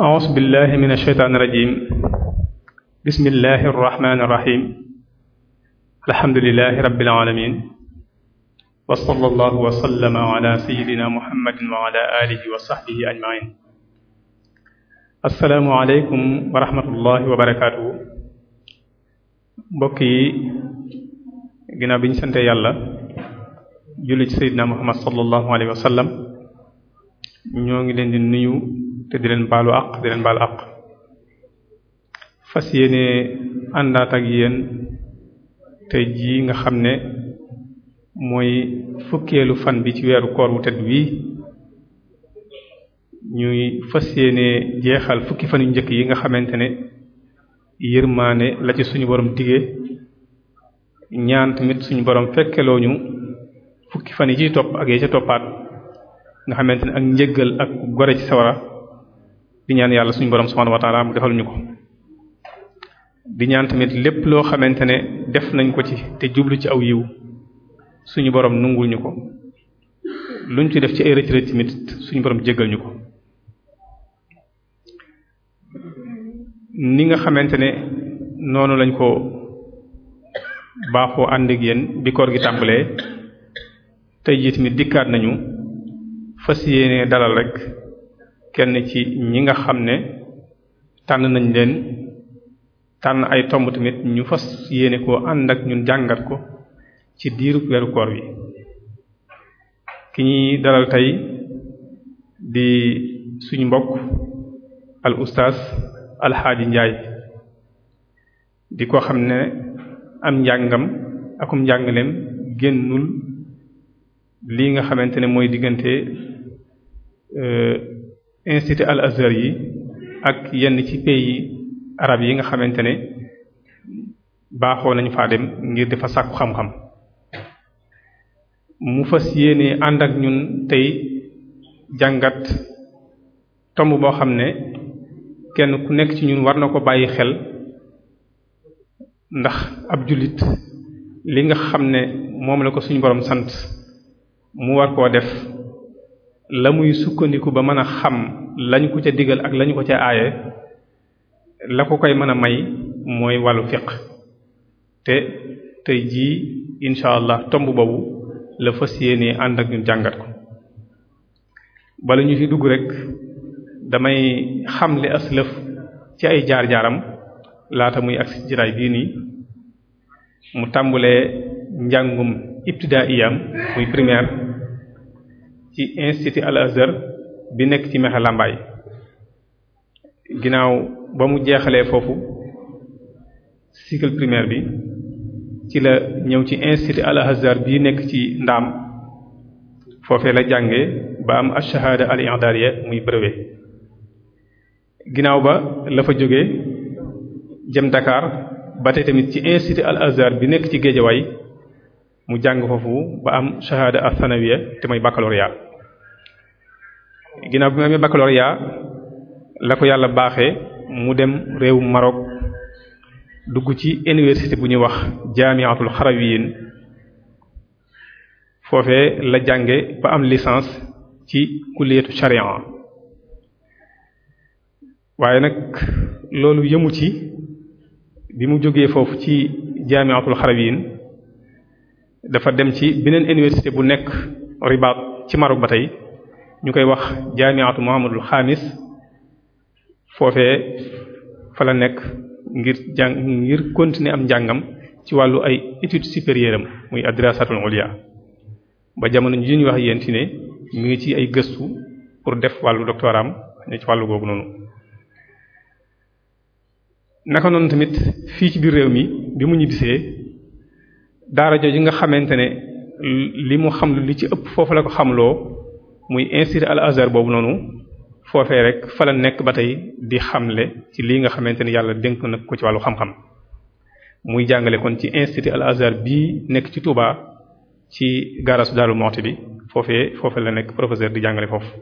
aus billahi min asheytaan irajim bismillahi arrahmani irrahim alhamdulilahi rabbil alamin wa sallallahu wa sallama ala sayidina muhammadin wa ala alihi wa sahbihi ajmain assalaamu aleykum wa rahmatullahi wa barakatuhu mbokk yi ginnaaw bi ñu sante yàlla julli ci sayidina muhammad sallallahu alayhi wa sallam ñoo ngi leen di nuyu te di leen baalu àq di leen baalu àq fas yéene àndaat ak yéen tey jii nga xam ne mooy fukkeelu fan bi ci weeru koor wu tedd wii ñuy fas yéene jeexal fukki fan yu njëkk yi nga xamante ne yërmaane la ci suñu borom digee ñaan tamit suñu borom fekkeloo ñu fukki fan yi ciy topp ak yi ca toppaat nga xamante ne ak njëgal ak gore ci sawara di ñaan yàlla suñu borom subhanahu wa ta'ala mu defal ko di ñaan tamit lépp loo xamante ne def nañ ko ci te jublu ci aw yiw suñu borom nungul ñu ko luñ ci def ci ay rëcc tamit suñu borom jéggal ñu ko ni nga xamante ne noonu lañ ko baaxoo ànd ak yéen bi gi tàmbalee tey jii tamit dikkaat nañu fas yéene dalal rekk kenn ci ñi nga xam ne tànn nañ leen tànn ay tomb tamit ñu fas yéene koo ànd ak ñun jàngat ko ci diiru weeru koor wi ki ñuy dalal tey di suñ mbokk al ustaas alxaaji njaay di ko xam ne am njàngam akum njàngaleem génnul lii nga xamante ne mooy diggante euh, institut al azhar yi ak yenn ci pays arab yi nga xamante ne baaxoo nañu faa dem ngir di fa sàkku xam-xam mu fas yéene ànd ak ñun tey jàngat tomb boo xam ne kenn ku nekk ci ñun war na ko bàyyi xel ndax ab jullit li nga xam ne moom la ko suñu boroom sant mu war koo def la muy sukkandiku ba mën a xam lañ ko ca digal ak lañ ko ca aaye la ko koy mën a may mooy wàllu fiq te tey jii incha allah tomb boobu la fas yéenee ànd ak ñu jàngat ko bala ñu ci dugg rek damay xam xamle aslëf ci ay jaar-jaaram laata muy agsi jiraay bii nii mu tàmbulee njàngum ibtidaiyam muy primaire ci institut al bi nekk ci mexe làmbaay ginnaaw ba mu jeexalee foofu cycle primaire bi ci la ñëw ci institut al azhar bii nekk ci ndaam foofee la jànge ba am ash-shahada al i'dariya muy brevet ginnaaw ba la fa jógee jëm Dakar ba tey tamit ci institut al azhar bi nekk ci Géejawaay mu jàng foofu ba am shahada athanawiya te mooy baccalauréat ginnaaw bi mu amee baccalauréat la ko yàlla baaxe mu dem réew Maroc dugg ci université bu ñuy wax jaamiatul yiin foofee la jànge ba am licence ci kulliyatu sharia waaye nag loolu yëmu ci bi mu jógee foofu ci jaamiatul xarawiyin dafa dem ci beneen université bu nekk Ribat ci Maroc ba tey ñu koy wax jaamiatu Muhammadul Xaamis foofee fa la nekk ngir jàng ngir continuer am njàngam ci wàllu ay études supérieures am muy adrasatul ulya ba jamono ji ñu wax yéen ci ne mi ngi ci ay gëstu pour def wàllu doctoram ne ci wàllu googu noonu. naka noonu tamit fii ci biir réew mi bi mu ñibbisee daara jooju nga xamante ne li mu xam li ci ëpp foofu la ko xamloo muy institut al azhar boobu noonu foofee rek fa la nekk ba tey di xamle ci lii nga xamante ne yàlla dénk na ko ci wàllu xam-xam muy jàngale kon ci institut al azhar bii nekk ci Touba ci garasu Darou Moukhty bi foofee foofee la nekk professeur di jàngale foofu.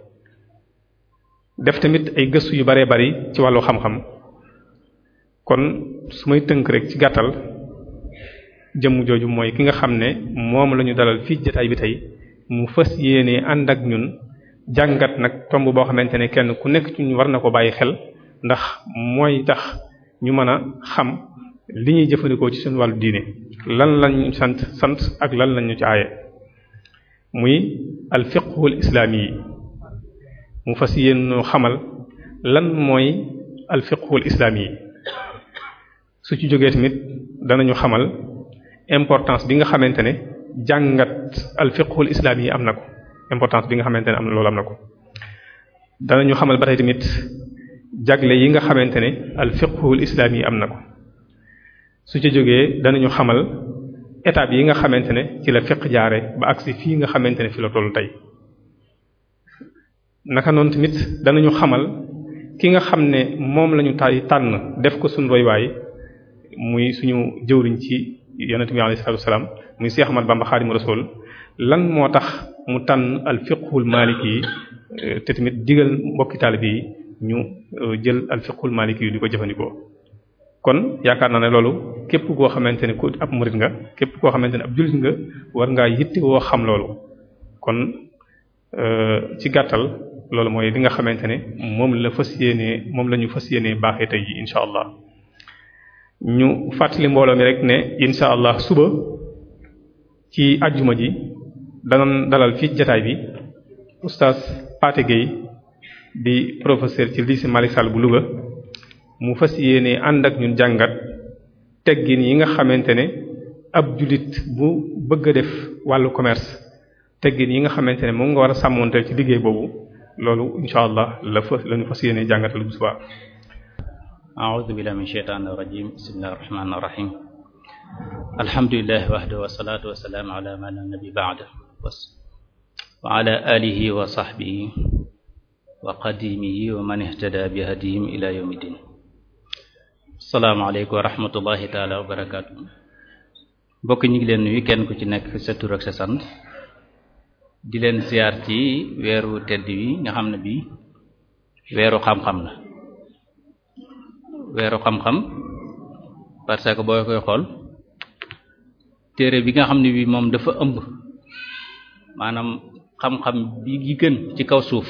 def tamit ay gëstu yu baree bari ci wàllu xam-xam kon su may tënk rek ci gàttal. jëmm jooju mooy ki nga xam ne moom la ñu dalal fii jotaay bi tey mu fas yéene ànd ak ñun jàngat nag tomb boo xamante ne kenn ku nekk ci ñu war na ko bàyyi xel ndax mooy tax ñu mën a xam li ñuy jëfandikoo ci suñu wàllu diine lan lañu sant sant ak lan lañu ci aaye muy al fiqhul islaami yi mu fas yéen xamal lan mooy al fiqhul islaami yi su ci jógee tamit danañu xamal importance bi nga xamante ne jàngat al fiqhul islaam yi am na ko importance bi nga xamante ne am na loolu am na ko danañu xamal ba tey tamit jagle yi nga xamante ne al fiqhul islaam yi am na ko su ci jógee danañu xamal étape yi nga xamante ne ci la fiq jaare ba agsi fii nga xamante ne fi la tollu tey naka noonu tamit danañu xamal ki nga xam ne moom lañu tay tànn def ko suñu roywaay muy suñu jëwriñ ci yonent bi alayhi salaatu wasalaam muy Cheikh Ahmad Bamba Xaadimu Rasuul lan moo tax mu tànn al fiqhul maliki yi euh, te tamit digal mbokki taalib yi ñu euh, jël al fiqhul maliki yi di ko jëfandikoo kon yaakaar naa ne loolu képp koo xamante ne ku ab murid nga képp koo xamante ne ab jullit nga war ngaa yitte woo xam loolu kon euh, ci gàttal loolu mooy li nga xamante ne moom la fas yéenee moom la ñu fas yéenee baaxee tey jii incha allah. ñu fàttali mbooloo mi rek ne insha allah suba ci ajjuma ji danoon dalal fii jataay bi oustaz Pathé Gueye di professeur ci lycée Malick Sall bu Louga mu fas yéene ànd ak ñun jàngat teggin yi nga xamante ne ab jullit bu bëgg a def wàllu commerce teggin yi nga xamante ne moom nga war a sàmmonteel ci liggéey boobu loolu insha allah la fa lañu ñu fas yéene jàngatal bu subaa أعوذ بالله من الشيطان الرجيم بسم الله الرحمن الرحيم الحمد لله وحده والصلاة والسلام على من لا نبي بعده وعلى آله وصحبه وقديمه ومن اهتدى بهديهم إلى يوم الدين السلام عليكم ورحمة الله تعالى وبركاته mbokk ñi ngi leen nuyu kenn ku ci nekk sa tur ak sa sant di leen ziar ci weeru tedd wi nga xam ne bi weeru xam-xam la weeru xam-xam parce que boo koy xool téere bi nga xam ne bii moom dafa ëmb maanaam xam-xam bi gën ci kaw suuf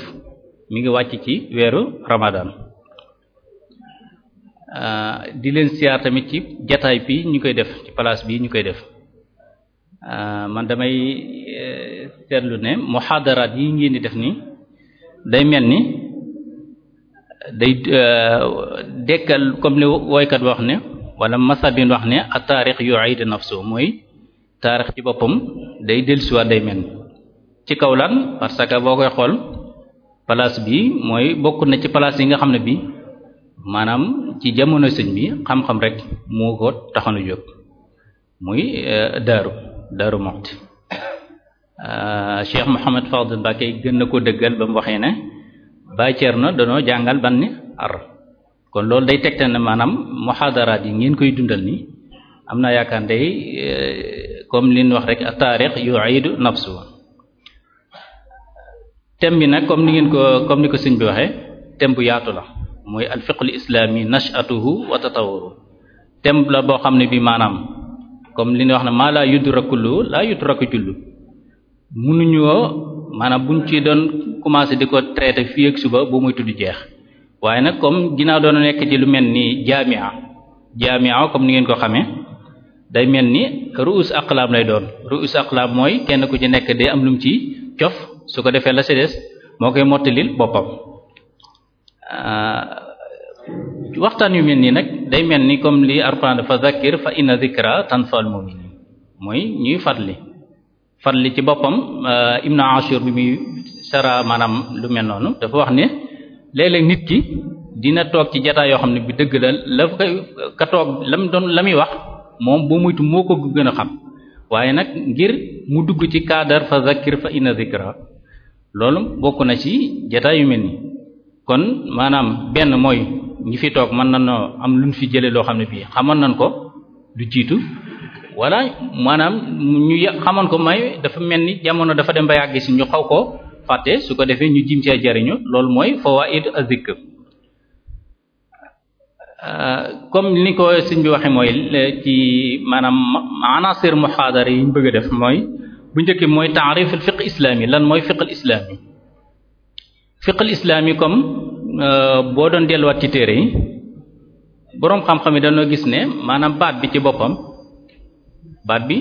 mu ngi wàcc ci weeru ramadan di leen siyaar tamit ci jataay bii ñu koy def ci place bi ñu koy def man damay seetlu ne muhadaraat yi ngeen di def ni day mel ni day euh, dekkal comme li woykat wax ne wala bin wax ne a taarix yu'id nafsu mooy taarix ci boppam day dellusiwaat day mel ci kaw lan parce que boo koy xool place bi mooy bokk na ci place yi nga xam ne bi maanaam ci jamono sëñ bi xam-xam rek moo ko taxoon a jóg muy euh, daaru daaru Muxti euh, Cheikh Mouhamed Fadil Mbacké gën na ko dëggal ba mu waxee ne Baay na danoo jàngal ban ni ar kon loolu day tegtal na maanaam muxaadaraat yi ngeen koy dundal nii am na yaakaar day eh, comme li ñu wax rek taarix yu'idu nafsu thème bi nag comme ni ngeen ko comme ni ko sëñ bi waxee thème bu yaatu la mooy al fiqhul islami nash'atuhu wa tatawwuru thème la boo xam ne bi maanaam comme li ñu wax ne maa laa yudraku laa yudraku jullu mënuñoo maanaam buñ ci doon commencé di ko traité fii ak suba bu muy tudd jeex waaye nag comme ginnaaw doon nekk ci lu mel ni jaamia jaamia comme ni ngeen ko xamee day mel ni ruus aqlaam lay doon ruus aqlaam mooy kenn ku ci nekk day am lum ci cof su ko defee la ci moo koy mottalil boppam euh, waxtaan yu mel nii nag day mel ni comme li Alxuraan fa zakkir fa inna zikra tanfa'ul mu'minin mooy ñuy fàttali fàttali ci boppam euh, Ibn Ashur bi muy sara maanaam lu mel noonu dafa wax ne léeg nit ki dina toog ci jataay yoo xam ne bi dëgg la la ka toog lam doon la muy wax moom boo muytu moo ko gën a xam waaye nag ngir mu dugg ci kaadar fa zakir fa ina zikra loolu bokk na ci jataay yu mel ni kon maanaam benn mooy ñi fi toog mën nanoo am lu ñu fi jële loo xam ne bii xamoon nañ ko du jiitu wala maanaam ñu xamoon ko may dafa mel ni jamono dafa dem ba yàgg ñu xaw ko fàtte su ko defee ñu jim cee jariñu loolu mooy fawaid az-zikr euh, comme ni ko sëñ bi waxee mooy ci maanaam anasir muhaadara yi ñu bëgg a def mooy bu njëkk mooy taarif al fiqh islami lan mooy fiqh al islami fiqh al comme euh, boo doon delluwaat ci téere yi boroom xam-xam yi dañoo gis ne maanaam baat bi ci boppam baat bi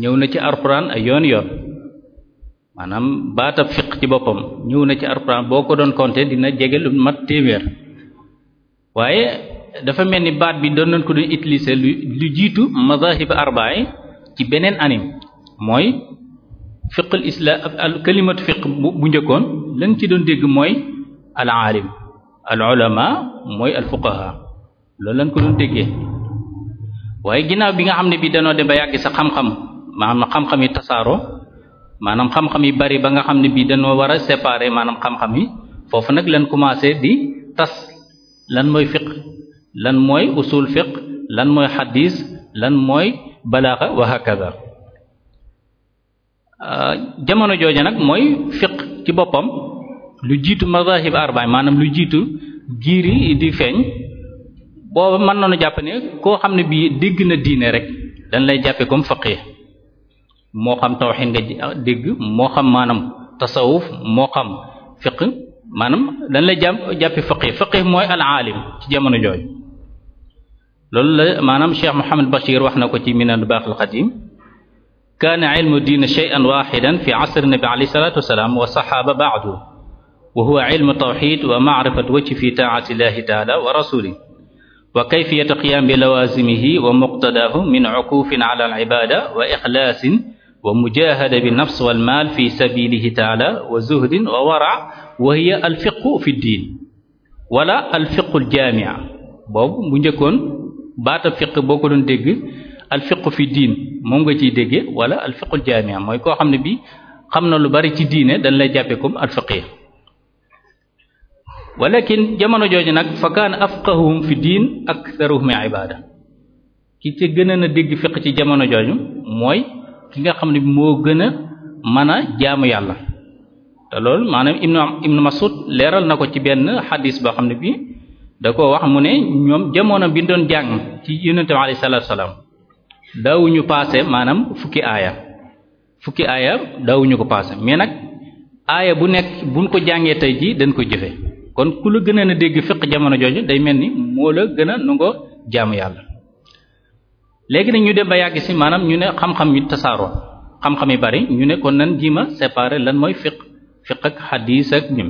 ñëw na ci alxuraan ay yoon yoon maanaam baata fiq ci boppam ñëw na ci alxuraan boo ko doon compter dina jege lu mat téeméer waaye dafa mel ni baat bi doon nañ ko doon utiliser lu lu jiitu mazahib arba'i ci beneen anim mooy fiqul islam al kalimatu fiq bu njëkkoon lañ ci doon dégg mooy al alim al ulama mooy al fuqaha loolu lañ ko doon déggee waaye ginnaaw bi nga xam ne bi danoo dem ba yàgg sa xam-xam maanaam xam-xam yi tasaaroo maanaam xam-xam yi bari ba nga xam ne bii dañoo war a séparer maanaam xam-xam yi foofu nag lan commencé di tas lan mooy fiq lan mooy usul fiq lan mooy xadiis lan mooy balaaxa wa hakaza euh, jamono jooja nag mooy fiq ci boppam lu jiitu mazahib arba'i maanaam lu jiitu giiri di feeñ booba mën nañu jàpp ne koo xam ne bii dégg na diine rek dañ lay jàppe comme faqih moo xam tawxiid nga ah, dégg moo xam maanaam tasawuf moo xam fiq maanaam dañ lay jàpp jàppi faqih faqih mooy al aalim ci jamono jooju loolu la maanaam Cheikh Mouhamed Bachir wax na ko ci Minanul Baaqil Qadiim kaana ilmu diin shay'an waaxidan fi asri nabi alayhi salaatu wasalaam wa saxaaba ba'du wa huwa ilmu tawxiid wa maarifatu wajhi fi taa'ati llahi ta'aala wa rasuulihi wa kayfiyatu qiyaam bi lawaazimihi wa muqtadaahu min uquufin ala al ibaada wa ixlaasin ومجاهدة بالنفس والمال في سبيله تعالى وزهد وورع وهي الفقه في الدين wala alfiqu aljamia boobu bu njëkkoon baatab fiq boo ko doon dégg alfiqu fi diin moom nga ciy dégge wala alfiqu aljamia mooy koo xam ne bi xam na lu bari ci diine dañ lay jàppe comme alfiqi walakin jamono jooju nag fa kaan afqahuhum fi diin aktharuhum ibada ki ci gën a dégg fiq ci jamono jooju mooy ki nga xam ne moo gën a mën a jaamu yàlla te lool maanaam ibnu ibnu Mas'ud leeral na ko ci benn xadis boo xam ne bii da ko wax mu ne ñoom jamono bi doon jàng ci yonent bi alayhi salaatu salaam daawuñu paase maanaam fukki aaya fukki aaya dawuñu ko paase mais nag aaya bu nekk buñ ko jàngee tey jii dañ koy jëfe kon ku la gën na dégg fiq jamono jooju day mel ni moo la gën a nangoo jaamu yàlla léegi nag ñu dem ba yàgg si maanaam ñu ne xam-xam yu tasaaroo xam-xam yi bari ñu ne kon nan jima séparé lan mooy fiq fiq ak xadiis ak nim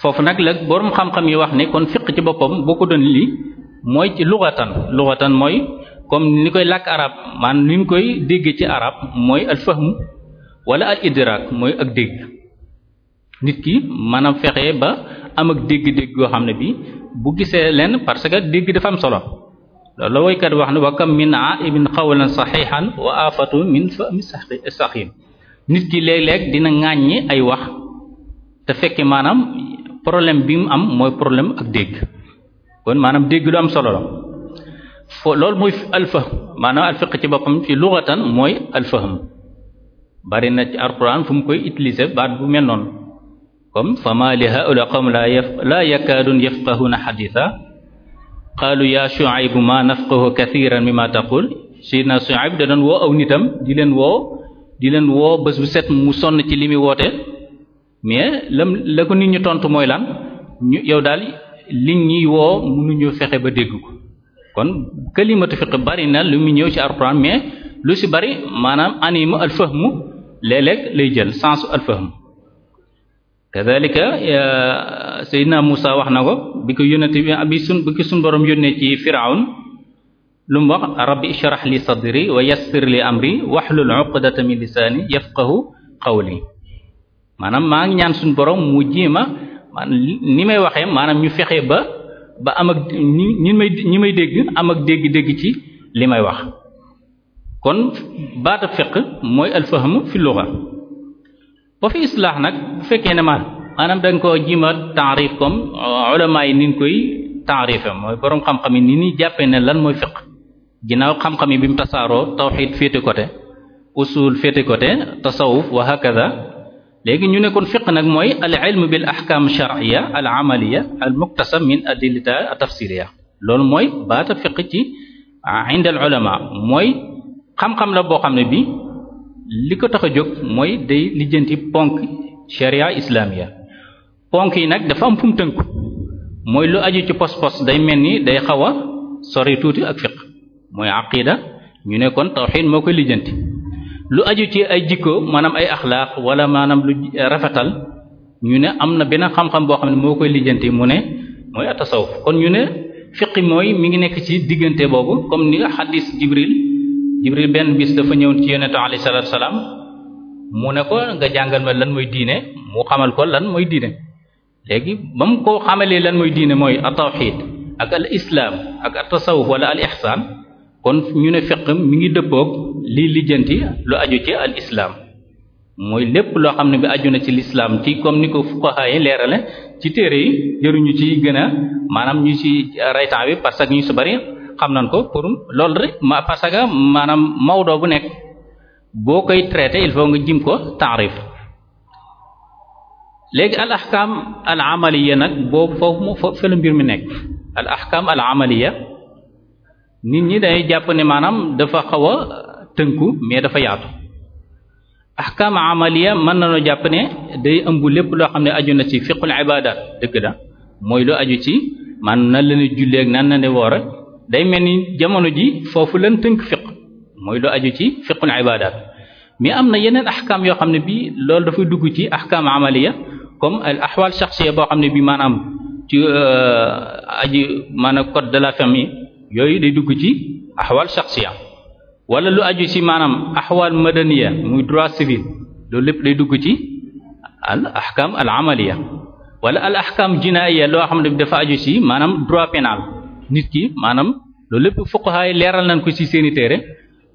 foofu nag la borom xam-xam yi wax ne kon fiq ci boppam boo ko doon lii mooy ci luxatan luxatan mooy comme ni koy làkk arab man ni ñu koy dégg ci arab mooy al fahm wala al idrak mooy ak dégg nit ki maanaam fexe ba am ak dégg-dégg yoo xam ne bi bu gisee leen parce que dégg dafa am solo loolu la woykat wax ne wa kam min aibin xawlan saxihan wa afatu min fami saxim nit ki léeg-léeg dina ŋàññi ay wax te fekki maanaam problème bi mu am mooy problème ak dégg kon maanaam dégg lu am solo la fo loolu mooy alfah maanaam alfiq ci boppam ci luxatan mooy alfaham bari na ci alquran fu mu koy utiliser baat bu mel noonu comme fa li haula qawm la yaf la yakadun qaalu yaa Shuaybu ma nafqahu kathiran mimma taqul sayyidina Shuayb da doon woo aw nitam di leen woo di leen woo bés bu set mu sonn ci li muy woote mais la ko nit ñu tontu mooy lan ñu yow daal li ñuy woo mënuñu fexe ba dégg ko kon kalimatu fiqh bari na lu mu ñëw ci alxuraan mais lu si bari maanaam animu alfahmu léeg-léeg lay jël sensu alfahmu kadalika Seydina Musa wax na ko bi ko yónnee bi sun bi ko sun borom yónnee ci Firawn lu mu wax rabbi ishrah li sadri wa yassir li amri wahlul uqdata min lisaani yafqahu qawli maanaam maa ngi ñaan suñu borom mu jéema ni may waxee maanaam ñu fexe ba ba am ak ñi ñi may ñi may dégg am ak dégg-dégg ci li may wax kon baata fiq mooy alfahmu fi lugha ba fi islaax nag bu fekkee ne man maanaam dañ koo jima taarif comme euh, ulama yi niñ koy taarife mooy boroom xam-xam yi ni ñuy jàppee ne lan mooy fiq ginnaaw xam-xam yi bi mu tasaaroo tawxiid féete côté usul féete côté tasawuf wa hakaza léegi ñu ne kon fiq nag mooy al ilm bil ahkam shar'iyya al amaliya al muktasab min adillita tafsiriya loolu mooy baata fiq ci inda al ulama mooy xam-xam la boo xam ne bi li ko tax a jóg mooy day lijjanti ponk sharia islamiya ponk yi nag dafa am fu mu tënku mooy lu aju ci pos-pos day mel ni day xaw a sori tuuti ak fiq mooy aqida ñu ne kon tawxiid moo koy lijjanti lu aju ci ay jikko maanaam ay axlaaq wala maanaam lu rafetal ñu ne am na benn xam-xam boo xam ne moo koy lijjanti mu ne mooy atasawuf kon ñu ne fiqi mooy mi ngi nekk ci diggante boobu comme ni xadis jibril jibril benn bis dafa ñëw ci yonente alayhi salaatu salaam mu ne ko nga jàngal ma lan mooy diine mu xamal ko lan mooy diine léegi ba mu ko xamalee lan mooy diine mooy at-tawhid ak al ak at-tasawuf wala al kon ñu ne fiq mu ngi dëppoog lii lijjanti lu aju ci al islam mooy lépp loo xam ne bi aju na ci l'islam ci comme ni ko fuqaha leerale ci téere yi jëruñu ci gën a maanaam ñu ci raytan bi parce que ñu su bari xam nañ ko pour loolu rek ma parce que maanaam mawdoo bu nekk boo koy traité il faut nga jim ko taarif léegi al ahkam al amaliya nag boobu foofu mu fa mbir mi nekk al ahkam al amaliya nit ñi dañuy jàpp ne maanaam dafa xaw a tënku mais dafa yaatu ahkam amaliya mën nañoo jàpp ne day ëmb lépp loo xam ne aju na ci fiqul ibadat dëgg da mooy lu aju ci man na la ne na ne woor day mel ni jamono ji foofu lan tënk fiq mooy lu aju ci fiqul ibadat mais am na yeneen axkaam yoo xam ne bii loolu dafay dugg ci axkaam amaliya comme ay axwaal shaxsiya boo xam ne bii maanaam ci euh, aji maanaam code de la famille yooyu day dugg ci axwaal shaxsiya wala lu aju ci maanaam axwaal madaniya muy droit civil loolu lépp day dugg ci al axkaam al amaliya wala al axkaam jinaiya loo xam ne bi dafa aju ci maanaam droit pénal nit ki maanaam loolu lépp fuqaha leeral nañ ko ci seeni téere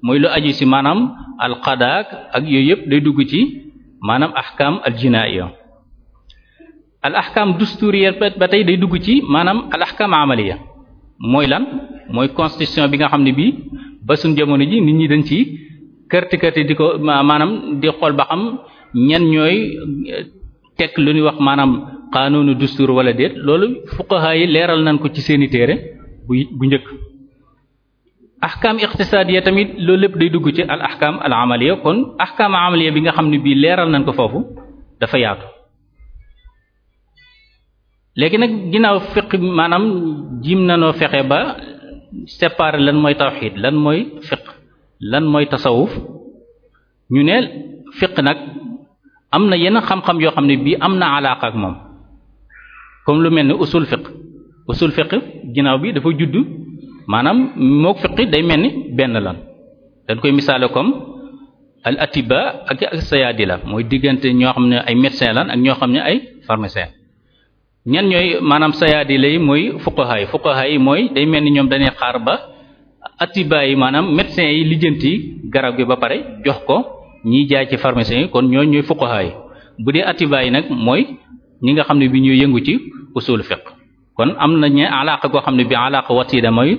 mooy lu aju ci maanaam alqadaak ak yooyu yëpp day dugg ci maanaam ahkam aljinaiya al ahkam dusturiya ba tey day dugg ci maanaam al mooy lan mooy constitution bi nga xam ne bii ba suñ jamono ji nit ñi dañ ci kërti kërti di ko maanaam di xool ba xam ñan ñooy eh, teg lu ñuy wax maanaam xaanoonu dustur wala déet loolu fuqaha yi leeral nañ ko ci seeni téere bu bu njëkk ahkaam iqtisaadiya tamit loolu lépp day dugg ci al ahkaam al amaliya kon ahkaam amaliya bi nga xam ne bii leeral nañ ko foofu dafa yaatu léegi nag ginnaaw fiq maanaam jim nanoo fexe ba séparer lan mooy tawxiid lan mooy fiq lan mooy tasawuf ñu ne fiq nag am na yenn xam-xam yoo xam ne bii am na alaaqa ak moom comme lu mel ni usul fiq usul fiq ginnaaw bi dafa judd maanaam moo fiq day mel ni benn lan dañ koy misaale comme al atiba ak ak la mooy diggante ñoo xam ne ay médecin lan ak ñoo xam ne ay pharmacien ñan ñooy maanaam sayadila yi mooy fuqaha yi mooy day mel ni ñoom dañuy xaar ba atiba yi maanaam médecin yi lijjanti garab gi ba pare jox ko ñiy jaay ci pharmacien yi kon ñooñu ñooy fuqaha yi bu dee atiba yi nag mooy ñi nga xam ne bi ñuy yëngu ci usul fiq kon am na ñe alaaka goo xam ne bi alaaka wasiila mooy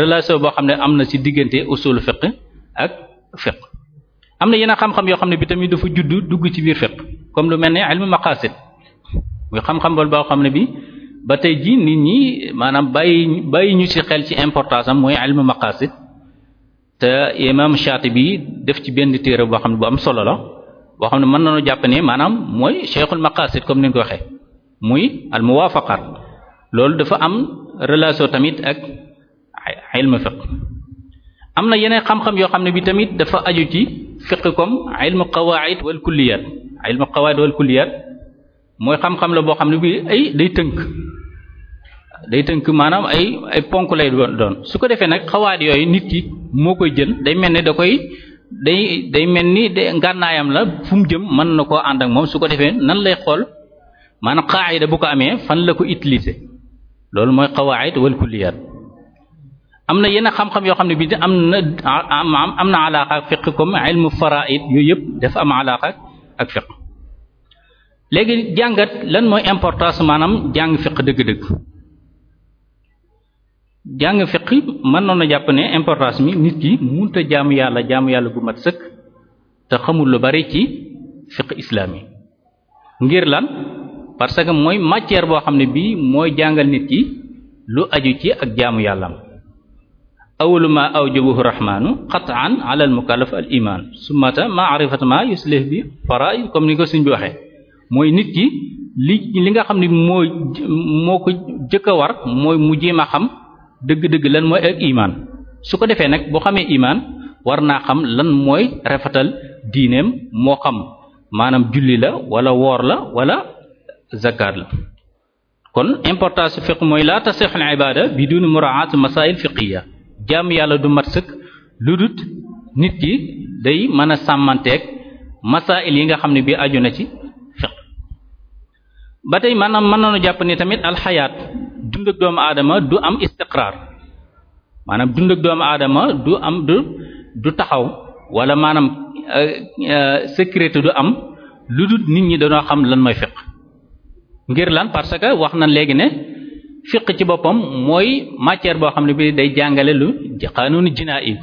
relation boo xam ne am na si diggante usul fiq ak fiq am na yeneen xam-xam yoo xam ne bi tamit dafa judd dugg ci biir fiq comme lu mel ne ilmu maqasid muy xam-xam boo xam ne bi ba tey ji nit ñi maanaam bàyyi bàyyi ñu ci xel ci importance mooy ilmu maqasid te imam Shaatibi def ci benn téere boo xam ne bu am solo la boo xam ne mën nañu jàpp ne maanaam mooy cheikhul maqasid comme ni ko waxee muy al muwaafaqat loolu dafa am relation tamit ak ilmu fiq am na yeneen xam-xam yoo xam ne bi tamit dafa aju ci fiq comme ilmu qawaid wal kulliyat ilmu qawaid wal kulliyat mooy xam-xam la boo xam ne bi ay day tënk day tënk maanaam ay ay ponk lay doon su ko defee nag xawaat yooyu nit ki moo koy jël day mel ni da koy day day mel ni de ngànnaayam la fu mu jëm mën na koo ànd ak moom su ko defee nan lay xool maanaam qaayida bu ko amee fan la ko utiliser loolu mooy qawaid wal kulliyat am na yenn xam-xam yoo xam ne bi am na am na alaaqa ak fiq comme ilmu faraid yooyu yëpp dafa am alaaqa ak fiq léegi jàngat lan mooy importance maanaam jàng fiq dëgg-dëgg jàng fiq mën noon a jàpp ne importance mi nit ki munta jaamu yàlla jaamu yàlla gu mat sëkk te xamul lu bari ci fiq islaami ngir lan parce que mooy matière boo xam ne bii mooy jàngal nit ki lu aju ci ak jaamu yàllam awalu ma awjabahu rahmaanu qataan ala al mukallaf al iman sumata maarifat ma yuslih bi faraid comme ni ko suñ bi waxee mooy nit ki li li nga xam ne mooy moo ko jëkk a war mooy mu jéem a xam dëgg-dëgg lan mooy ak iman su ko defee nag boo xamee imaan war naa xam lan mooy rafetal diineem moo xam maanaam julli la wala woor la wala zakat la kon importance fiq mooy laata tasix al ibada du dun muraat masail ya jàmm yàlla du mat sëkk lu dut nit ki day mën a sàmmanteeg masail yi nga xam ne bi aju na ci fiq ba tey maanaam mën nañu jàpp ni tamit alxayaat dund ak doomu aadama du am istiqraar maanaam dund ak doomu aadama du am du taxaw wala maanaam euh, euh, sécurité du am lu dut nit ñi dañoo xam lan mooy fiq ngir lan parce que wax na léegi ne fiq ci boppam mooy matière boo xam ne bi day jàngale lu xanuun jinaa yi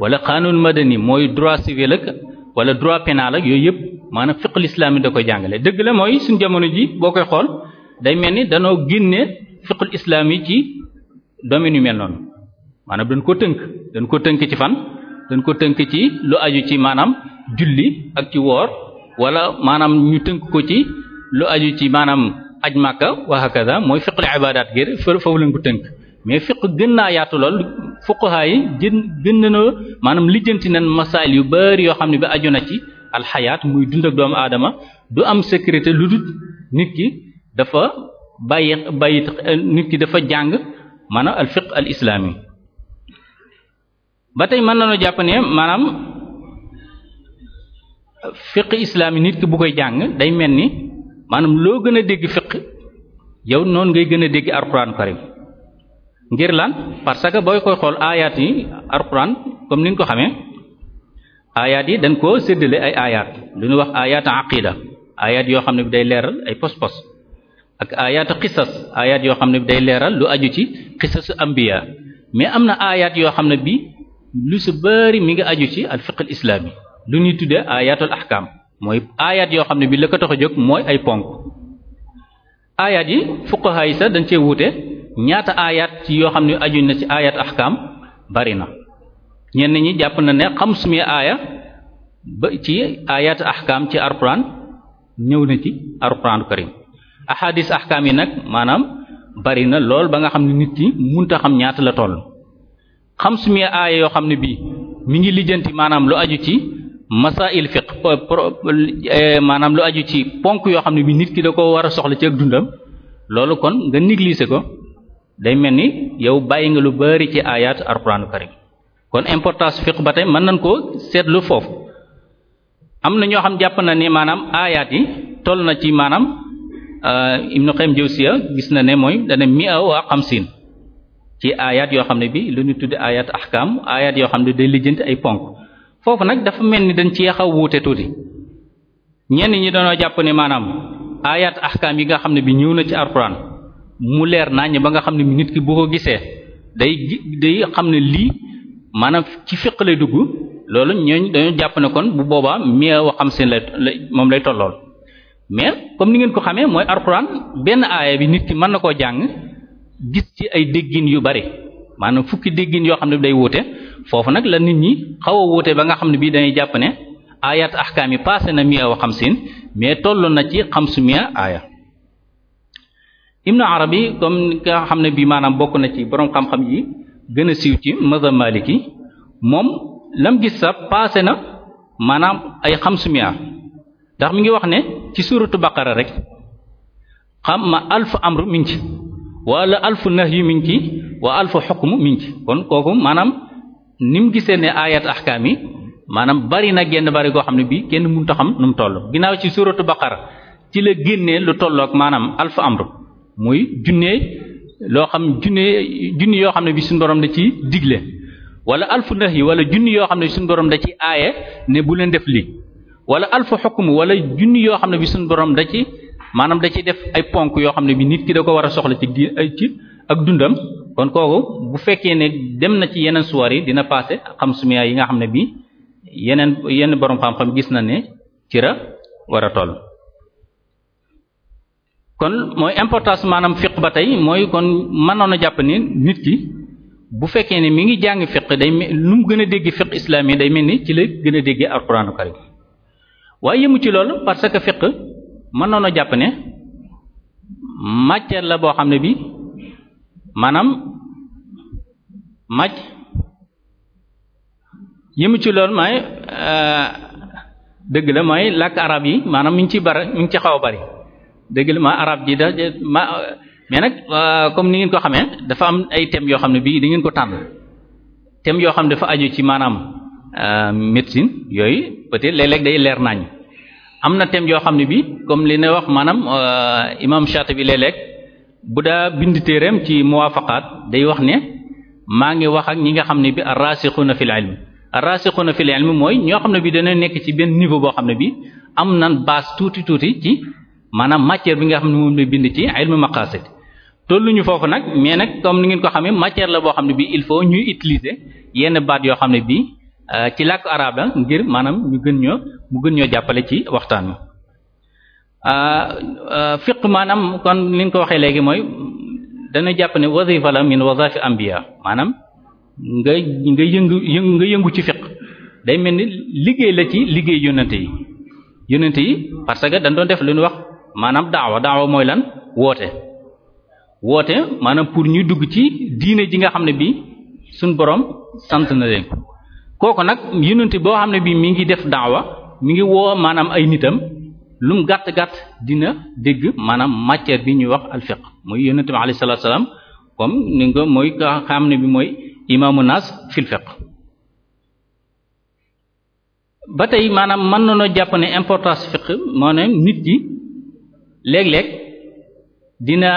wala xanuun madani mooy droit civil ak wala droit pénal ak yooyu yëpp maanaam fiq l'islam yi da koy jàngale dëgg la mooy suñ jamono ji boo koy xool day mel ni danoo génne fiqul islam yi ci domaine yu mel noonu maanaam dañ ko tënk dañ ko tënk ci fan dañ ko tënk ci lu aju ci maanaam julli ak ci woor walla maanaam ñu tënk ko ci lu aju ci maanaam aj màkka wa hakaza mooy fiqul ibadat gi foofu lañ ko tënk mais fiq gën naa yaatu lool fuqaha yi gën gën maanaam lijjanti nañ masail yu bari yoo xam ne bi aju na ci alxayaat muy dund ak doomu aadama du am sécurité lu dul nit ki dafa bàyyi bàyyi nit ki dafa jàng maanaam al fiq al islami ba tey mën nañoo jàpp ne maanaam fiq islami nit ki bu koy jàng day mel ni maanaam loo gën a dégg fiq yow noonu ngay gën a dégg alquran karim ngir lan parce que booy koy xool aayaat yi alquran comme ni ñu ko xamee aayaat yi dañ koo séddale ay aayaat lu ñu wax aayaat aqida aayaat yoo xam ne bi day leeral ay pos-pos ak aayaat xisas aayaat yoo xam ne bi day leeral lu aju ci xisasu ambiya mais am na aayaat yoo xam ne bi lu su bari mi ngi aju ci al fiqh al islami lu ñuy tuddee aayatul ahkam mooy aayaat yoo xam ne bi la ko tax a jóg mooy ay ponk aayaat yi fuqaha yi dañ cee wuute ñaata aayaat ci yoo xam ne aju na ci aayaat ahkaam bari na ñenn ñi jàpp na ne xam sumi aaya ba ci aayaat ahkaam ci alxuraan ñëw na ci alxuraanu karim ahadis ahkaam yi nag maanaam bari na lool ba nga xam ne nit ñi munta xam ñaata la toll xam sumi aaya yoo xam ne bii mi ngi lijjanti maanaam lu aju ci masail fiq eh, maanaam lu aju ci ponk yoo xam ne bi nit ki da ko war a soxla ci ak dundam loolu kon nga négliger ko day mel ni yow bàyyi nga lu bari ci ayaat alquranu karim kon importance fiq ba tey mën nañ koo seetlu foofu am na ñoo xam jàpp na ne maanaam ayat yi toll na ci maanaam euh, ibnu qayyim jawziya gis na ne mooy dana mi mi'a wa xamsin ci ayat yoo xam ne bi lu ñu tudde ayat ahkam ayat yoo xam ne day lijjanti ay ponk foofu nag dafa mel ni dañ ci yaxaw wuute tuuti ñenn ñi dañoo jàpp ne maanaam ayat ahkaam yi nga xam ne bi ñëw na ci alxuraan mu leer naññ ba nga xam ne nit ki bu ko gisee day day xam ne lii maanaam ci fiq lay dugg loolu ñooñ dañoo jàpp ne kon bu boobaa meewa xam seen lay moom lay tollool mais comme ni ngeen ko xamee mooy alxuraan benn aaya bi nit ki mën na koo jàng gis ci ay déggin yu bari maanaam fukki déggin yoo xam ne day wuute foofu nag la nit ñi xaw a wuute ba nga xam ne bii dañuy jàpp ne ayat ahkaam yi passé na miya wa xamsin mais toll na ci xamsu miya aaya ibnu arabi comme nga xam ne bii maanaam bokk na ci boroom xam-xam yi gën a siiw ci mazhab maliki moom lam gis sa paase na maanaam ay xamsu miya ndax mi ngi wax ne ci suratu baqara rek xam ma alf amr mi ngi ci wala alf nahyu mi ngi ci wa alf xukm mi ngi ci kon kooku maanaam ni mu gisee ne ayat ahkaam yi maanaam bari na genn bari goo xam ne bii kenn mënut a xam nu mu toll ginnaaw ci suratu baqara ci la génnee lu tolloog maanaam alfa amru muy junne loo xam junne junni yoo xam ne bi suñu borom da ci digle wala alfu nax yi wala junni yoo xam ne bi suñu da ci aaye ne bu leen def lii wala alfu xukm wala junni yoo xam ne bi suñu borom da ci maanaam da ci def ay ponk yoo xam ne bi nit ki da ko war a soxla ci ci ak dundam kon kooku bu fekkee ne dem na ci yeneen suwar yi dina paase xam sumiya yi nga xam ne bii yeneen yenn boroom xam-xam gis na ne ci la war a toll. kon mooy importance maanaam fiq ba tey mooy kon mënoon a jàpp ni nit ki bu fekkee ne mi ngi jàng fiq day lu mu gën a dégg fiq islam yi day mel ni ci la gën a déggee alquranu karim waaye yëmu ci loolu parce que fiq mënoon a jàpp ne matière la boo xam ne bi maanaam maj mu ci loolu mooy euh, dëgg la mooy làkk arab yi maanaam mi ngi ci bari mi ngi ci xaw a bari dëgg la ma arab ji da ma mais nag euh, comme ni ngeen ko xamee dafa am ay thèmes yoo xam ne bii di ngeen ko tànn thèmes yoo xam ne dafa ajo ci maanaam euh, médecine yooyu peut-être day leer nañ am na thèmes yoo xam ne bii comme li ne wax maanaam imam Shatibi léeg-léeg bu daa bind téereem ci muwaafaqaat day wax ne maa ngi wax ak ñi nga xam ne bi arrasixuna fil ilm arrasixuna fil ilm mooy ñoo xam ne bi dana nekk ci benn niveau boo xam ne bi am nan base tuuti tuuti ci maanaam matière bi nga xam ne moom lay bind ci ilmu maqasid tolluñu foofu nag mais nag comme ni ngeen ko xamee matière la boo xam ne bi il faut ñuy utiliser yenn baat yoo xam ne bi euh, ci làkk arab la ngir maanaam ñu gën ñoo mu gën ñoo jàppale ci waxtaan wi Euh, euh, fiq maanaam kon ni ñu ko waxee léegi mooy dana jàpp ne wazifa la min wazafi anbiya maanaam nga nga yëngu yëngu nga yëngu ci fiq day mel ni liggéey la ci liggéey yonent yi yonent yi parce que dañ doon def lu ñu wax maanaam daawa daawa mooy lan woote woote maanaam pour ñuy dugg ci diine ji nga xam ne bii suñ borom sant na leen kooku nag yonent boo xam ne bii mi ngi def daawa mu ngi woo maanaam ay nitam lum gàtt gàtt dina dégg maanaam matière bi ñuy wax alfiq muy yonent bi alayhi salaatu salaam comme ni nga mooy ka xam ne bi mooy imaamu naas fil fiq ba tey maanaam mën nañoo jàpp ne importance fiq moo ne nit yi léeg-léeg dina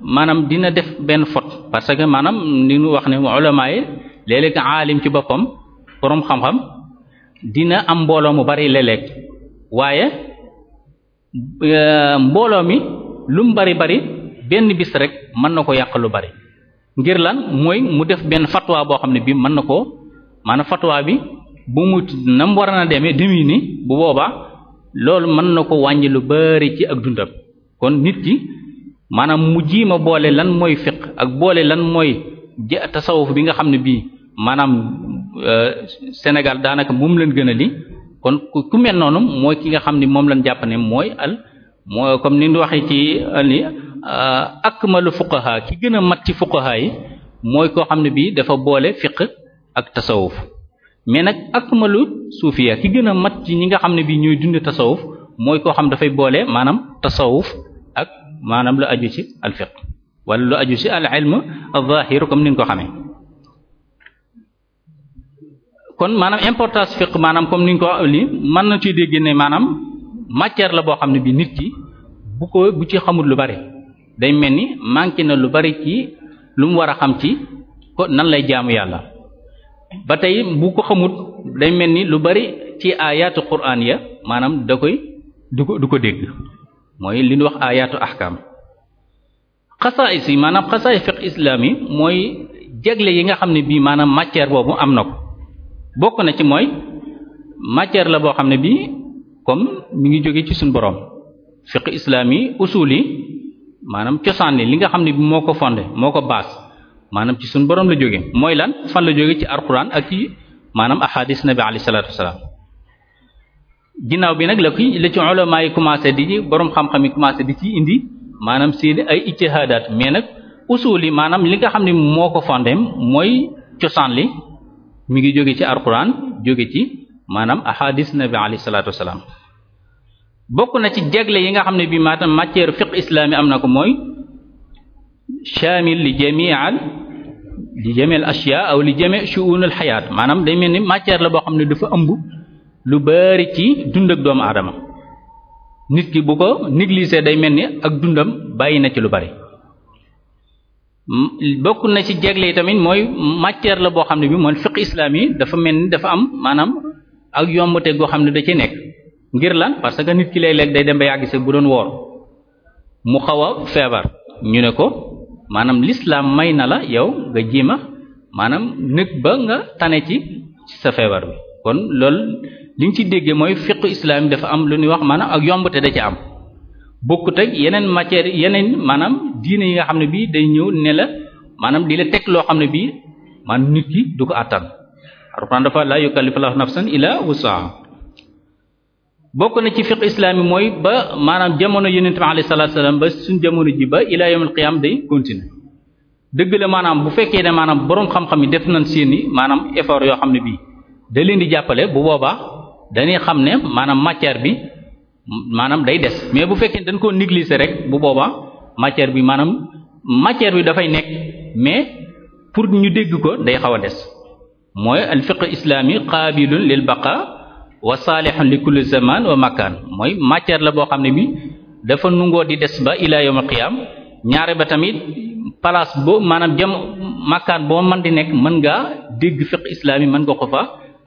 maanaam dina def benn fot parce que maanaam ni ñu wax ne ulama yi léeg-léeg aalim ci boppam boroom xam-xam dina am mbooloo mu bari léeg-léeg waaye euh, mbooloo mi lu bari bari benn bis rek mën na ko yàq lu bari ngir lan mooy mu def benn fatwa boo xam ne bii mën na koo maanaam fatwa bi bu mu na mu war a demee demi ni bu boobaa loolu mën na ko wàññi lu bari ci ak dundam kon nit ki maanaam mu jiima boole lan mooy fiq ak boole lan mooy ja tasawuf bi nga xam ne bii maanaam euh, Sénégal daanaka mu mu leen gën a li kon ku mel noonu mooy ki nga xam ni moom lañ jàpp ne mooy al moo comme ni ñu waxee ci euh, ni euh, akmalu fuqaha ki gën a mat ci fuqaha mooy koo xam ne bii dafa boole fiq ak tasawuf mais nag ak akmalu suufiya ki gën a mat ci ñi nga xam ne bii ñooy dund tasawuf mooy koo xam dafay boole maanaam tasawuf ak maanaam lu aju ci al fiq wala lu aju ci al ilm al zahir comme ni nga ko xamee kon maanaam importance fiq maanaam comme ni ñu ko li mën na ci dégg ne maanaam matière la boo xam ne bii nit ki bu ko bu ci xamul lu bari day mel ni manqué na lu bari ci lu mu war a xam ci ko nan lay jaamu yàlla ba tey bu ko xamut day mel ni lu bari ci ayaatu quraan ya maanaam da koy du ko du ko dégg mooy li ñu wax ayaatu ahkam xasaais isi maanaam xasaais fiq islaam yi mooy jagle yi nga xam ne bii maanaam matière boobu am na ko bokk na ci mooy matière la boo xam ne bi comme mi ngi jóge ci suñu borom fiqh islami usul yi maanaam cosaan li nga xam ne bi moo ko fondé moo ko baas maanaam ci suñu borom la jóge mooy lan fan la jóge ci alquran ak ci maanaam ahadis nabi alayhi salaatu wasalaam ginnaaw bi nag la la ci ulama yi commencé di borom xam-xam yi commencé di indi maanaam seeni ay ijtihaadaat mais nag usul maanaam li nga xam ne moo ko fondé mooy cosaan li mi ngi jóge ci alquran jóge ci maanaam ahadis nabi alayhi salaatu wasalaam bokk na ci jagle yi nga xam ne bii maatam matière fiqh islami am na ko mooy shamil li jamial li jami al ashiya aw li jami shu'un al xayaat maanaam day mel ni matière la boo xam ne dafa ëmb lu bari ci dund ak doomu aadama nit ki bu ko négliger day mel ni ak dundam bàyyi na ci lu bari bokk na ci jegle yi tamit mooy matière la boo xam ne bi mooy fiqh islaam yi dafa mel ni dafa am maanaam ak yombate goo xam ne da ci nekk ngir lan parce que nit ki lay léeg day dem ba yàgg bu doon woor mu xaw a feebar ñu ne ko maanaam l'islam may na la yow nga jiima maanaam nëg ba nga tane ci sa feebar bi kon loolu li ñu ci déggee mooy fiqh islam yi dafa am lu ñuy wax maanaam ak yombate da ci am bokkut ak yeneen matière yeneen maanaam diine yi nga xam ne bii day ñëw ne la maanaam di la teg loo xam ne bii maanaam nit ki du ko attan alxuraan la yukallifu llahu nafsan illa wusaha bokk na ci fiq islaam yi mooy ba maanaam jamono yonent bi alayhi salaatu salaam ba suñ jamono ji ba ilaa yawmil qiyaam day continuer dëgg la maanaam bu fekkee ne maanaam boroom xam-xam yi def nañ seeni maanaam effort yoo xam ne bii da leen di jàppale bu boobaa dañuy xam ne maanaam matière bi maanaam day des mais bu fekkee dañ koo négliger rek bu boobaa matière bi maanaam matière bi dafay nekk mais pour ñu dégg ko day xaw a des mooy al fiqh islami qaabilun lil baqa wa saalihun li kulli zaman wa makan mooy matière la boo xam ne bi dafa nungoo di des ba ila yawm qiyam ñaare ba tamit place bo maanaam jam makaan boo mën di nekk mën ngaa dégg fiqh islami mën nga ko fa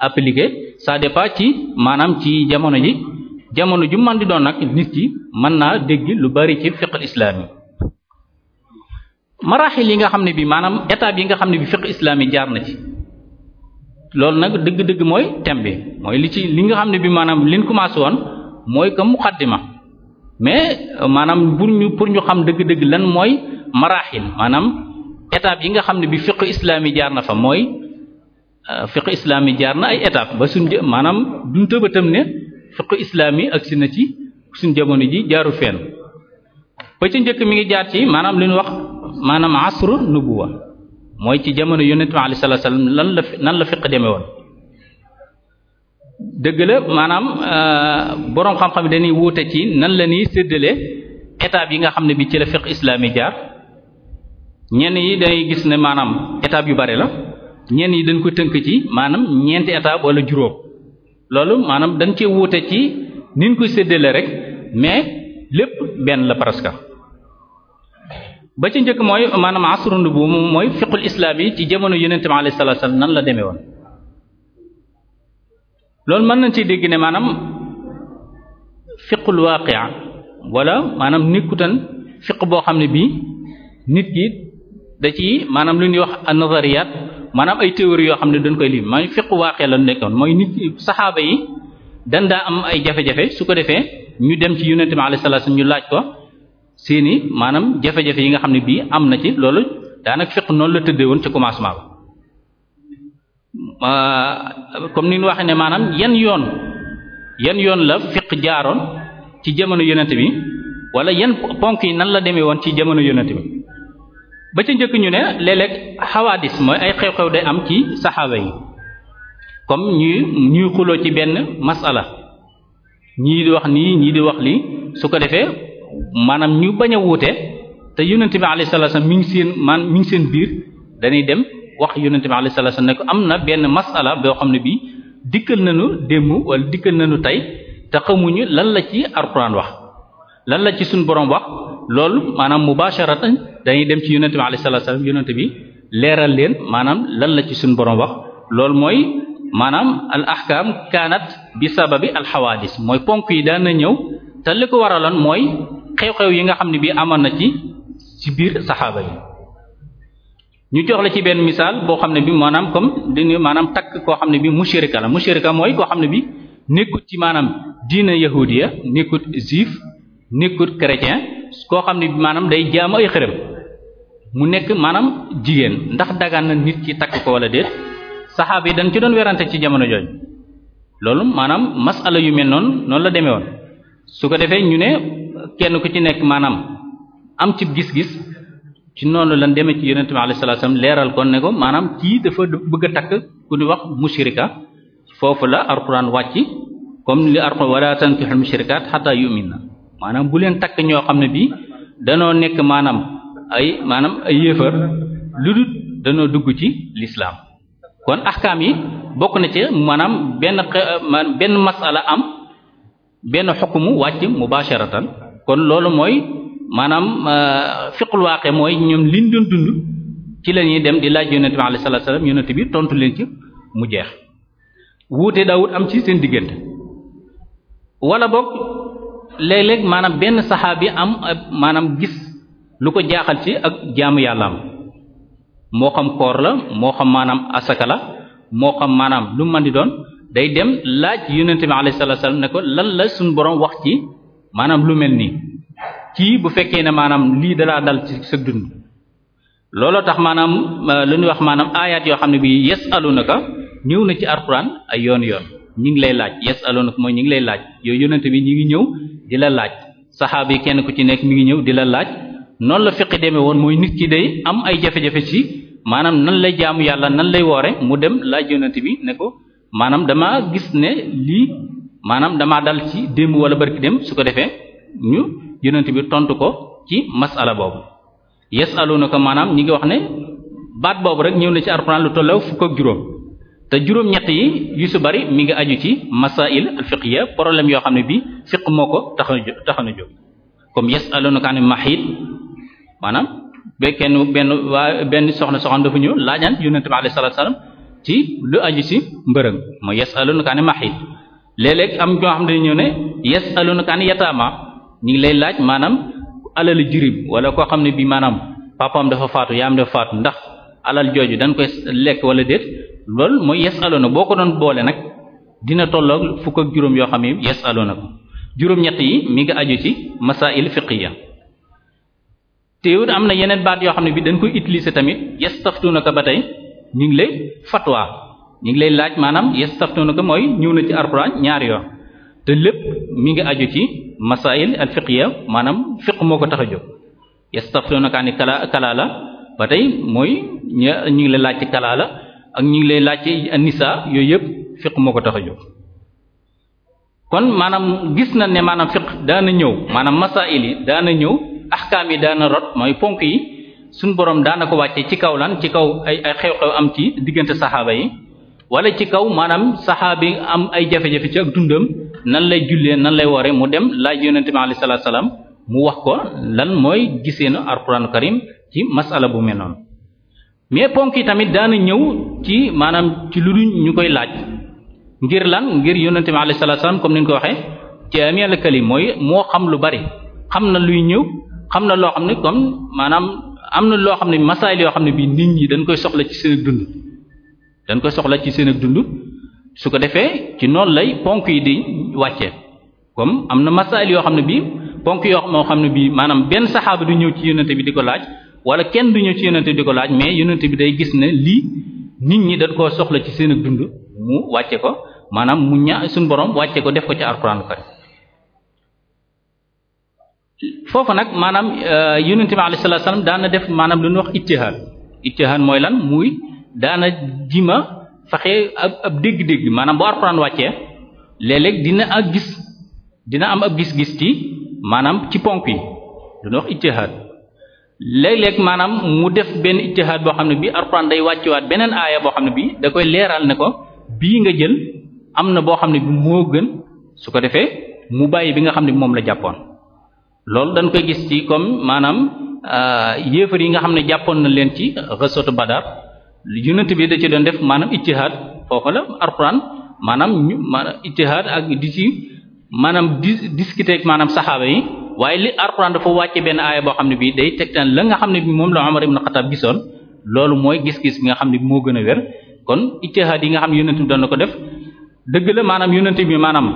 appliquer ça dépend ci maanaam ci jamono ji jamono ju man di doon nag nit ki mën naa dégg lu bari ci fiqh islaam yi yi nga xam ne bi maanaam étape yi nga xam ne bi fiqh islaam yi jaar na loolu nag dëgg-dëgg mooy thème mooy li ci li nga xam ne bi maanaam liñ commencé woon mooy que muqaddima mais euh, maanaam pour pour ñu xam dëgg-dëgg lan mooy maraaxil maanaam étape yi nga xam ne bi fiqh islaam yi na fa mooy euh, fiqh islaam yi jaar na ay étape ba suñ maanaam duñ tëbatam ne fiqu islaam yi agsi na ci suñ jamono ji jaaru fenn ba ca njëkk mi ngi jaar ci maanaam li ñu wax maanaam asru nubuwa mooy ci jamono yonent bi alayhi salaatu salaam lan la nan la fiq demee woon dëgg la maanaam euh, boroom xam-xam yi dañuy wuute ci nan la ñuy séddale étape yi nga xam ne bi ci la fiq islaam jaar ñenn yi dañuy gis ne maanaam étape yu bare la ñenn yi dañ ko tënk ci maanaam ñeenti étape wala juróom loolu maanaam dañ cee wuute ci niñ koy séddale rek mais lépp benn la presque ba ci njëkk mooy maanaam asru nubuwwa moom mooy fiqul islaam yi ci jamono yonent bi alayhi salaatu salaam nan la demee woon loolu mën nañ ci dégg ne maanaam fiqul waaqia wala maanaam nikkutan fiq boo xam ne bii nit ki da ci maanaam lu ñuy wax an nazariyat maanaam ay théories yoo xam ne dañ koy lim mooy fiqu waaqee la nekkoon mooy nit saxaaba yi dan daa am ay jafe-jafe su ko defee ñu dem ci yonent bi alayhi salaatu ñu laaj ko seeni maanaam jafe-jafe yi nga xam ne bii am na ci loolu daanaka fiq noonu la tëddee woon ci commencement ba euh, comme ni ñu waxee ne maanaam yan yoon yan yoon la fiq jaaroon ci jamono yonent bi wala yan ponk yi nan la demee woon ci jamono yonent bi ba ca njëkk ñu ne léeg-léeg xawaadis mooy ay xew-xew day am ci saxaaba yi comme ñuy ñuy xuloo ci benn masala ñii di wax nii ñii di wax lii su ko defee maanaam ñu bañ a wuute te yonent bi alayhi salaatu salaam mi ngi seen man mi ngi seen biir dañuy dem wax yonent bi alayhi salaatu ne ko am na benn masala boo xam ne bii dikkal nañu démb wala dikkal nañu tey te xamuñu lan la ci alxuraan wax lan la ci suñ borom wax loolu maanaam mubasharatan dañuy dem ci yonente bi alayhi salatu wasallam bi leeral leen maanaam lan la ci suñ borom wax loolu mooy maanaam al ahkam kaanat bi sababi al xawaadis mooy ponk yi daan na ñëw te li ko waraloon mooy xew-xew yi nga xam ne bii amoon na ci ci biir saxaaba yi ñu jox la ci benn misaal boo xam ne bi maanaam comme dañuy maanaam takk koo xam ne bi mushrika la mushrika mooy koo xam ne bi nekkut ci maanaam diina yahudiya nekkut juif nit nekkut chrétien koo xam ne maanaam day jaamu ay xërëm mu nekk maanaam jigéen ndax dagaan na nit ki takk ko wala déet saxaaba yi dañ ci doon werante ci jamono jooju loolu maanaam masala yu mel noonu noonu la demee woon su ko defee ñu ne kenn ku ci nekk maanaam am ci gis-gis ci noonu lan demee ci yonente bi alayhi leeral kon ne ko maanaam kii dafa bëgg takk ku ñu wax mushrika foofu la alquran wàcc comme li alquran wala tankihul mushrikaat xataa yu'min na maanaam bu leen takk ñoo xam ne bii danoo nekk maanaam ay maanaam ay yéefar lu dul danoo dugg ci lislaam kon axkaam yi bokk na ci maanaam benn benn masala am benn xukumu wàcc mubasharatan kon loolu mooy maanaam euh, fiqul waaqe mooy ñoom liñ doon dund ci lañuy dem di laaj yonent bi alayhi salaatu salaam yonent bi tontu leen ci mu jeex wuute daawut am ci seen diggante wala bokk léeg-léeg maanaam benn saxaabi am ab maanaam gis lu ko jaaxal ci ak jaamu yàllaam moo xam koor la moo xam maanaam asaka la moo xam maanaam lu mën di doon day dem laaj yonente bi alayhi salatu ko lan la suñ borom wax ci maanaam lu mel nii kii bu fekkee ne maanaam lii dalaa dal ci sa dund looloo tax maanaam euh, lu ñuy wax maanaam aayaat yoo xam ne bi yasalunaka ñëw na ci alxuraan ay yoon yoon ñi ngi lay laaj yasalunaka mooy ñi ngi lay laaj yooyu yonente bi ñi ngi ñëw di la laaj saxaaba yi kenn ku ci nekk mi ngi ñëw di la laaj noonu la fiqi demee woon mooy nit ki day am ay jafe-jafe ci maanaam nan lay jaamu yàlla nan lay woore mu dem laaj yonent bi ne ko maanaam dama gis ne lii maanaam damaa dal ci démb wala barki dem su ko defee ñu yonent bi tontu ko ci masala boobu ko maanaam ñi ngi wax ne baat boobu rek ñëw na ci alxuraan lu tollaw fukk ak juróom te juróom-ñett yi yu su bari mi ngi aju ci masail al fiqhiya problème yoo xam ne bi fiq moo ko tax a tax na jóg comme yasalunaka an mahid maanaam ba kenn benn waa benn soxna soxna dafa ñëw laajaan yonent bi alayhi ci lu aju ci mbërëng mooy yasalunaka an mahid léeg-léeg am ñoo xam ne ñëw ne yasalunaka an yataama ñu ngi lay laaj maanaam alal jirim wala koo xam ne bi maanaam papaam dafa faatu yaam dafa faatu ndax alal jooju dañ koy lekk wala déet lool mooy yes aloona boo ko doon boole nag dina tolloog fukk ak juróom yoo xam ne yes aloona ko juróom-ñett yi mi ngi aju ci masail fiqiya téewut am na yeneen baat yoo xam ne bi dañ koy utiliser tamit yastaftunaka ba tey ñu ngi lay fatwa ñu ngi lay laaj maanaam yastaftunaka mooy ñëw na ci ñaari yoon te lépp mi ngi aju ci masail al fiqiya maanaam fiq moo ko tax a jóg yastaftunaka ni kala kala la ba tey mooy ñu ngi leen laaj ci kalaala ak ñu ngi leen laaj ci nisa yooyu yëpp fiq moo ko tax a jóg kon maanaam gis na ne maanaam fiq daana ñëw maanaam masail yi daana ñëw ahkaam yi daana rot mooy ponk yi suñ borom daana ko wàcce ci kaw lan ci kaw ay ay xew-xew am ci diggante saxaaba yi wala ci kaw maanaam saxaaba yi am ay jafe-jafe ci ak dundam nan lay jullee nan lay ware mu dem laaj yonente bi alayhi salaatu salaam mu wax ko lan mooy gisee na alquraan karim ci masala bu mel noonu mais ponk yi tamit daana ñëw ci maanaam ci lu ñu koy laaj ngir lan ngir yonente bi alayhi salatu comme ni ñu ko waxee ci ami al kalim mooy moo xam lu bari xam na luy ñëw xam na loo xam ne comme maanaam am na loo xam ne masaayil yoo xam ne bii nit ñi dañ koy soxla ci seen dund dañ koy soxla ci seen dund su ko defee ci noonu lay ponk yi di wàccee comme am na masaayil yoo xam ne bii ponk yoo moo xam ne bii maanaam benn saxaaba du ñëw ci yonente bi di ko laaj wala kenn du ñëw ci yonent di ko laaj mais yonent bi day gis ne lii nit ñi dañ koo soxla ci seen dund mu wàcce ko maanaam mu ña suñu borom wàcce ko def ko ci alxuraan kari foofu nag maanaam euh, yonent bi alayhi salaatu salaam daana def maanaam lu ñuy wax ittihaad ittihaad mooy lan muy daana jima faxe ab ab dégg-dégg maanaam boo alxuraan wàccee léeg dina ak gis dina am ab gis-gis ci maanaam ci ponk yi lu ñuy wax ittihaad léeg-léeg maanaam mu def benn ijtihaad boo xam ne bii alxuraan day wàcciwaat beneen aaya boo xam ne bii da koy leeral ne ko bii nga jël am na boo xam ne bi moo gën su ko defee mu bàyyi bi nga xam ne moom la jàppoon. loolu dañ koy gis ci comme maanaam euh, yéefar yi nga xam ne jàppoon na leen ci xasatu Badar yonent bi da ci doon def maanaam ijtihaad foofu la alxuraan maanaam ñu ak di ci maanaam di discuter maanaam saxaaba yi. waaye li alxuraan dafa wàcce benn aaya boo xam ne bii day tegtaan la nga xam ne bi moom la Umar ibn Xattaab gisoon loolu mooy gis-gis bi nga xam ne bi moo gën a wér kon ijtihaad yi nga xam ne yonent bi doon na ko def dëgg la maanaam yonent bi maanaam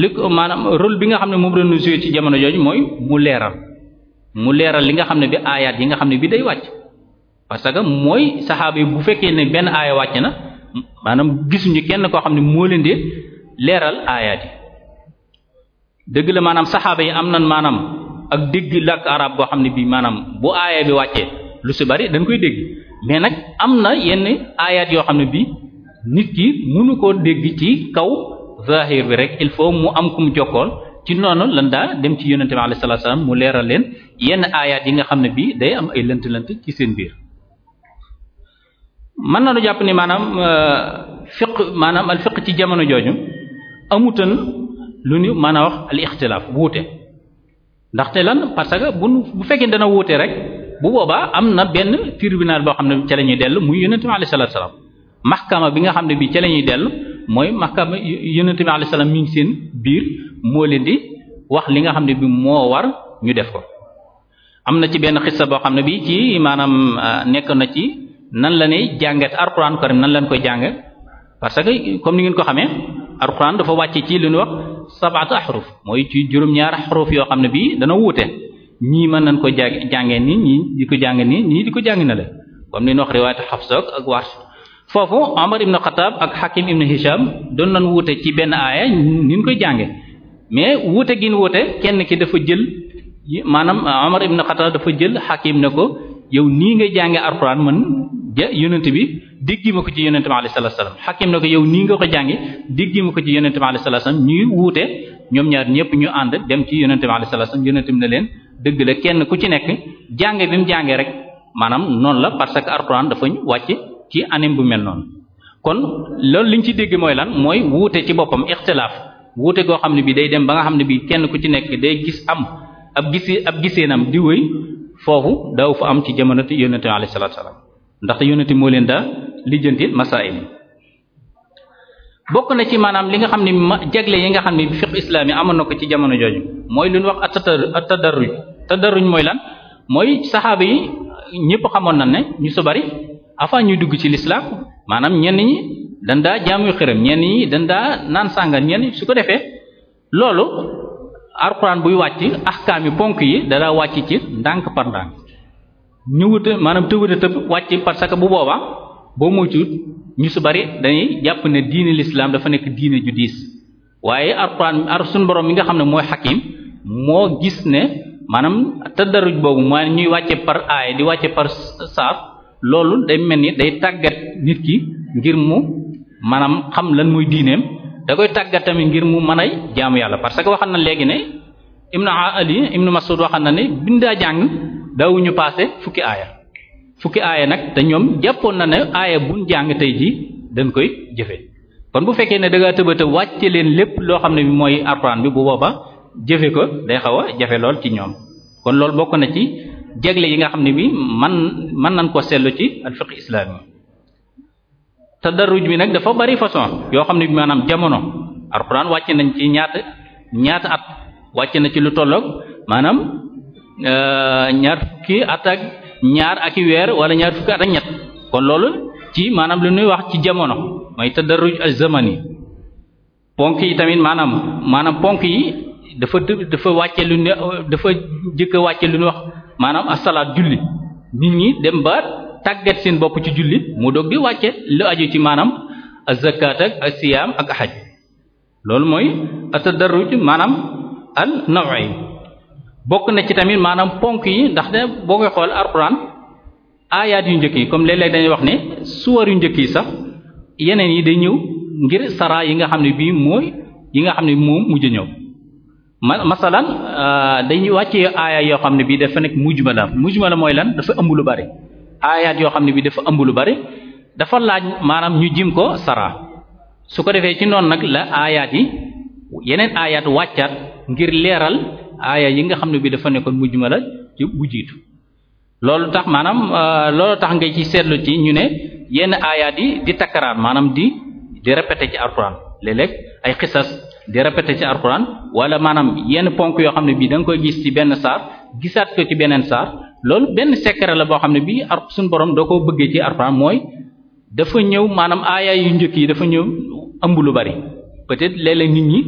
li ko maanaam rôle bi nga xam ne moom doon joué jamono jooju mooy mu leeral mu leeral li nga xam ne bi aayaat yi nga xam ne bi day wàcc parce que mooy saxaaba yi bu fekkee ne benn aaya wàcc na maanaam gisuñu kenn koo xam ne moo leen di leeral aayaat yi dégg la maanaam saxaaba yi am nan maanaam ak dégg làkk arab boo xam ne bii maanaam bu aaya bi wàccee lu si bari dañ koy dégg mais nag am na yenn aayaat yoo xam ne bii nit ki mënu koo dégg ci kaw zahir bi rek il faut mu am ku mu jokkool ci noonu lan daa dem ci yonente bi alayhi salatu mu leeral leen yenn aayaat yi nga xam ne bii day am ay lënt-lënt ci seen biir mën nañu jàpp ni maanaam euh, fiq maanaam al fiq ci jamono jooju amutan lu ñu mën a wax al ixtilaaf wuute ndaxte lan parce que bu bu fekkee dana wuute rek bu boobaa am na benn tribunal boo xam ne ca ñuy dellu muy yonent bi alayhi salaatu salaam maxkama xam ne bii ca la dellu mooy maxkama yonent bi alayhi salaam mi ngi seen biir moo leen di wax li nga xam ne bi moo war ñu def ko. am na ci benn xissa boo xam ne bii ci maanaam euh, nekk na ci nan la ñuy jàngat alquran karim nan lañ koy jàng parce que comme ni ngeen ko xamee. alquran dafa wàcce ci li ñu wax sabata xaruf mooy ci juróom-ñaar xaruf yoo xam ne bii dana wuute ñii mën nañ ko jàng jàngee nii ñii di ko jàng nii ñii di ko jàng na la comme li ñu wax riwaayatu Xafsa ak Warsh foofu Omar ibn Xattaab ak Hakim ibn Hisham doon nañ wuute ci benn aaya ni koy jànge mais wuute gin ñu kenn ki dafa jël maanaam Omar ibn Xattaab dafa jël Hakim ne ko yow nii ngay jànge alquran man ja yonent bi déggi ma ko ci yonent bi alayhi salaatu salaam xakim na ko yow nii nga ko jàngi déggi ma ko ci yonent bi alayhi salaatu salaam ñuy wuute ñoom ñaar ñëpp ñu ànd dem ci yonent bi alayhi salaatu salaam yonent bi ne leen dëgg la kenn ku ci nekk jàng bi mu jàngee rek maanaam noonu la parce que alxuraan dafa wàcc ci anim bu mel noonu. kon loolu liñ ci dégg mooy lan mooy wuute ci boppam ixtilaaf wuute goo xam ne bi day dem ba nga xam ne bi kenn ku ci nekk day gis am ab gisi ab giseenam di wéy foofu daaw fa am ci jamono yonent bi alayhi salaatu salaam ndaxte yonent moo leen daa lijjanti masaa'il bokk na ci maanaam li nga xam ne ma jagle yi nga xam ne fiqh islaam yi amoon na ko ci jamono jooju mooy lu ñu wax at tadarruj tadarruj mooy lan mooy saxaaba yi ñëpp xamoon nañ ne ñu su bari avant ñuy dugg ci lislaam maanaam ñenn ñi dañ daa jaamu xërëm ñenn ñi dañ daa naan sàngar ñenn su ko defee loolu alxuraan buy wàcc ahkaam ponk yi da wàcc ci ndànk par ndànk ñëwuta maanaam tëwuta tëb wàcc parce que bu boobaa boo moytuwut ñu su bari dañuy jàpp ne diine l'islam dafa nekk diine ju diis waaye Alxuraan ar suñu borom mi nga xam ne mooy xakim moo gis ne maanaam tëddaruj boobu mooy ñuy wàcce par aay di wàcce par saaf loolu day mel ni day tàggat nit ki ngir mu maanaam xam lan muy diineem da koy tàggat tamit ngir mu mën a jaamu yàlla parce que waxal na léegi ne Ibn Ali Ibn Mas'ud waxal na ne bindaa jàng daawuñu passé fukki aaya fukki aaya nag te ñoom jàppoon na ne aaya buñ jàng tey ji dañ koy jëfe kon bu fekkee ne da ngaa tëbata wàcce leen lépp loo xam ne bi mooy alxuraan bi bu booba jëfe ko day xaw a jafe lool ci ñoom kon loolu bokk na ci jegle yi nga xam ne bi man mën nañ ko seetlu ci alfiq islaami tadarruj bi nag dafa bari façon yoo xam ne bi maanaam jamono alxuraan wàcce nañ ci ñaata at wàcce na ci lu tolloog maanaam Euh, ñaar fukki at ak ñaar ak weer wala ñaar fukki at ak ñett kon loolu ci maanaam lu ñuy wax ci jamono mooy tadarruj az-zamani ponk yi tamit maanaam maanaam ponk yi dafa dafa wàcce lu ne dafa jëkk a wàcce lu ñuy wax maanaam asalaat julli nit ñi dem ba tàggat seen bopp ci julli mu dogg di wàcce lu aju ci maanaam az-zakat ak as-siyam ak hajj loolu mooy atadarruj maanaam an-naw'i bokk na ci tamit maanaam ponk yi ndax de boo koy xool alxuraan aayaat yu njëkk yi comme léeg-léeg dañuy wax ne suwar yu njëkk yi sax yeneen yi day ñëw ngir saraa yi nga xam ne bii mooy yi nga xam ne moom mujj ñëw ma masalan euh, dañuy wàccee aaya yoo xam ne bii dafa nekk mujj mujmala mujmala mooy lan dafa ëmb lu bari aayaat yoo xam ne bii dafa ëmb lu bari dafa laaj maanaam ñu jim ko saraa su ko defee ci noonu nag la aayaat yi yeneen aayaat wàccaat ngir leeral aaya yi nga xam ne bi dafa nekkoon mujj ma la bu jiitu loolu tax maanaam euh, loolu tax nga ci seetlu ci ñu ne yenn aayaat yi di takkaraat maanaam di di répété ci alxuraan léeg ay xisas di répété ci alxuraan wala maanaam yenn ponk yoo xam ne bii da nga koy gis ci benn saar gisaat ko ci beneen saar loolu benn secret la boo xam ne bii ar suñu borom doo ko bëggee ci alxuraan mooy dafa ñëw maanaam aayaat yu njëkk yi dafa ñëw ëmb lu bari peut-être léeg nit ñi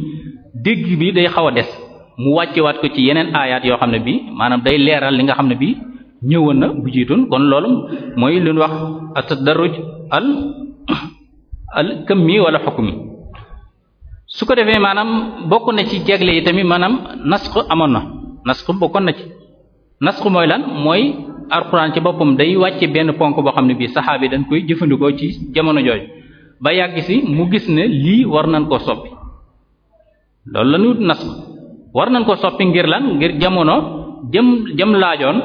dégg bi day xaw a des. mu wàccewaat ko ci yeneen aayaat yoo xam ne bi maanaam day leeral li nga xam ne bi ñëwoon na bu jiitoon kon loolu mooy lu ñu wax at-tadarruj al al kammi wala hukmi su ko defee maanaam bokk na ci jegle yi tamit maanaam nasq amoon na nasq bokkoon na ci nasq mooy lan mooy alxuraan ci boppam day wàcce benn ponk boo xam ne bii saxaaba yi dañ koy jëfandikoo ci jamono jooju ba yàgg si mu gis ne lii war nañ koo soppi loolu la ñuy war nañ koo soppi ngir lan ngir jamono jëm jëm laajoon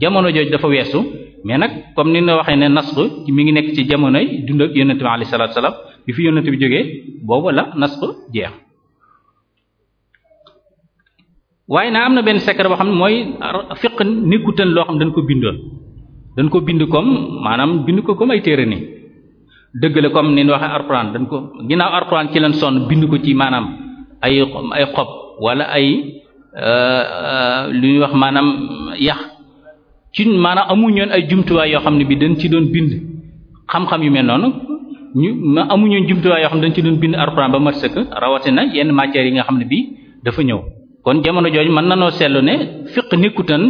jamono jooju dafa weesu mais nag comme ni na waxee ne nasx mi ngi nekk ci jamonoy dund ak yonent bi alayhi salaatu salaam bi fi yonent bi jógee boobu la nasx waaye naa am na benn secret boo xam ne mooy fiq nekkutan loo xam dañ ko bindoon dañ ko bind comme maanaam bind ko comme ay téere nii dëgg la comme ni nu waxee Alxuraan dañ ko ginnaaw Alxuraan ci lañ sonn bind ko ci maanaam ay ay xob. walla ay euh, euh, lu ñuy wax maanaam yax ci maanaam amuñoon ay jumtuwaay yoo xam ne bi dañ ci doon bind xam-xam yu mel noonu ñu ma amuñoon jumtuwaay yoo xam ne dañ ci doon bind alxuraan ba mat sëkk rawatina yenn matières yi nga xam ne bi dafa ñëw kon jamono jooju mën na noo seetlu ne fiq nekkutan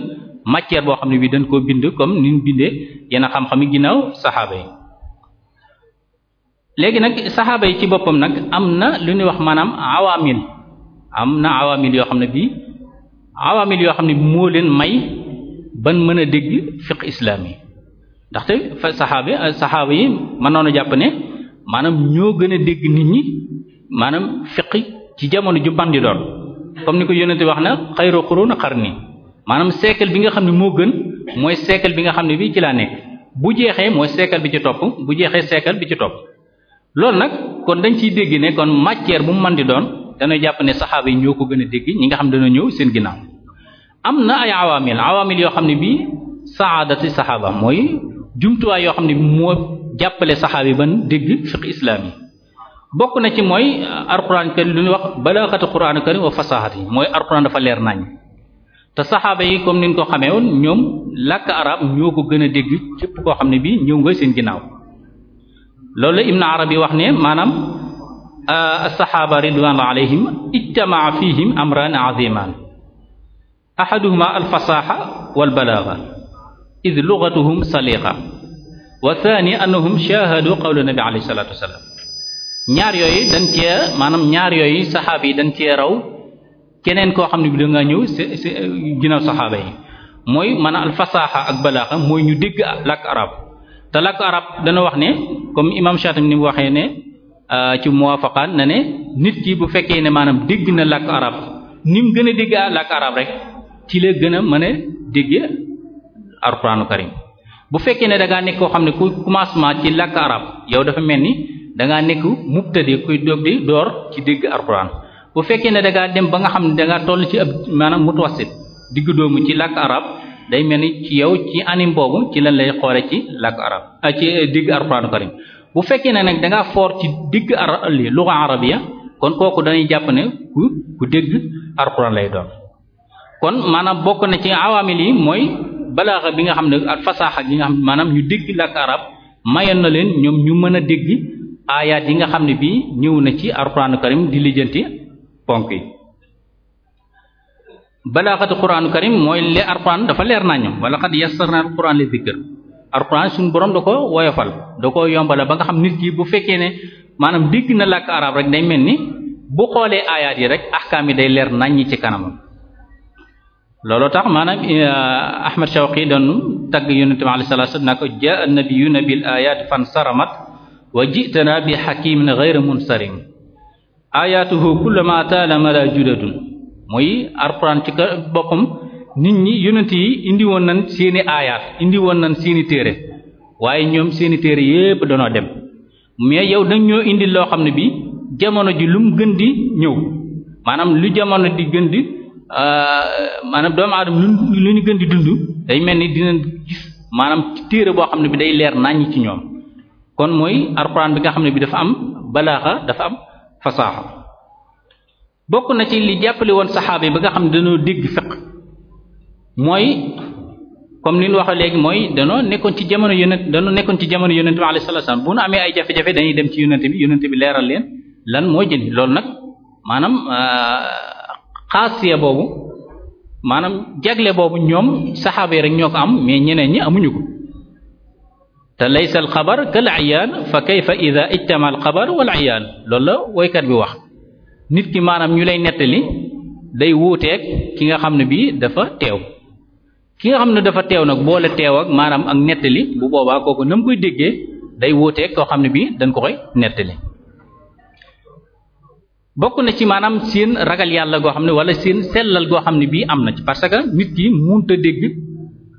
matière boo xam ne bi dañ koo bind comme ni ñu bindee yenn xam-xam yi ginnaaw saxaaba yi léegi nag saxaaba yi ci boppam nag am na lu ñuy wax maanaam awaamil am na awaamil yoo xam ne bii awaamil yoo xam ne bi moo leen may ban mën a dégg fiq islaam yi ndaxte fa saxaabe saxaaba yi mën noonu jàpp ne maanaam ñoo gën a dégg nit ñi maanaam fiq ci jamono ju di doon comme ni ko yónnente wax na xayru xar qarni maanaam siècle bi nga xam ne moo gën mooy siècle bi nga xam ne bii ci laa nekk bu jeexee mooy siècle bi ci topp bu jeexee siècle bi ci topp loolu nag kon dañ ciy dégg ne kon matière bu man di doon dana jàpp ne saxaaba yi ñoo ko gën a dégg ñi nga xam dana ñëw seen ginnaaw am na ay awaamil awaamil yoo xam ne bii saadati saxaaba mooy jumtuwaay yoo xam ne moo jàppale saxaaba yi ban dégg fiq islaam yi bokk na ci mooy alquran karim lu ñuy wax balaaxatu quran karim wa fasaxat yi mooy alquran dafa leer nañ te saxaaba yi comme niñ ko xamee woon ñoom làkk arab ñoo ko gën a dégg képp koo xam ne bii ñëw nga seen ginnaaw loolu Ibn Arabi wax ne maanaam alsaxaaba ridwanullah alayhim ijtamaa fihim amran aziman ahaduhuma alfasaxa walbalaaga id lugatuhum saliqa wa thani annahum shahadu qawla nabi alayhi salatu wasalam ñaar yooyu dañ cee maanaam ñaar yooyu saxaaba yi dañ cee raw keneen koo xam ne bi da ngaa ñëw si si ginnaaw saxaaba yi mooy maanaam alfasaxa ak balaaxa mooy ñu dégg làkk arab te làkk arab dana wax ne comme imam Shaatibi ni mu waxee ne Euh, ci muwafaqaan na ne nit ki bu fekkee ne maanaam dégg na làkk arab ni mu gën a dégg làkk arab rek ci la gën a mën a dégg alquranu karim bu fekkee ne da ngaa nekk koo xam ne ku commencement ci làkk arab yow dafa mel ni da ngaa nekk mubtadi kuy dog di door ci dégg alquran bu fekkee ne da ngaa dem ba nga xam ne danga toll ci ab maanaam mutwasit digg doomu ci làkk arab day mel ni ci yow ci anim boobu ci lan lay xoole ci làkk arab ci eh, digg alquranu karim bu fekkee ne nag dangaa foor ci digg ara li luga ya kon kooku dañuy jàpp ne ku ku dégg alxuraan lay doon kon maanaam bokk na ci awaamil yi mooy balaaxa bi nga xam ne ak fasaaxa gi nga xam maanaam ñu dégg làkk arab mayoon na leen ñoom ñu mën a dégg aayaat yi nga xam ne bii ñëw na ci alxuraanu karim di lijjanti ponk yi balaaxatu xuraanu karim mooy le alxuraan dafa leer nañu wala xad yassarna alxuraan li dikr alxuraan suñu borom da ko woyofal da ko yombale ba nga xam nit ki bu fekkee ne maanaam dégg na làkk arab rek day mel ni bu xoolee aayaat yi rek ahkaam yi day leer naññi ci kanamam looloo tax maanaam eh, Ahmad Shawqi doon tagg yonent bi alayhi salaatu wasallam naa ko jaa nabiyuna bil aayaati fansaramat wa ji'tana bi hakimin ghayri munsarim aayaatuhu kullama taala muy alxuraan ci boppam nit ñi yonent yi indi woon nañ seeni aayaat indi woon nañ seeni téere waaye ñoom seeni téere yépp danoo dem mais yow dañ ñoo indi loo xam ne bi jamono ji lu mu gën di ñëw maanaam lu jamono di gën di euh, maanaam doomu aadama lu lu ñu gën di dund day mel ni dinañ gis maanaam téere boo xam ne bi day leer naññ ci ñoom kon mooy alxuraan bi nga xam ne bi dafa am balaaxa dafa am fasaaxa bokk na ci li jàppale woon saxaaba yi ba nga xam ne dañoo dégg fiq mooy comme ni lu waxee léegi mooy danoo nekkoon ci jamono yonent danoo nekkoon ci jamono yonent bi alayhi salaatu salaam bu nu amee ay jafe-jafe dañuy dem ci yonent bi yonent bi leeral leen lan mooy jëli lool nag maanaam euh, xaasiya boobu maanaam jagle boobu ñoom saxaaba rek ñoo ko am mais ñeneen ñi amuñu ko te laysa al xabar kal ayaan fa kayfa ida ijtama al xabar ayaan loolu la woykat bi wax nit ki maanaam ñu lay nettali day wuuteeg ki nga xam ne bii dafa teew ki nga xam ne dafa teew nag boole teew ak maanaam ak nettali bu boobaa kooku na koy déggee day wuuteeg koo xam ne bii dañ ko koy nettali. bokk na ci maanaam seen ragal yàlla goo xam ne wala seen sellal goo xam ne bii am na ci parce que nit ki munta dégg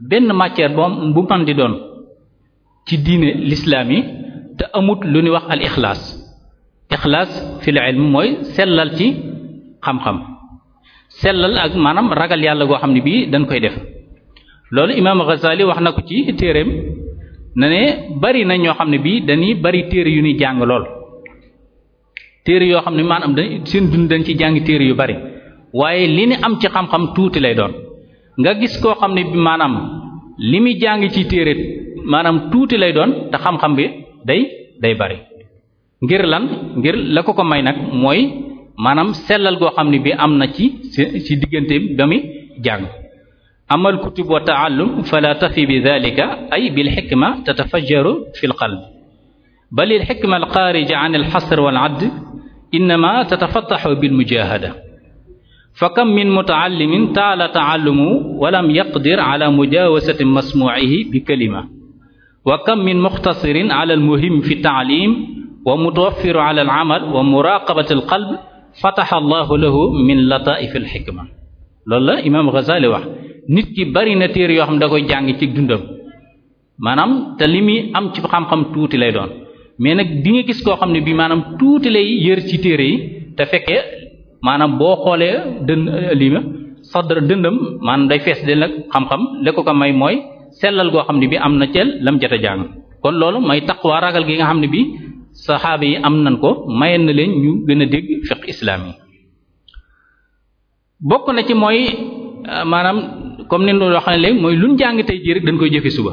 benn matière boom bu man doon ci diine lislaam yi te amut lu ñuy wax al ixlaas ixlaas fil ilm mooy sellal ci xam-xam sellal ak maanaam ragal yàlla goo xam ne bii dañ koy def loolu imaam Ghazali wax na ko ci téereem na ne bari na ñoo xam ne bii dañuy bari téere yu ñuy jàng lool téere yoo xam ne maanaam dañ seen dund dañ ci jàng téere yu bari waaye li ne am ci xam-xam tuuti lay doon nga gis koo xam ne bi maanaam li muy jàng ci téere maanaam tuuti lay doon te xam-xam bi day day bari ngir lan ngir la ko ko may nag mooy maanaam sellal goo xam ne bi am na ci ci diggante ba muy jàng ama alkutub wa taallum fala tafi bi dalika ay bilxikma tatafajjaru fi lqalb bal ilxikma alxaarija an alxasr waladd innama tatafataxu bilmujahada fa kam min mutaallimin taala taallumu walam yaqdir ala mujawasati masmucihi bi kalima wa kam min muxtasirin ala almuhim fi taalim wa mutawaffiru ala alamal wa muraqabati alqalb fataxa allahu lahu min lataifi alxikma loolu la imaam Ghazali wax nit ki bari na téere yoo xam ne da koy jàng ci dundam maanaam te li muy am ci xam-xam tuuti lay doon mais nag di nga gis koo xam ne bii maanaam tuuti lay yër ci téere yi te fekkee maanaam boo xoolee dënd euh, lii sadr dëndam maanaam day fees de nag xam-xam la ko ko may mooy sellal goo xam ne bi am na ceel lam jot a jàng kon loolu may waa ragal gi nga xam ne bi saxaaba yi am nañ ko mayen na leen ñu gën a dégg fiqh islaam yi bokk na ci mooy euh, maanaam comme ni loo xam ne léegi mooy luñ jàng tey jii rek dañ koy jëfe suba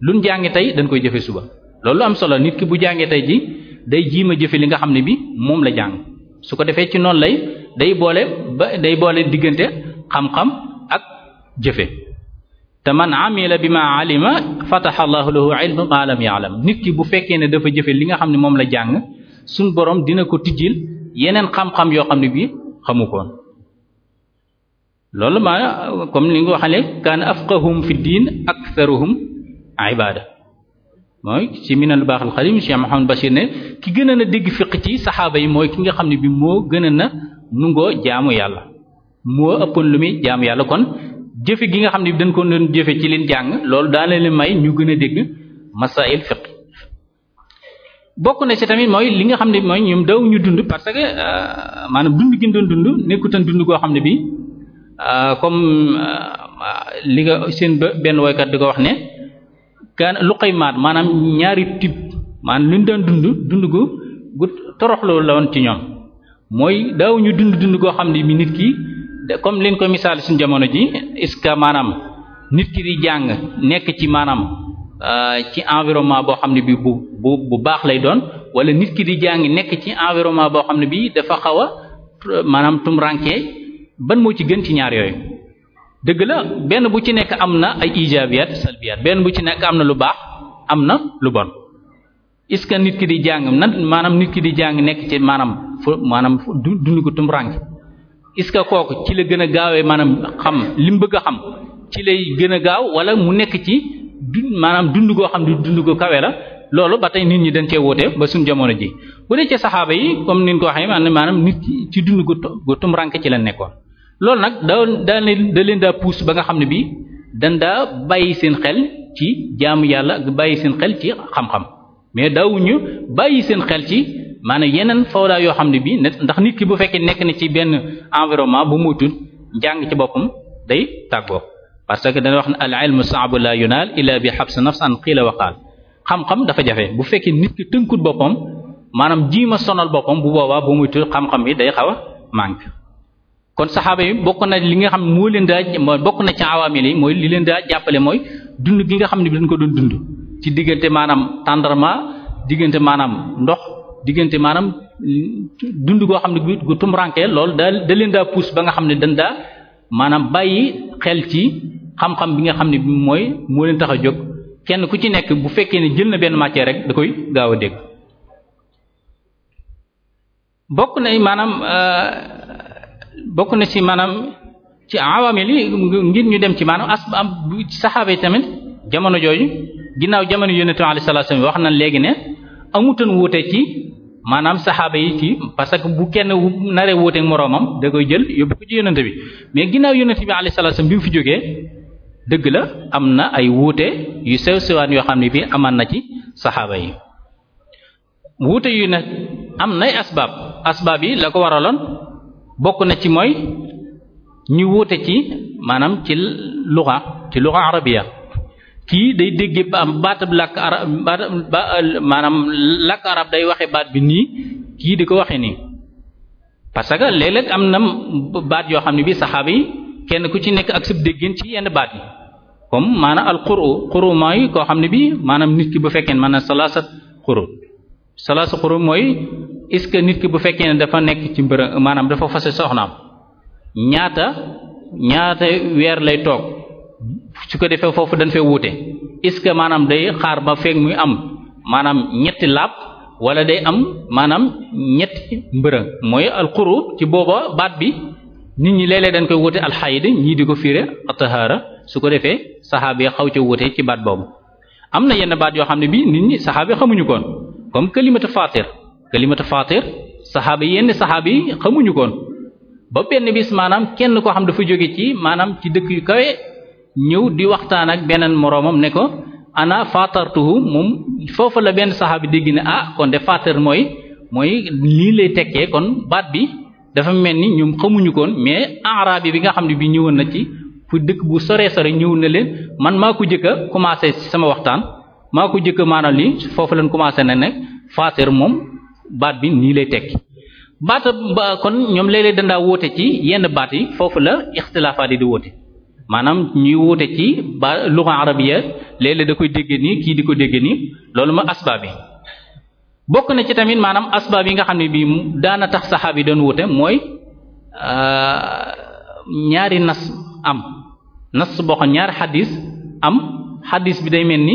luñ jàng tey dañ koy jëfe suba loolu am solo nit ki bu jàngee tey jii day jiima jëfe li nga xam ne bi moom la jàng su ko defee ci noonu lay day boole ba day boole diggante xam ak jëfe te man amila bi ma alima fataha allahu lahu ilman nit ki bu fekkee ne dafa jëfe li nga xam ne moom la jàng suñ borom dina ko tijjil yeneen xam-xam yoo xam ne bi xamu koon loolu maanaam comme ni nga waxee ne kaan afqahum fi diin aktharuhum ibada mooy ci minal baaxal xadim Cheikh Mouhamed Bachir ne ki gën na dégg fiq ci saxaaba yi mooy ki nga xam ne bi moo gën a na nungoo jaamu yàlla moo ëpp lu muy jaamu yàlla kon jëfe gi nga xam ne bi dañ kon doon jëfe ci leen jàng loolu daa leen may ñu gën a dégg masail fiq bokk na ci tamit mooy li nga xam ne mooy ñoom daw ñu dund parce que euh, maanaam dund gi doon dund nekkutan dund koo xam ne bi Euh, comme euh, li nga seen benn woykat di ko wax ne kaan lu koy maat maanaam ñaari type maanaam lu ñu daan dund dund gu gu toroxloo la ci ñoom mooy daaw dund dund goo xam ne mi nit ki comme leen ko misaal suñ jamono ji est-ce que maanaam nit ki di jàng nekk ci maanaam euh, ci environnement boo xam ne bi bu bu bu baax lay doon wala nit ki di jàng nekk ci environnement boo xam ne bi dafa xaw a maanaam tumranke ban moo ci gën ci ñaar yooyu dëgg la benn bu ci nekk am na ay ijaabiyaat salbiyaat benn bu ci nekk am na lu baax am na lu bon est ce que nit ki di jàng nan maanaam nit ki di jàng nekk ci maanaam fu maanaam du dund ko tumurànke est ce que kooku ci la gën a gaawee maanaam xam li mu bëgg a xam ci lay gën a gaaw wala mu nekk ci du maanaam dund goo xam du dund ko kawe la loolu ba tey nit ñi dañ cee woote ba suñ jamono ji bu dee ci saxaaba yi comme ni ñu ko waxee maanaam nit ki ci dund gu tumurànke ci la nekkoon. loolu nag da daan da leen daa puus ba nga xam ne bi dan daa bàyyi seen xel ci jaamu yàlla ak bàyyi seen xel ci xam-xam mais daawuñu bàyyi seen xel ci maanaam yeneen fawda yoo xam ne bi ndax nit ki bu fekkee nekk na ci benn environnement bu muytul njàng ci boppam day tàggoo parce que dana wax ne al ilmu saabu la yunaal illa bi xabs nafs an xiila waqaal xam-xam dafa jafe bu fekkee nit ki tënkut boppam maanaam jiima sonal boppam bu boobaa bu muytul xam-xam bi day xaw a manque kon saxaaba yi bokk na li nga xam ne moo leen daa mooy bokk na ci awaamil yi mooy li leen daa jàppale mooy dund gi nga xam ne bi dañ ko doon dund ci diggante maanaam tàndarma diggante maanaam ndox diggante maanaam dund koo xam ne gu tumranke loolu daal da leen daa puus ba nga xam ne dañ daa maanaam bàyyi xel ci xam-xam bi nga xam ne bi mooy moo leen tax a jóg kenn ku ci nekk bu fekkee ne jël na benn matière rek da koy gaaw a dégg bokk na maanaam euh, bokk na si maanaam ci awamil yi ngir ñu dem ci maanaam as am saxaaba yi tamit jamono jooju ginnaaw jamono yonent bi sallallahu alayhi wax nañ léegi ne amutoon wuute ci maanaam saxaaba yi ci parce que bu kenn naree wuuteeg moroomam da koy jël yóbbu ko ci yonent bi mais ginnaaw yonent bi sallallahu alayhi wasallam bi mu fi jógee dëgg la am na ay wuute yu sew sewaan yoo xam ne bii amaan na ci saxaaba yi wuute yu ne am nay asbaab asbaab yi la ko waraloon bokk na ci mooy ñu wuute ci maanaam ci luxa ci luxa arabiya kii day dégge baatab làkk arab maanaam làkk arab day waxe baat bi nii kii di ko waxe nii parce que léeg am na baat yoo xam ne bi saxaaba yi kenn ku ci nekk ak sab déggin ci yenn baat yi comme maanaam al quru quru mooy koo xam ne bi maanaam nit ki bu fekkee maanaam salaasat quru salaasat quru mooy est-ce que nit ki bu fekkee ne dafa nekk ci mbërë maanaam dafa fase soxnaam ñaata ñaata weer lay toog su ko defee foofu dañ fee wuute est-ce que maanaam day xaar ba feeg muy am maanaam ñetti laab wala day am maanaam ñetti mbërë mooy alxuru ci booba baat bi nit ñi léeg-léeg dañ koy wuute alxayid ñii di ko fiire atahaara su ko defee saxaaba yi xaw ca wuute ci baat boobu am na yenn baat yoo xam ne bii nit ñi saxaaba xamuñu koon comme kalimatu fatir kalimatu fatir saxaaba yenn saxaaba yi xamuñu koon ba benn bis maanaam kenn koo xam dafa jóge ci maanaam ci dëkk yu kawe ñëw di waxtaan ak beneen moroomam ne ko ana fatartuhu moom foofa la benn saxaaba dégg ne ah kon de fatar mooy mooy lii lay tekkee kon baat bi dafa mel ni ñoom xamuñu koon mais arabi bi nga xam ne bi ñëwoon na ci fu dëkk bu soree sore ñëw na leen man maa ko jëkk a commencé ci sama waxtaan maa ko jëkk maanaam li foofu leen commencé na ne fatar moom baat bi nii lay tekki baata ba kon ñoom léeg-léeg dandaa wóote ci yenn baat yi foofu la ixtilaafaat yi di wóote maanaam ñuy wóote ci ba luxa arabiya léeg-léeg da koy déggee ni kii di ko déggee nii loolu ma asbaab yi bokk na ci tamit maanaam asbaab yi nga xam ne bii daana tax saxaab yi doon wóote mooy euh, ñaari nas am nas boo ñaari xadis am xadis bi day mel ni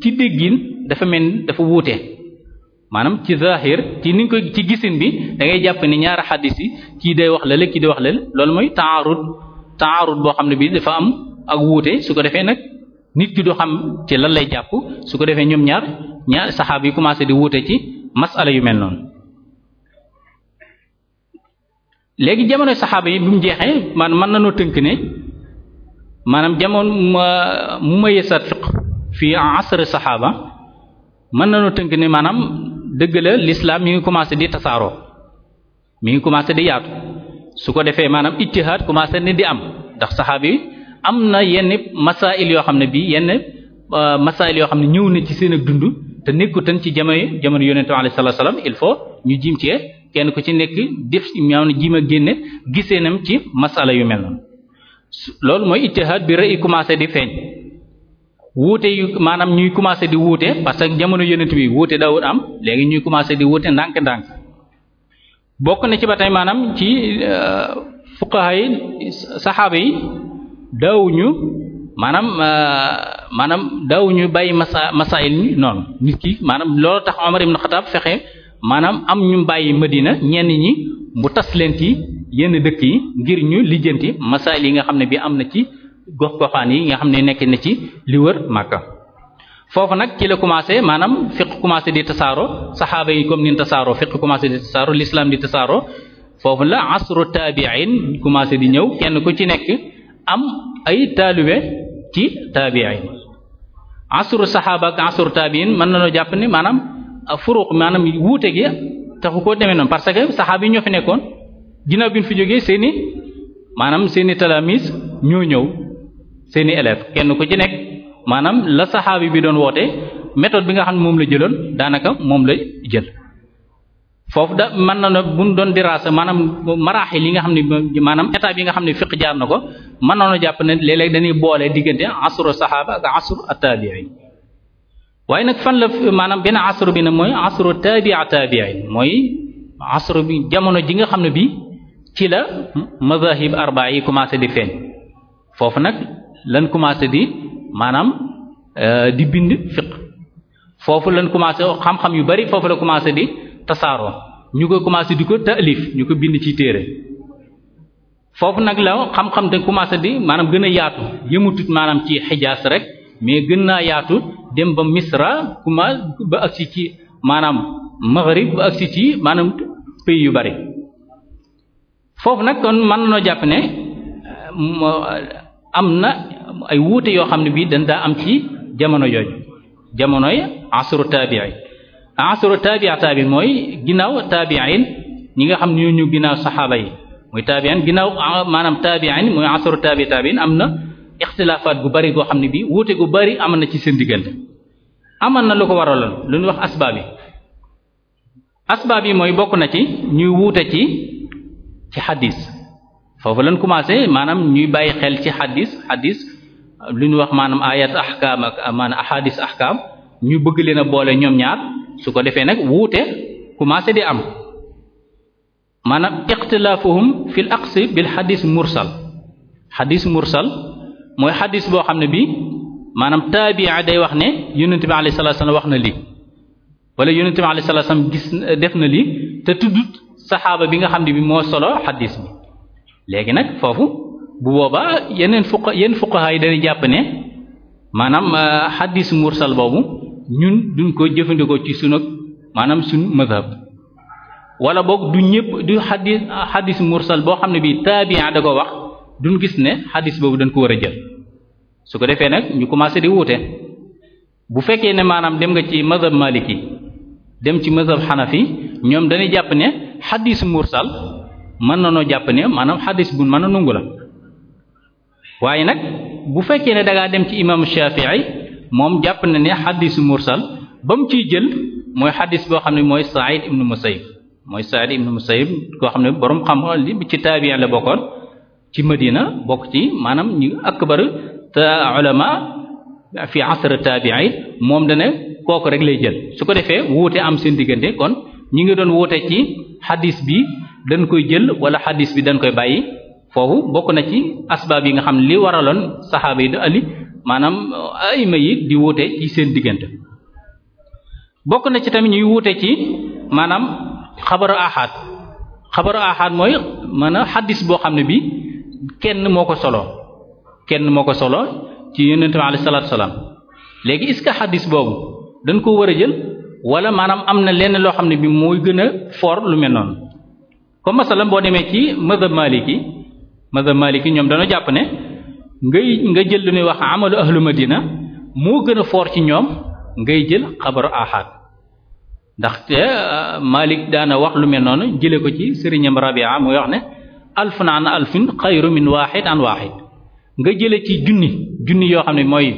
ci déggin dafa mel dafa wuute maanaam ci zahir ci niñ ko ci gisin bi dangay jàpp ni ñaari xadis yi kii day wax lale kii day wax lale loolu mooy taarud taarud boo xam ne bii dafa am ak wuute su ko defee nag nit ki du xam ci lan lay jàpp su ko defee ñoom ñaar ñaar saxaab yi commencé di wuute ci masala yu mel noonu léegi jamono saxaaba yi bi mu jeexee man mën nañoo tënk ne maanaam jamono mu ma yësat fiq fii en asr saxaaba mën nañoo tënk ne maanaam dëgg la lislaam mi ngi commencé di tasaaroo mi ngi commencé di yaatu su ko defee maanaam ittihaad commencé ni di am ndax saxaaba yi am na yenn masail yoo xam ne bii yenn euh, masail yoo xam ne ñëw na ci seen ak dund te nekkutan ci jamono jamono yonente alayhi salatu wasallam il faut ñu jiim cee kenn ku ci nekk def maanaam jiim a génne giseenam ci masala yu mel noonu loolu mooy ittihaad bi rëy commencé di feeñ wuute yu maanaam ñuy commencé di wuute parce que jamono yonent bi wuute daawul am léegi ñuy commencé di wute ndànk-ndànk bokk na ci ba tey maanaam ci euh, fuqaha yi saxaaba yi daawuñu maanaam euh, maanaam daawuñu bàyyi masa masail noonu nit ki maanaam loolu tax Omar ibn Khattab fexe maanaam am ñu bàyyi Medina ñenn ñi mu tas leen ci yenn dëkk yi ngir ñu lijjanti masail yi nga xam ne bi am na ci gox goxaan yi nga xam ne nekk na ci li wër Makka foofu nag ci la commencé maanaam fiq commencé di tasaaro saxaaba yi comme ni tasaaro fiq commencé di tasaaro l'islam di tasaaro foofu la asru taabiin commencé di ñëw kenn ku ci nekk am ay taalibe ci taabiin asru saxaaba ak asru taabiin mën nañoo jàpp ne maanaam furuq maanaam wuute gi taxu koo demee noonu parce que saxaaba yi ñoo fi nekkoon ginnaaw bi fi jógee seeni maanaam seeni talaamis ñoo ñëw seeni élèves kenn ko ci nekk maanaam la saxaabi bi doon woote metod bi nga xam ne moom la jëloon daanaka moom la jël foofu da mën na ne buñ doon diraasa maanaam maraaxil li nga xam ne maanaam étape yi nga xam ne fiq jaar na ko mën na noo jàpp ne léeg-léeg dañuy boole diggante asru saxaaba ak asru taabiin waaye nag fan la maanaam benn asru bi nag mooy asru taabia taabiin mooy asru bi jamono ji nga xam ne bi ci la mazahib arbaa yi commencé di feeñ foofu nag lan commencé di maanaam euh, di bind fiq foofu lan commencé xam-xam yu bari foofu la commencé di tasaaroo ñu ko commencé di ko taalif ñu ko bind ci téere foofu nag la xam-xam da commencé di maanaam gën a yaatu yëmutut maanaam ci xijaas rek mais gën naa yaatu dem ba misra kuma ba agsi ci maanaam maghrib ba agsi ci maanaam pays yu bari foofu nag kon mën nañoo jàpp ne euh, am na ay wuute yoo xam ne bii dañ daa am ci jamono yooyu jamonoy asru tabi'i asru tabi'a tabi mooy ginnaaw tabi'in ñi nga xam ne ñu ginaaw saxaaba yi mooy tabi'in ginnaaw maanaam tabi'in mooy asru tabi tabi'in am na ixtilaafaat gu bari goo xam ne bii wuute gu bari am na ci seen diggante amal na lu ko waraloon lu ñu wax asbaab yi asbaab yi mooy bokk na ci ñuy wuute ci ci xadis foofu lañ commencé maanaam ñuy bàyyi xel ci xadis xadis lu ñu wax maanaam ayat ahkaam ak maanaam ahadis ahkaam ñu bëgg leen a boole ñoom ñaar su ko defee nag wuute commencé di am maanaam ixtilaafuhum fil aqsi bi xadis mursal xadis mursal mooy xadis boo xam ne bii maanaam taabia day wax ne yonente bi alayhi salaatu salaam wax na lii wala yonente bi alayhi salaatu salaam gis def na lii te tudd saxaaba bi nga xam ne bi moo solo xadis bi léegi nag foofu bu boobaa yeneen fuqa yenn fuqaha yi dañuy jàpp ne maanaam euh, xaddis mursal boobu ñun duñ ko jëfandikoo ci sunu maanaam suñ madhab wala boog du ñëpp du xaddis xaddis mursal boo xam ne bii tabi'a da ko wax duñ gis ne xaddis boobu dañ ko war a jël su ko defee nag ñu commencé di wuute bu fekkee ne maanaam dem nga ci madhab yi dem ci madhab yi ñoom dañuy jàpp ne xaddis mursal mën na noo jàpp ne maanaam xadis bu mën a nungu la waaye nag bu fekkee ne dangaa dem ci imam Shafii moom jàpp na ne xadisu mursal ba mu ciy jël mooy xadis boo xam ne mooy Saïd ibnu Musayyib mooy Saïd ibnu Musayyib koo xam ne borom xam li ci taabiin la bokkoon ci Madina bokk ci maanaam ñu akbar te ulama fi asr taabiin moom dana kooku rek lay jël su ko defee wuute am seen diggante kon ñi ngi doon wuute ci xadis bi dañ koy jël wala xadis bi dañ koy bàyyi foofu bokk na ci asbaab yi nga xam li waraloon saxaaba yi da ali maanaam euh, ayma yi di wuute ci seen diggante bokk na ci tamit ñuy wuute ci maanaam xabaru ahad xabaru ahad mooy a xadis boo xam ne bi kenn moo ko solo kenn moo ko solo ci yonente bi alayhi salaatu salaam léegi est-ce boobu dañ ko war a jël wala maanaam am na lenn loo xam ne bi mooy gën a fort lu mel noonu comme masalan boo demee ci mazhab maliki mazhab maliki ñoom dañoo jàpp ne ngay nga jël lu ñuy wax amalu ahlu madina moo gën a foor ci ñoom ngay jël xabaru ahad ndaxte euh, malik daana wax lu mel noonu jële ko ci sëriñam rabia muy wax ne alfun an alfin xayru min waxid an waxid nga jële ci junni junni yoo xam ne mooy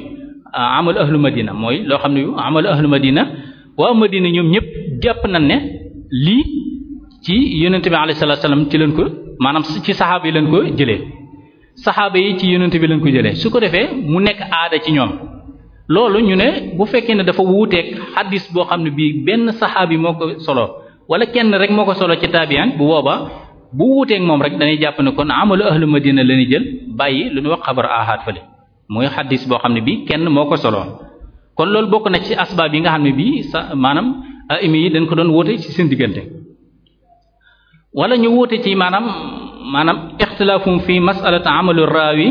euh, amalu ahlu madina mooy loo xam ne amalu ahlu madina waa madina ñoom ñëpp jàpp na ne lii ci yonent bi alayhi salaatu salaam ci leen ko maanaam ci saxaaba yi leen ko jëlee saxaaba yi ci yonent bi leen ko jëlee su ko defee mu nekk aada ci ñoom loolu ñu ne bu fekkee ne dafa wuuteeg xaddis boo xam ne bii benn yi moo ko solo wala kenn rek moo ko solo ci taabiyaan bu boobaa bu wuuteeg moom rek dañuy jàpp ne kon amalu ahlu madina la ñuy jël bàyyi lu ñuy wax xabar ahaat de mooy xaddis boo xam ne bii kenn moo ko solo kon loolu bokk na ci asbaab yi nga xam ne bii sa maanaam aimi yi dañ ko doon wuute seen diggante. wala ñu wuute ci maanaam maanaam ixtilaafum fi masalati amalu raawi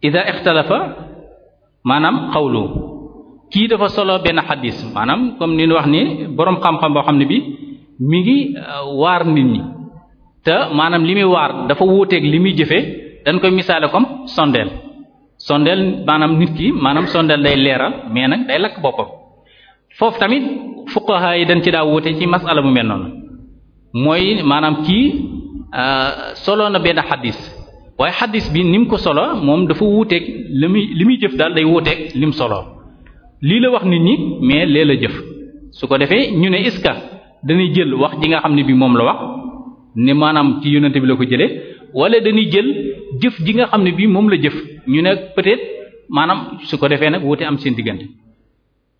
ida ixtalafa maanaam xawlu kii dafa solo benn xadis maanaam comme ni wax ni boroom xam-xam boo xam ne bi mi ngi euh, waar nit ñi te maanaam li muy waar dafa wuuteeg li muy jëfe dañ koy misaale comme sondeel sondeel maanaam nit ki maanaam sondeel day leeral mais nag day lakk boppam foofu tamit fuqaha yi dañ ci daa wuute ci masala mu mel noonu mooy maanaam kii euh, solo na benn xadis waaye xadis bi ni mu ko solo moom dafa wuuteeg li muy li muy jëf daal day wuuteeg lim solo lii la wax nit ñi mais lee la jëf su ko defee ñu ne est-ce dañuy jël wax ji nga xam ne bi moom la wax ne maanaam ci yonent bi la ko jëlee wala dañuy jël jëf ji nga xam ne bi moom la jëf ñu ne peut-être maanaam su ko defee nag wuute am seen diggante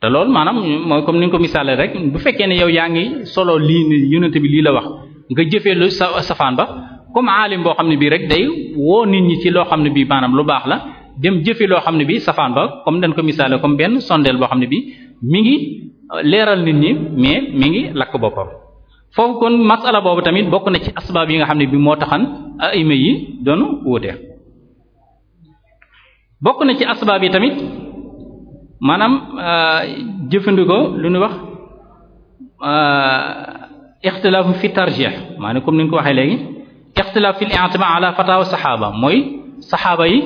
te loolu maanaam mooy comme ni nga ko misaalee rek bu fekkee ne yow yaa ngi solo lii ni yonent bi lii la wax nga jëfee lu sa safaan ba comme aalim boo xam ne bii rek day woo nit ñi ci loo xam ne bii maanaam lu baax la dem jëfe loo xam ne bii safaan ba comme dañ ko misaalee comme benn sondeel boo xam ne bii mi ngi leeral nit ñi mais mi ngi lakk boppam. foofu kon masala boobu tamit bokk na ci asbaab yi nga xam ne bii moo taxan ayima yi doon wóote bokk na ci asbaab yi tamit. maanaam euh, jëfandikoo lu ñu wax euh, ixtilaafu fi tarjih maanaam comme ni nga ko waxee léegi ixtilaaf fi al-i'tima ala saxaaba mooy saxaaba yi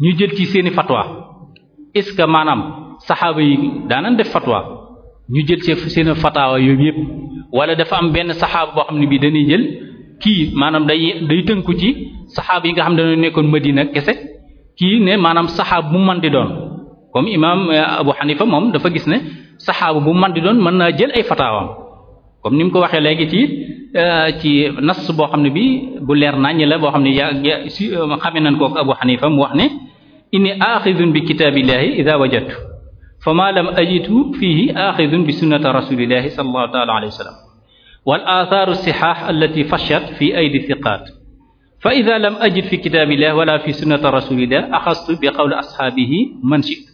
ñu jël ci seeni fatwa est-ce que maanaam saxaaba yi daanan def fatwa ñu jël ci seeni fatawa yooyu yëpp wala dafa am benn saxaaba boo xam ne bii dañuy jël kii maanaam day day tënku ci saxaaba yi nga xam ne dañoo nekkoon Madina kese kii ne maanaam saxaab bu man di doon comme imam eh, Abu Hanifa moom dafa gis ne saxaaba bu man di doon mën naa jël ay fataawam comme ni mu ko waxee léegi ci eh, ci nas boo xam ne bi bu leer naññ la boo xam ne yaa eh, xamee nañ ko Abu Hanifa mu wax ne inni axidun bi kitaabillahi idha wajadtu fa ma lam ajitu fihi axidun bi sunnati rasulillahi sallallahu taala alayhi wa sallam wal athaaru sihah allati fashat fi aydi thiqat fa idha lam ajid fi kitaabillah wala fi sunnati rasulillah axastu bi qawli ashaabihi man shi'tu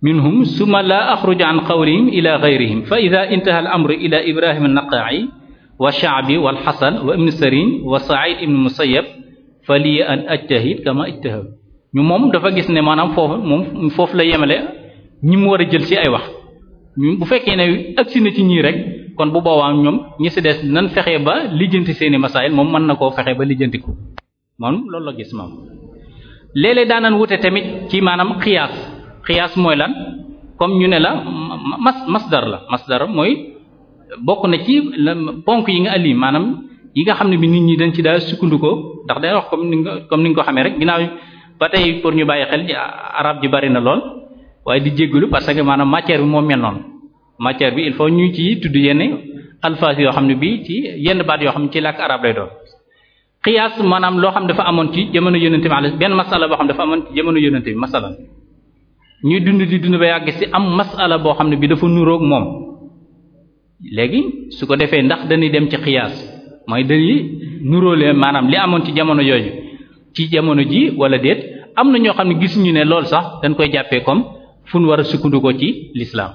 minhum summa laa axruja an qawlihim ila gayrihim fa ida intaha al amru ila ibrahima alnaqaaci wa shaabi walxasan wa ibnu sarin wa said ibnu musayab fa lii an ajtahid kama ijtahad ñu moom dafa gis ne maanaam foofu moom foofu la yemale ñi mu war a jël ci ay wax ñu bu fekkee ne agsi na ci ñii rek kon bu boobaa ñoom ñi si des nan fexe ba lijjanti seeni masaayil moom mën na koo fexe ba lijjanti ko moom loolu la gis moom léeg-léeg daanan wute tamit ci maanaam xiyaas xiyaas mooy lan comme ñu ne la mas masdar la masdar mooy bokk na ci ponk yi nga ali maanaam yi nga xam ne bi nit ñi dañ ci daal sukkandikoo ndax day wax comme ni nga comme ni nga ko xamee rek ginnaaw ba tey pour ñu bàyyi xel arab ji bari na lool waaye di jéggalu parce que maanaam matière bi moo mel noonu matière bi il faut ñu ci tudd yenn alphas yoo xam ne bi ci yenn baat yoo xam ne ci làkk arab lay doon xiyaas maanaam loo xam dafa amoon ci jamono yonente bi benn masala boo xam dafa amoon ci jamono ñuy dund di dund ba yàgg si am masala boo xam ne bi dafa nurook moom léegi su ko defee ndax dañuy dem ci xiyaas mooy dañuy nuróole maanaam li amoon ci jamono yooyu ci jamono ji wala déet am na ñoo xam ne gisuñu ne loolu sax dañ koy jàppee comme fu nu war a sukkandikoo ci l'islam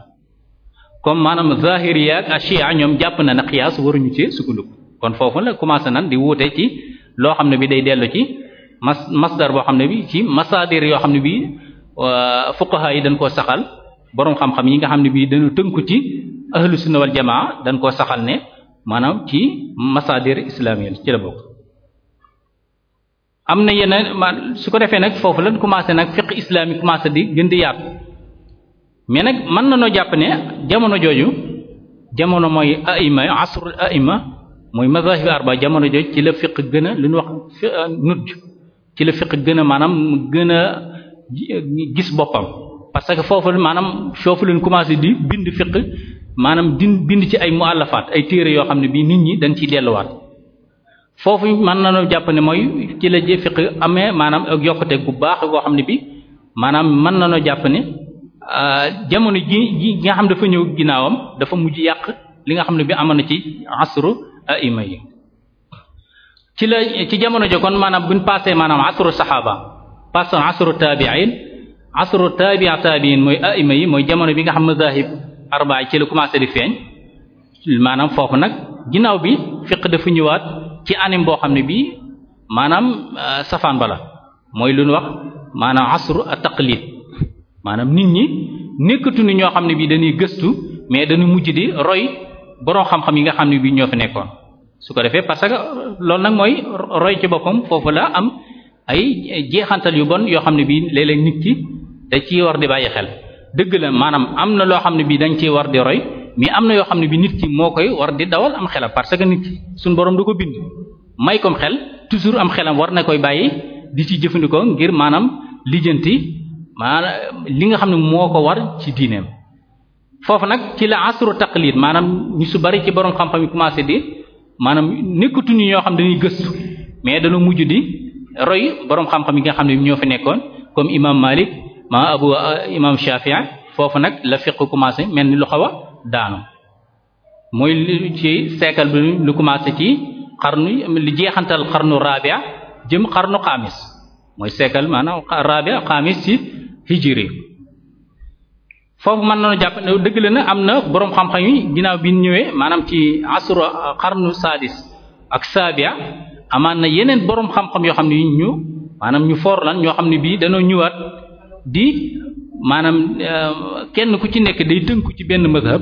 comme maanaam zahiriya ak ñoom jàpp na na xiyaas waruñu ci sukkandiku kon foofu na commencé nan di wuute ci loo xam ne bi day dellu ci mas masdar boo xam ne bi ci masaadir yoo xam ne bi Euh, fuqaha yi dañ koo saxal boroom xam-xam yi nga xam ne bii dañu tënku ci ahlu sunna wal jamaa dañ koo saxal ne maanaam ci masaadir islamiya ci la bokk am na yeneen ma su ko defee nag foofu lañ commencé nag fiqh islamique commencé di gën di yaatu mais nag mën na noo jàpp ne jamono jooju jamono mooy aima asrul aima mooy mazahib arba jamono jooju ci la fiqh gën a lu ñu wax euh, nudj ci la fiqh gën a maanaam gën a gis boppam parce que foofu maanaam foofu leen commencé di bind fiq maanaam di bind ci ay muallafaat ay téere yoo xam ne bii nit ñi dañ ciy delluwaat foofu man na noo jàpp ne mooy ci la jë fiq amee maanaam ak yokkute bu baax koo xam ne bi maanaam mën nañoo jàpp ne ah, jamono ji ji nga xam dafa ñëw ginnaawam dafa mujj yàq li nga xam ne bi amoon na ci asru aima yi ci la ci jamono jo kon maanaam buñ passé maanaam asru saxaaba passant asru taabiin asru taabia taabiin mooy aima yi mooy jamono bi nga xam mazahib arbaa ci la commencé di feeñ maanaam foofu nag ginnaaw bi fiq dafa ñëwaat ci anim boo xam ne bii maanaam euh, safaan bala mooy lu ñu wax maanaam asru taqlid maanaam nit ñi nekkatuñu ñoo xam ne bii dañuy gëstu mais dañu mujj di roy borom xam-xam yi nga xam ne bii ñoo fi nekkoon su ko defee parce que nag mooy roy ci boppam foofu la am ay jeexantal yu bon yoo xam ne bii léeg-léeg nit ki da ciy war di bàyyi xel dëgg la maanaam am na loo xam ne bii dañ ciy war di roy mais am na yoo xam ne bii nit ki moo koy war di dawal am xelam parce que nit ki suñu borom du ko bind may kom xel toujours am xelam war na koy bàyyi di ci jëfandikoo ngir maanaam lijjanti maanaam li nga xam ne moo ko war ci diineem foofu nag ci la asru liit maanaam ñu su bari ci borom xam-xam yi commencé di maanaam nekkatuñu ñoo xam dañuy gëstu mais dañu mujj di roy borom xam-xam yi nga xam ne ñoo fi nekkoon comme imam Malik ma abu imam Shafi'i foofu nag la fiq commencé mel ni lu xaw daanu mooy lu ci siècle bi lu commencé ci xarnu li jeexantal xarnu rabia jëm xarnu xaamis mooy siècle maanaam rabia xaamis ci hijri foofu mën nañu jàpp ne dëgg la na am na boroom xam-xam yi ginnaaw bi ñëwee maanaam ci asru xarnu sadis ak sabia amaan na yeneen boroom xam-xam yoo xam ne ñu maanaam ñu foor lan ñoo xam ne bii danoo ñëwaat di maanaam euh, kenn ku ci nekk day tënku ci benn mazhab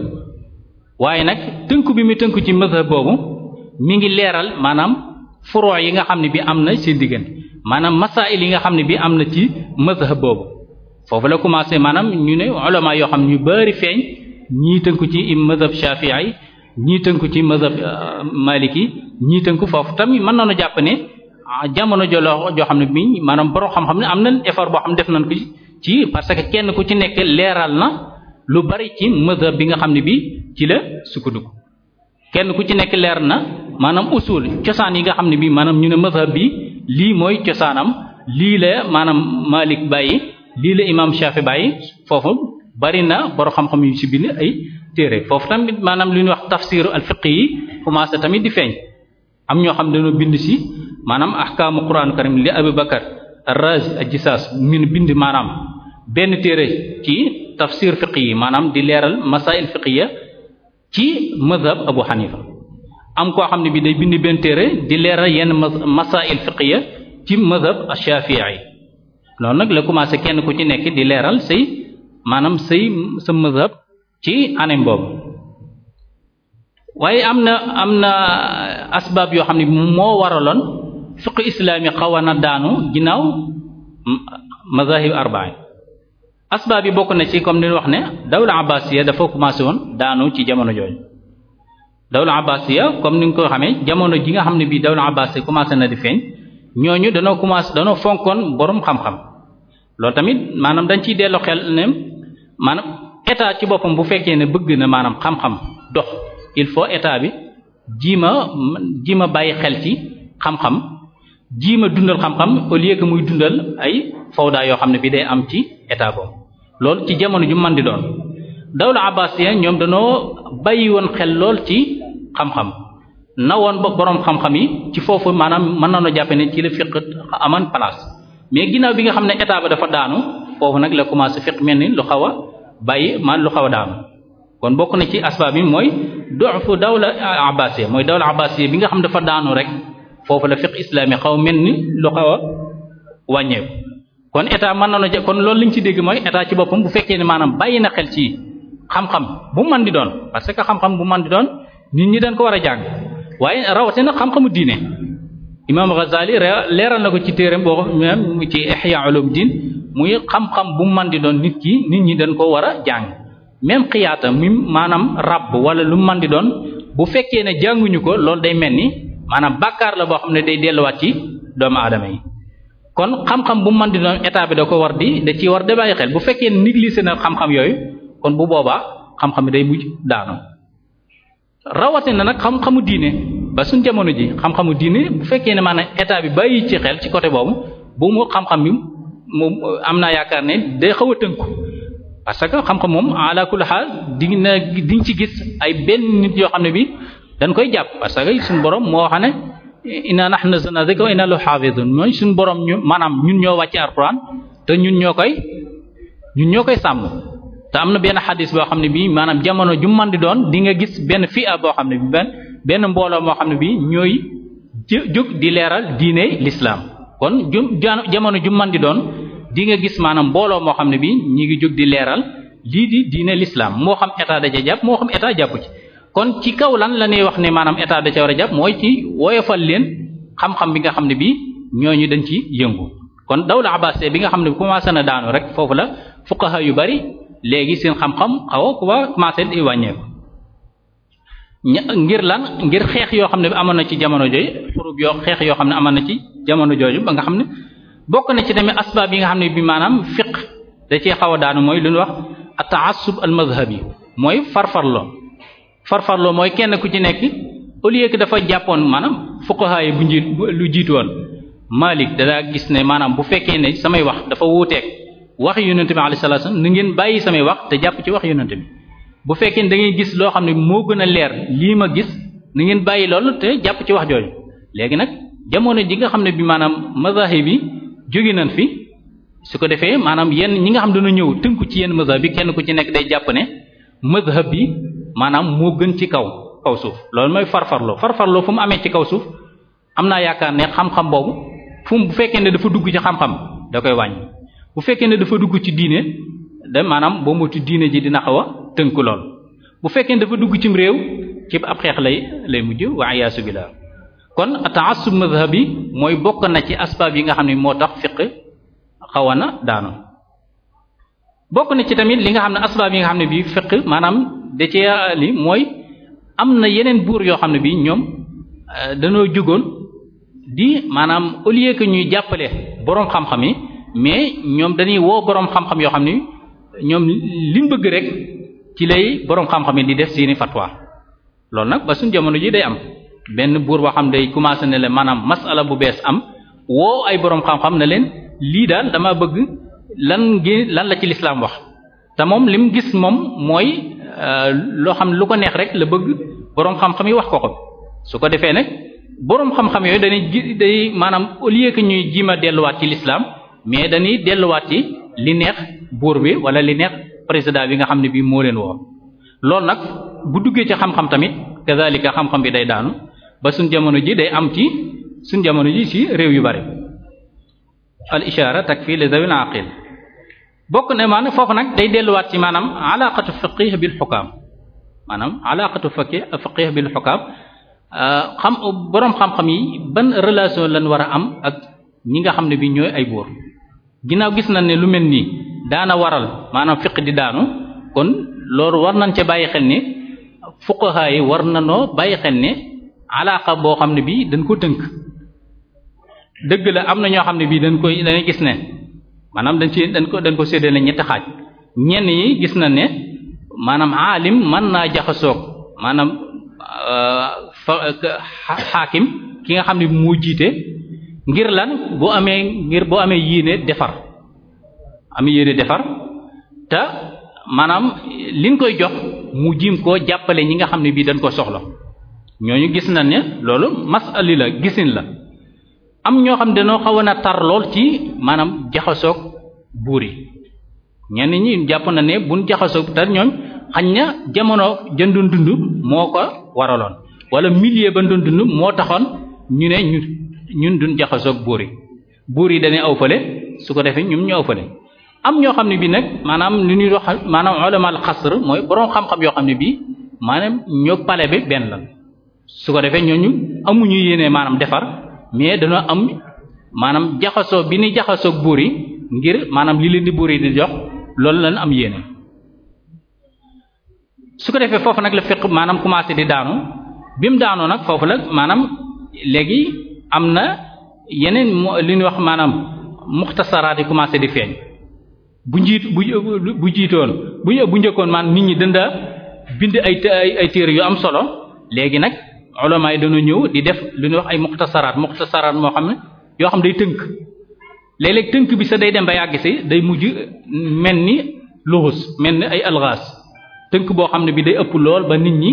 waaye nag tënku bi mu tënku ci mazhab boobu mi ngi leeral maanaam furoo yi nga xam ne bi am na seen diggante maanaam masail yi nga xam ne bi am na ci mazhab boobu foofu la commencé maanaam ñu ne ulama yoo xam ne ñu bari feeñ ñii tënku ci mazhab shafi'i ñii tënku ci mazhab euh, maliki ñii ko foofu tamit mën nañu jàpp ne ah, jamono joloo joo xam ne bii maanaam borom xam-xam ne am nañ effort boo xam def nañ ko ci parce que kenn ku ci nekk leeral na lu bari ci madhab bi nga xam ne bi ci la sukkandiku kenn ku ci nekk leer na maanaam usul cosaan yi nga xam ne bii maanaam ñu ne madhab bi lii mooy cosaanam lii la maanaam Malik bàyyi lii la imaam Shafi bàyyi foofu bari na borom xam-xam yu ci bind ay téere foofu tamit maanaam lu ñuy wax tafsiru al fiqh yi commencé tamit di feeñ. am ñoo xam dañoo bind si maanaam ahkaamu quran karim li Abu Bakar ar-Razi min bind maanaam benn téere ci tafsir fiqi yi maanaam di leeral masail fiqiya ci madhab Abu Hanifa am koo xam ne bi day bind benn téere di leeral yenn masail fiqiya ci madhab ash-Shafi'i loolu nag la commencé kenn ku ci nekk di leeral say maanaam say sa madhab ci anem boobu waaye am na am na asbaab yoo xam ne bi moo waraloon fiq islaami xaw na daanu ginnaaw mazahib arbaa asbaab yi bokk na ci comme ni wax ne dawla abbasiya dafa commencé woon daanu ci jamono jooju dawla abbasiya comme ni nga ko xamee jamono ji nga xam ne bii dawla abbasiya commencé na di feeñ ñooñu danoo commencé danoo fonkoon boroom xam-xam loolu tamit maanaam dañ ciy dellu xel ne maanaam état ci boppam bu fekkee ne bëgg na maanaam xam-xam dox. il faut état bi jii ma jiima ma bàyyi xel ci xam-xam jiima dundal xam-xam au lieu que muy dundal ay fawda yoo xam ne bi day am ci état boobu loolu ci jamono ju man di doon daw dawla abbasiya ñoom danoo bàyyi woon xel lool ci xam-xam na woon ba boroom xam-xam yi ci foofu maanaam mën nañoo jàppe ne ci la fiq aman place mais ginnaaw bi nga xam ne état ba dafa daanu foofu nag la commencé fiq mel ni lu xaw a bàyyi man lu xaw a daanu kon bokk na ci asbaab yi mooy dofu dawla abbasiya mooy dawla abbasiya bi nga xam dafa daanu rek foofu la fiq islami xaw mel ni lu xaw a wàññeeku kon état mën na la kon loolu liñ ci dégg mooy état ci boppam bu fekkee ne maanaam bàyyi na xel ci xam-xam bu mën di doon parce que xam-xam bu di doon nit ñi daan ko war a jàng waaye rawatina xam-xamu diine imaam Ghazali leeral na ko ci téere boo même ci Ihya Ulumuddin muy xam-xam bu mën di doon nit ki nit ñi dañ ko war a jàng même xiyaata mi maanaam ràbb wala lu man di doon bu fekkee ne jànguñu ko loolu day mel ni maanaam bàkkaar la boo xam ne day delluwaat ci doomu aadama yi kon xam-xam bu man di doon état bi da ko war di da ci war da bàyyi xel bu fekkee ne négligé na xam-xam yooyu kon bu boobaa xam-xam day mujj daanu na nag xam-xamu diine ba suñ jamono ji xam-xamu diine bu fekkee ne maanaam état bi bàyyi ci xel ci côté boobu bu mu xam-xam bi mu am naa yaakaar ne day xaw a tënku parce que xam-xam moom ala kulli xaal di na di nga ci gis ay benn nit yoo xam ne bi dañ koy jàpp parce que suñu borom moo xam ne inna na nazzalna dhikra wa inna lahu haafizun mooy suñu borom ñu maanaam ñun ñoo wàcce alquran te ñun ñoo koy ñun ñoo koy sàmm te am na benn xadis boo xam ne bii maanaam jamono ju man di doon di nga gis benn fi a boo xam ne bi benn benn mbooloo moo xam ne bi ñooy jóg di leeral diine lislaam kon ju jamono ju man di doon di nga gis maanaam mbooloo moo xam ne bii ñi ngi jóg di leeral lii di diine lislaam moo xam état da ca jàpp moo xam état jàpp ci kon ci kaw lan la ñuy wax ne maanaam état da ca war a jàpp mooy ci woyofal leen xam-xam bi nga xam ne bii ñooñu dañ ci yëngu kon daw dawla abbasiyya bi nga xam ne commencé na daanu rek foofu la fuqaha yu bari léegi seen xam-xam xaw a commencé di wàññeeku ngir lan ngir xeex yoo xam ne amoon na ci jamono jooju xurub yoo xeex yoo xam ne amoon na ci jamono jooju ba nga xam ne bokk na ci tamit asbaab yi nga xam ne bii maanaam fiq da cee xaw a daanu mooy lu ñu wax ataassub al madhabi mooy farfarloo farfarloo mooy kenn ku ci nekk au que dafa jàppoon maanaam fuqaha bu njiit lu jiitu woon Malik danaa gis ne maanaam bu fekkee ne samay wax dafa wuuteeg wax yonent bi alayhi salaatu wasallam na ngeen bàyyi samay wax te jàpp ci wax yonent bi bu fekkee ne dangay gis loo xam ne moo gën a leer lii ma gis ni ngeen bàyyi lool te jàpp ci wax jooju léegi nag jamono ji nga xam ne bi maanaam mazahib yi jóge nañ fi su ko defee maanaam yenn ñi nga xam dana ñëw tënku ci yenn mazhab bi kenn ku ci nekk day jàpp ne mazhab bi maanaam moo gën ci kaw kaw suuf loolu mooy farfarloo farfarloo fu mu amee ci kaw suuf am naa yaakaar ne xam-xam boobu fu mu bu fekkee ne dafa dugg ci xam-xam da koy wàññi bu fekkee ne dafa dugg ci diine da maanaam boo ci diine ji dina xaw a tënku lool bu fekkee ne dafa dugg cim réew ci ab xeex lay lay mujj waa iyaasu billaah kon ta'assub bi mooy bokk na ci asbaab yi nga xam ni moo tax fiq xawoon na daanu bokk na ci tamit li nga xam ne asbaab yi nga xam ne bii fiq maanaam da cee li mooy am na yeneen buur yoo xam ne bii ñoom euh, danoo jugoon di maanaam au lieu que ñuy jàppale boroom xam-xam yi mais ñoom dañuy woo boroom xam-xam yoo xam ni ñoom liñ bëgg rek ci lay boroom xam-xam yi di def seeni fatwa loolu nag ba suñ jamono ji day am. benn buur boo xam day commencé ne la maanaam masala bu bees am woo ay borom xam-xam ne leen lii daal dama bëgg lan ngi lan la ci lislaam wax te moom li mu gis moom mooy euh, loo xam lu ko neex rek la bëgg borom xam-xam yi wax ko ko su ko defee nag borom xam-xam yooyu dañuy ji day maanaam au lieu que ñuy jim a delluwaat ci lislaam mais dañuy delluwaat ci li neex buur bi wala li neex président bi nga xam ne bii moo leen woo loolu nag bu duggee ci xam-xam tamit kazalika xam-xam bi day daanu ba suñ jamono ji day am ci suñ jamono ji ci réew yu bari al ishaara takfi li zawil aqil bokk ne maanaam foofu nag day delluwaat ci maanaam alaqatu faqih bil xukaam maanaam alaqatu faqih faqih bil xukaam euh, xam boroom xam-xam yi ban relation lañ war a am ak ñi nga xam ne bi ñooy ay buur ginnaaw gis na ne lu mel nii daana waral maanaam fiq di daanu kon loolu war nañ ca bàyyi xel ne fuqaha yi war nanoo bàyyi xel ne alaaqa boo xam ne bii dañ ko tënk dëgg la am na ñoo xam ne bii dañ koy dañuy gis ne maanaam dañ ci dañ ko dañ ko séddale ñetti xaaj ñenn yi gis na ne maanaam aalim mën naa jaxasoog maanaam euh, fa xaakim ki nga xam ne mu jiite ngir lan boo amee ngir boo amee yéene defar amee yéene defar te li liñ koy jox mu jiim koo jàppale ñi nga xam ne bii dañ ko soxla ñooñu gis na ne loolu masali la gisin la am ñoo xam dañoo xawoon a tar lool ci maanaam jaxasook buur yi ñenn ñi jàpp na ne buñ jaxasoog tar ñoom xañ na jamono jëndoon dund moo ko waraloon wala millier ba doon dund moo taxoon ñu ne ñu ñun duñ jaxasoog buur yi buur yi dañuy aw fële su ko defee ñu aw fële am ñoo xam ne bii nag maanaam lu ñuy wax maanaam ulama al xasr mooy boroom xam-xam yoo xam ne bii maanaam ñoo pale bi benn la su ko defee ñooñu amuñu yéene maanaam defar mais dañoo am maanaam jaxasoo bi ni jaxasoo buur yi ngir maanaam li leen di buur yi di jox loolu lañ am yéene su ko defee foofu nag la fiq maanaam commencé di daanu bi mu daanoo nag foofu la maanaam léegi am na yeneen li ñuy wax maanaam muxtasaraat yi commencé di feeñ bu njiit bu bu jiitoon bu bu njëkkoon maanaam nit ñi dënda bind ay ay téere yu am solo léegi nag ulama yi dañu ñëw di def lu ñuy wax ay muxtasaraat muxtasaraat moo xam ne yoo xam day tënk léeg tënk bi sax day dem ba yàgg si day mujj mel ni luxus mel ni ay alxaas tënk boo xam ne bi day ëpp lool ba nit ñi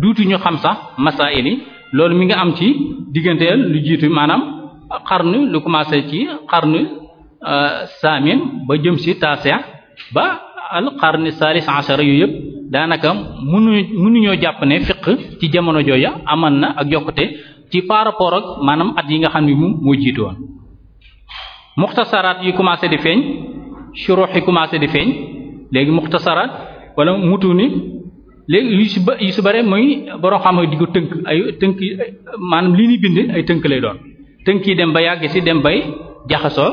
duuti ñu xam sax masaa'il yi loolu mi ngi am ci digganteel lu jiitu maanaam xarnu lu commencé ci xarnu euh, saamin ba jëm si taasiya ba al xarni saalis ashara yooyu yëpp daanaka mënuñu mënuñoo jàpp ne fiq ci jamono jooya aman na ak yokkute ci par rapport ak maanaam at yi nga xam ne mu moo jiitu woon muxtasaraat yi commencé di feeñ shuruux yi commencé di feeñ léegi muxtasaraat wala mutuni léegi yu si ba yu si bare muy borom xam di ko tënk ay tënk maanaam li ñuy bind ay tënk lay doon tënk yi dem ba yàgg si dem bay jaxasoo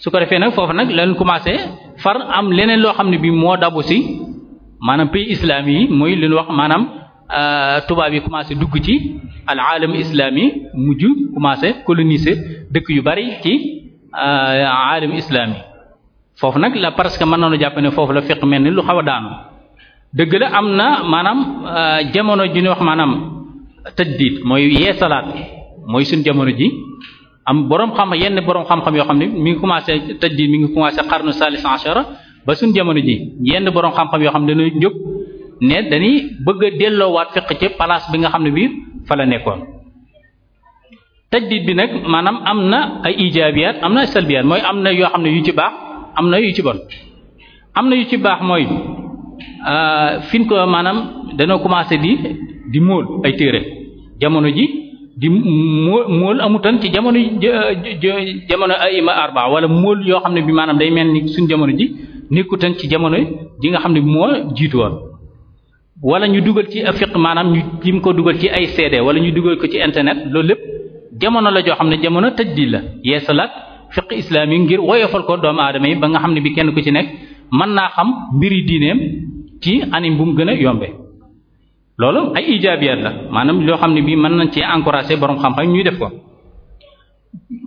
su ko defee nag foofu nag lañ commencé far am leneen loo xam ne bi moo dabu si maanaam pays islaam yi mooy li ñu wax maanaam euh, tubaab yi commencé dugg ci al aalam islami mujj commencé coloniser dëkk yu bari ci euh, aalam islami foofu nag la parce que mën nañu jàpp ne foofu la fiq mel ni lu xaw a daanu dëgg la am na maanaam euh, jamono ji nu wax maanaam tëddiit mooy yeesalaat mooy suñ jamono ji am borom xam yenn borom xam-xam yoo xam ne mi ngi commencé tëddiit mi ngi commencé xarnu salis ashara ba suñ jamono ji yenn borom xam-xam yoo xam ne dañuy jóg ne dañuy bëgg a delloowaat fiq ci place bi nga xam ne bii fala la nekkoon tajdid bi nag maanaam am na ay ijaabiyaat am na ay salbiyaat mooy am na yoo xam ne yu ci baax am na yu ci bon am na yu ci baax mooy euh, fin ko maanaam danoo commencé di di móol ay téere jamono ji di móol móol amutan ci jamono jamono ay ma arba wala mool yoo xam ne bi maanaam day mel ni suñ jamono ji nekkutan ci jamono ji nga xam ne moo jiitu woon wala ñu dugal ci fiq maanaam ñu jim ko dugal ci ay CD wala ñu dugal ko ci internet loolu lépp jamono la joo xam ne jamono tajdiid la yeesalaat fiq islami ngir woyofal ko doomu aadama yi ba nga xam ne bi kenn ku ci nekk mën naa xam mbiri diineem ci anim bu mu gën a yombe loolu ay ijaabiyaat la maanaam loo xam ne bii mën nañ ci encourager borom xam-xam ñuy def ko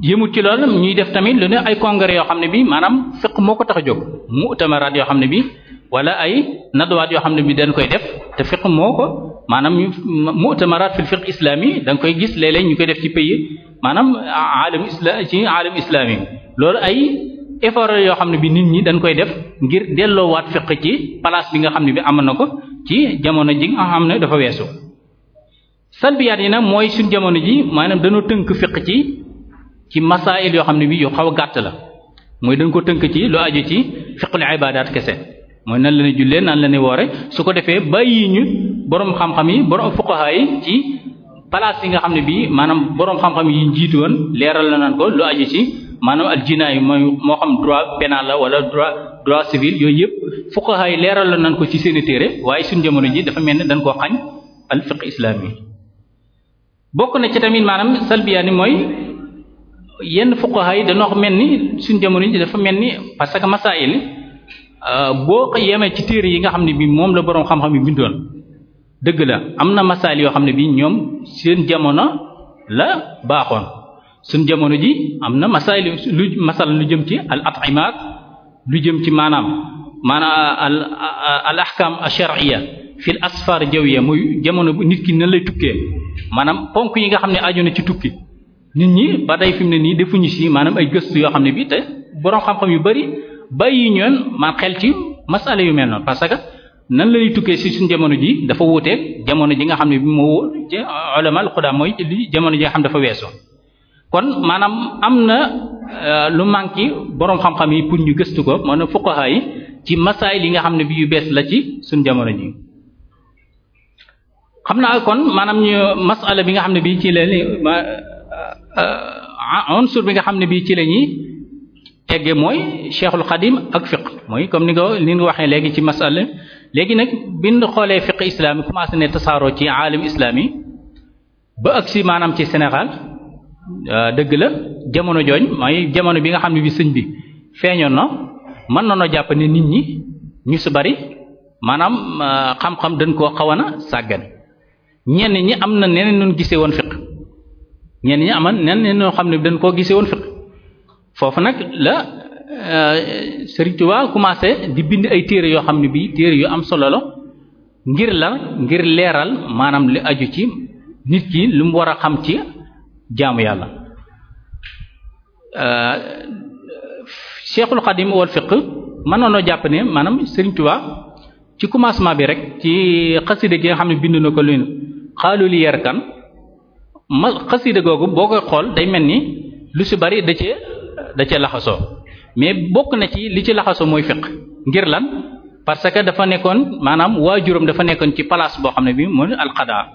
yëmut ci loolu ñuy def tamit lu ne ay congrès yoo xam ne bi maanaam fiq moo ko tax a jóg mu'tamaraat yoo xam ne bi wala ay nadwaat yoo xam ne bi dañ koy def te fiq moo ko maanaam mu'tamaraat fil fiq islami da nga koy gis léeg ñu koy def ci pays maanaam aalam isla ci aalam islami loolu ay effort yoo xam ne bi nit ñi dañ koy def ngir delloowaat fiq ci place bi nga xam ne bi amoon na ko ci jamono ji nga xam ne dafa weesu salbiyaat yi nag mooy suñ jamono ji maanaam dañoo tënk fiq ci ci masaayil yoo xam ne bi yu xaw a gàtt la mooy dañ ko tënk ci lu aju ci fiqul ibadat kese mooy nan la ne jullee nan la ne woore su ko defee bàyyi ñu boroom xam-xam yi borom fuqaha yi ci place yi nga xam ne bii maanaam boroom xam-xam yi jiitu woon leeral la nan ko lu aju maanaam al jinaay yi mooy moo xam droit pénal la wala droit droit civil yooyu yëpp fuqaha leeral la nan ko ci seeni téere waaye suñ jamono ji dafa mel ne dañ koo xañ al fiqh yi bokk na ci tamit maanaam salbiyaani mooy yenn fuqaha danoo dañoo mel ni suñ jamono ji dafa mel ni parce que masail euh, boo yemee ci téere yi nga xam ne bii moom la boroom xam-xam yi bindoon dëgg la am na masail yoo xam ne bii ñoom seen jamono la baaxoon suñ jamono ji am na masail lu masal lu jëm ci al at'imat lu jëm ci maanaam maanaa al al ahkam ash-shar'iyya fil asfar jawiyya muy jamono bu nit ki na lay tukkee maanaam ponk yi nga xam ne aju na ci tukki nit ñi ba tey fi mu ne nii defuñu si maanaam ay gëstu yoo xam ne bii te borom xam-xam yu bari bàyyi ñoon man xel ci masala yu mel noonu parce que nan lay tukkee si jamono ji dafa wuuteeg jamono ji nga xam ne bi moo ci ulama al qudam mooy li jamono ji nga xam dafa weesu kon maanaam am na euh, lu manqué borom xam yi pour ñu gëstu ko maanaam fuqaha ci masaay li nga xam ne bi yu bees la ci suñ jamono ji xam naa kon maanaam masala bi nga xam ne bi ci leen Euh, euh, unsur bi nga xam ne bii ci la ñuy tegge mooy cheikhul xadim ak fiq mooy comme ni nga ni nga waxee léegi ci masala léegi nag bind xoolee fiq islami commencé ne tasaaroo ci aalim islami ba agsi maanaam ci Sénégal euh, dëgg la jamono jooñ mooy jamono bi nga xam ne bi suñ bi feeñoon na man na noo jàpp ne nit ñi ñu su bari maanaam xam-xam dañ koo xaw a sàggan ñenn ñi am na neneen nun gisee fiq ñenn ñi aman nen ñen ñoo xam ne dañ koo gisee woon fiq foofu nag la euh, Sëriñ Tuubaa commencé di bind ay téere yoo xam ne bii téere yu am solo la ngir la ngir leeral maanaam li aju ci nit ki lu mu war a xam ci jaamu yàlla euh, Cheikhul Xadim wal fiq mënoon na jàpp ne maanaam Sëriñ Tuubaa ci commencement bi rek ci xasida gi nga xam ne bind na ko lu xaalu li yar kan ma xasida googu boo koy xool day mel ni lu si bari da cee da cee laxasoo mais bokk na ci li ci laxasoo mooy fiq ngir lan parce que dafa nekkoon maanaam waajuram dafa nekkoon ci place boo xam ne bi mooy alqadaa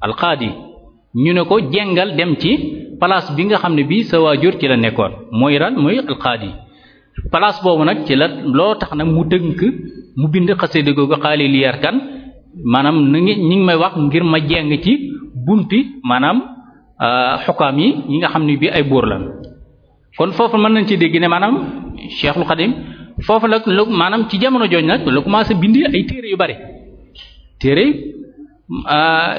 alqaadi ñu ne ko jengal dem ci place bi nga xam ne bii sa waajur ci la nekkoon mooy ran mooy alqaadi place boobu nag ci la loo tax nag mu tënk mu bind xasida googu xaali kan maanaam ni ngi ñu ngi may wax ngir ma jeng ci bunti maanaam Euh, xukaam yi ñi nga xam ne bii ay buur la kon foofu mën nañ ci dégg ne maanaam Cheikhul Xadim foofu nag lu maanaam ci jamono jooju nag la commencé bindi ay téere yu bari téere euh,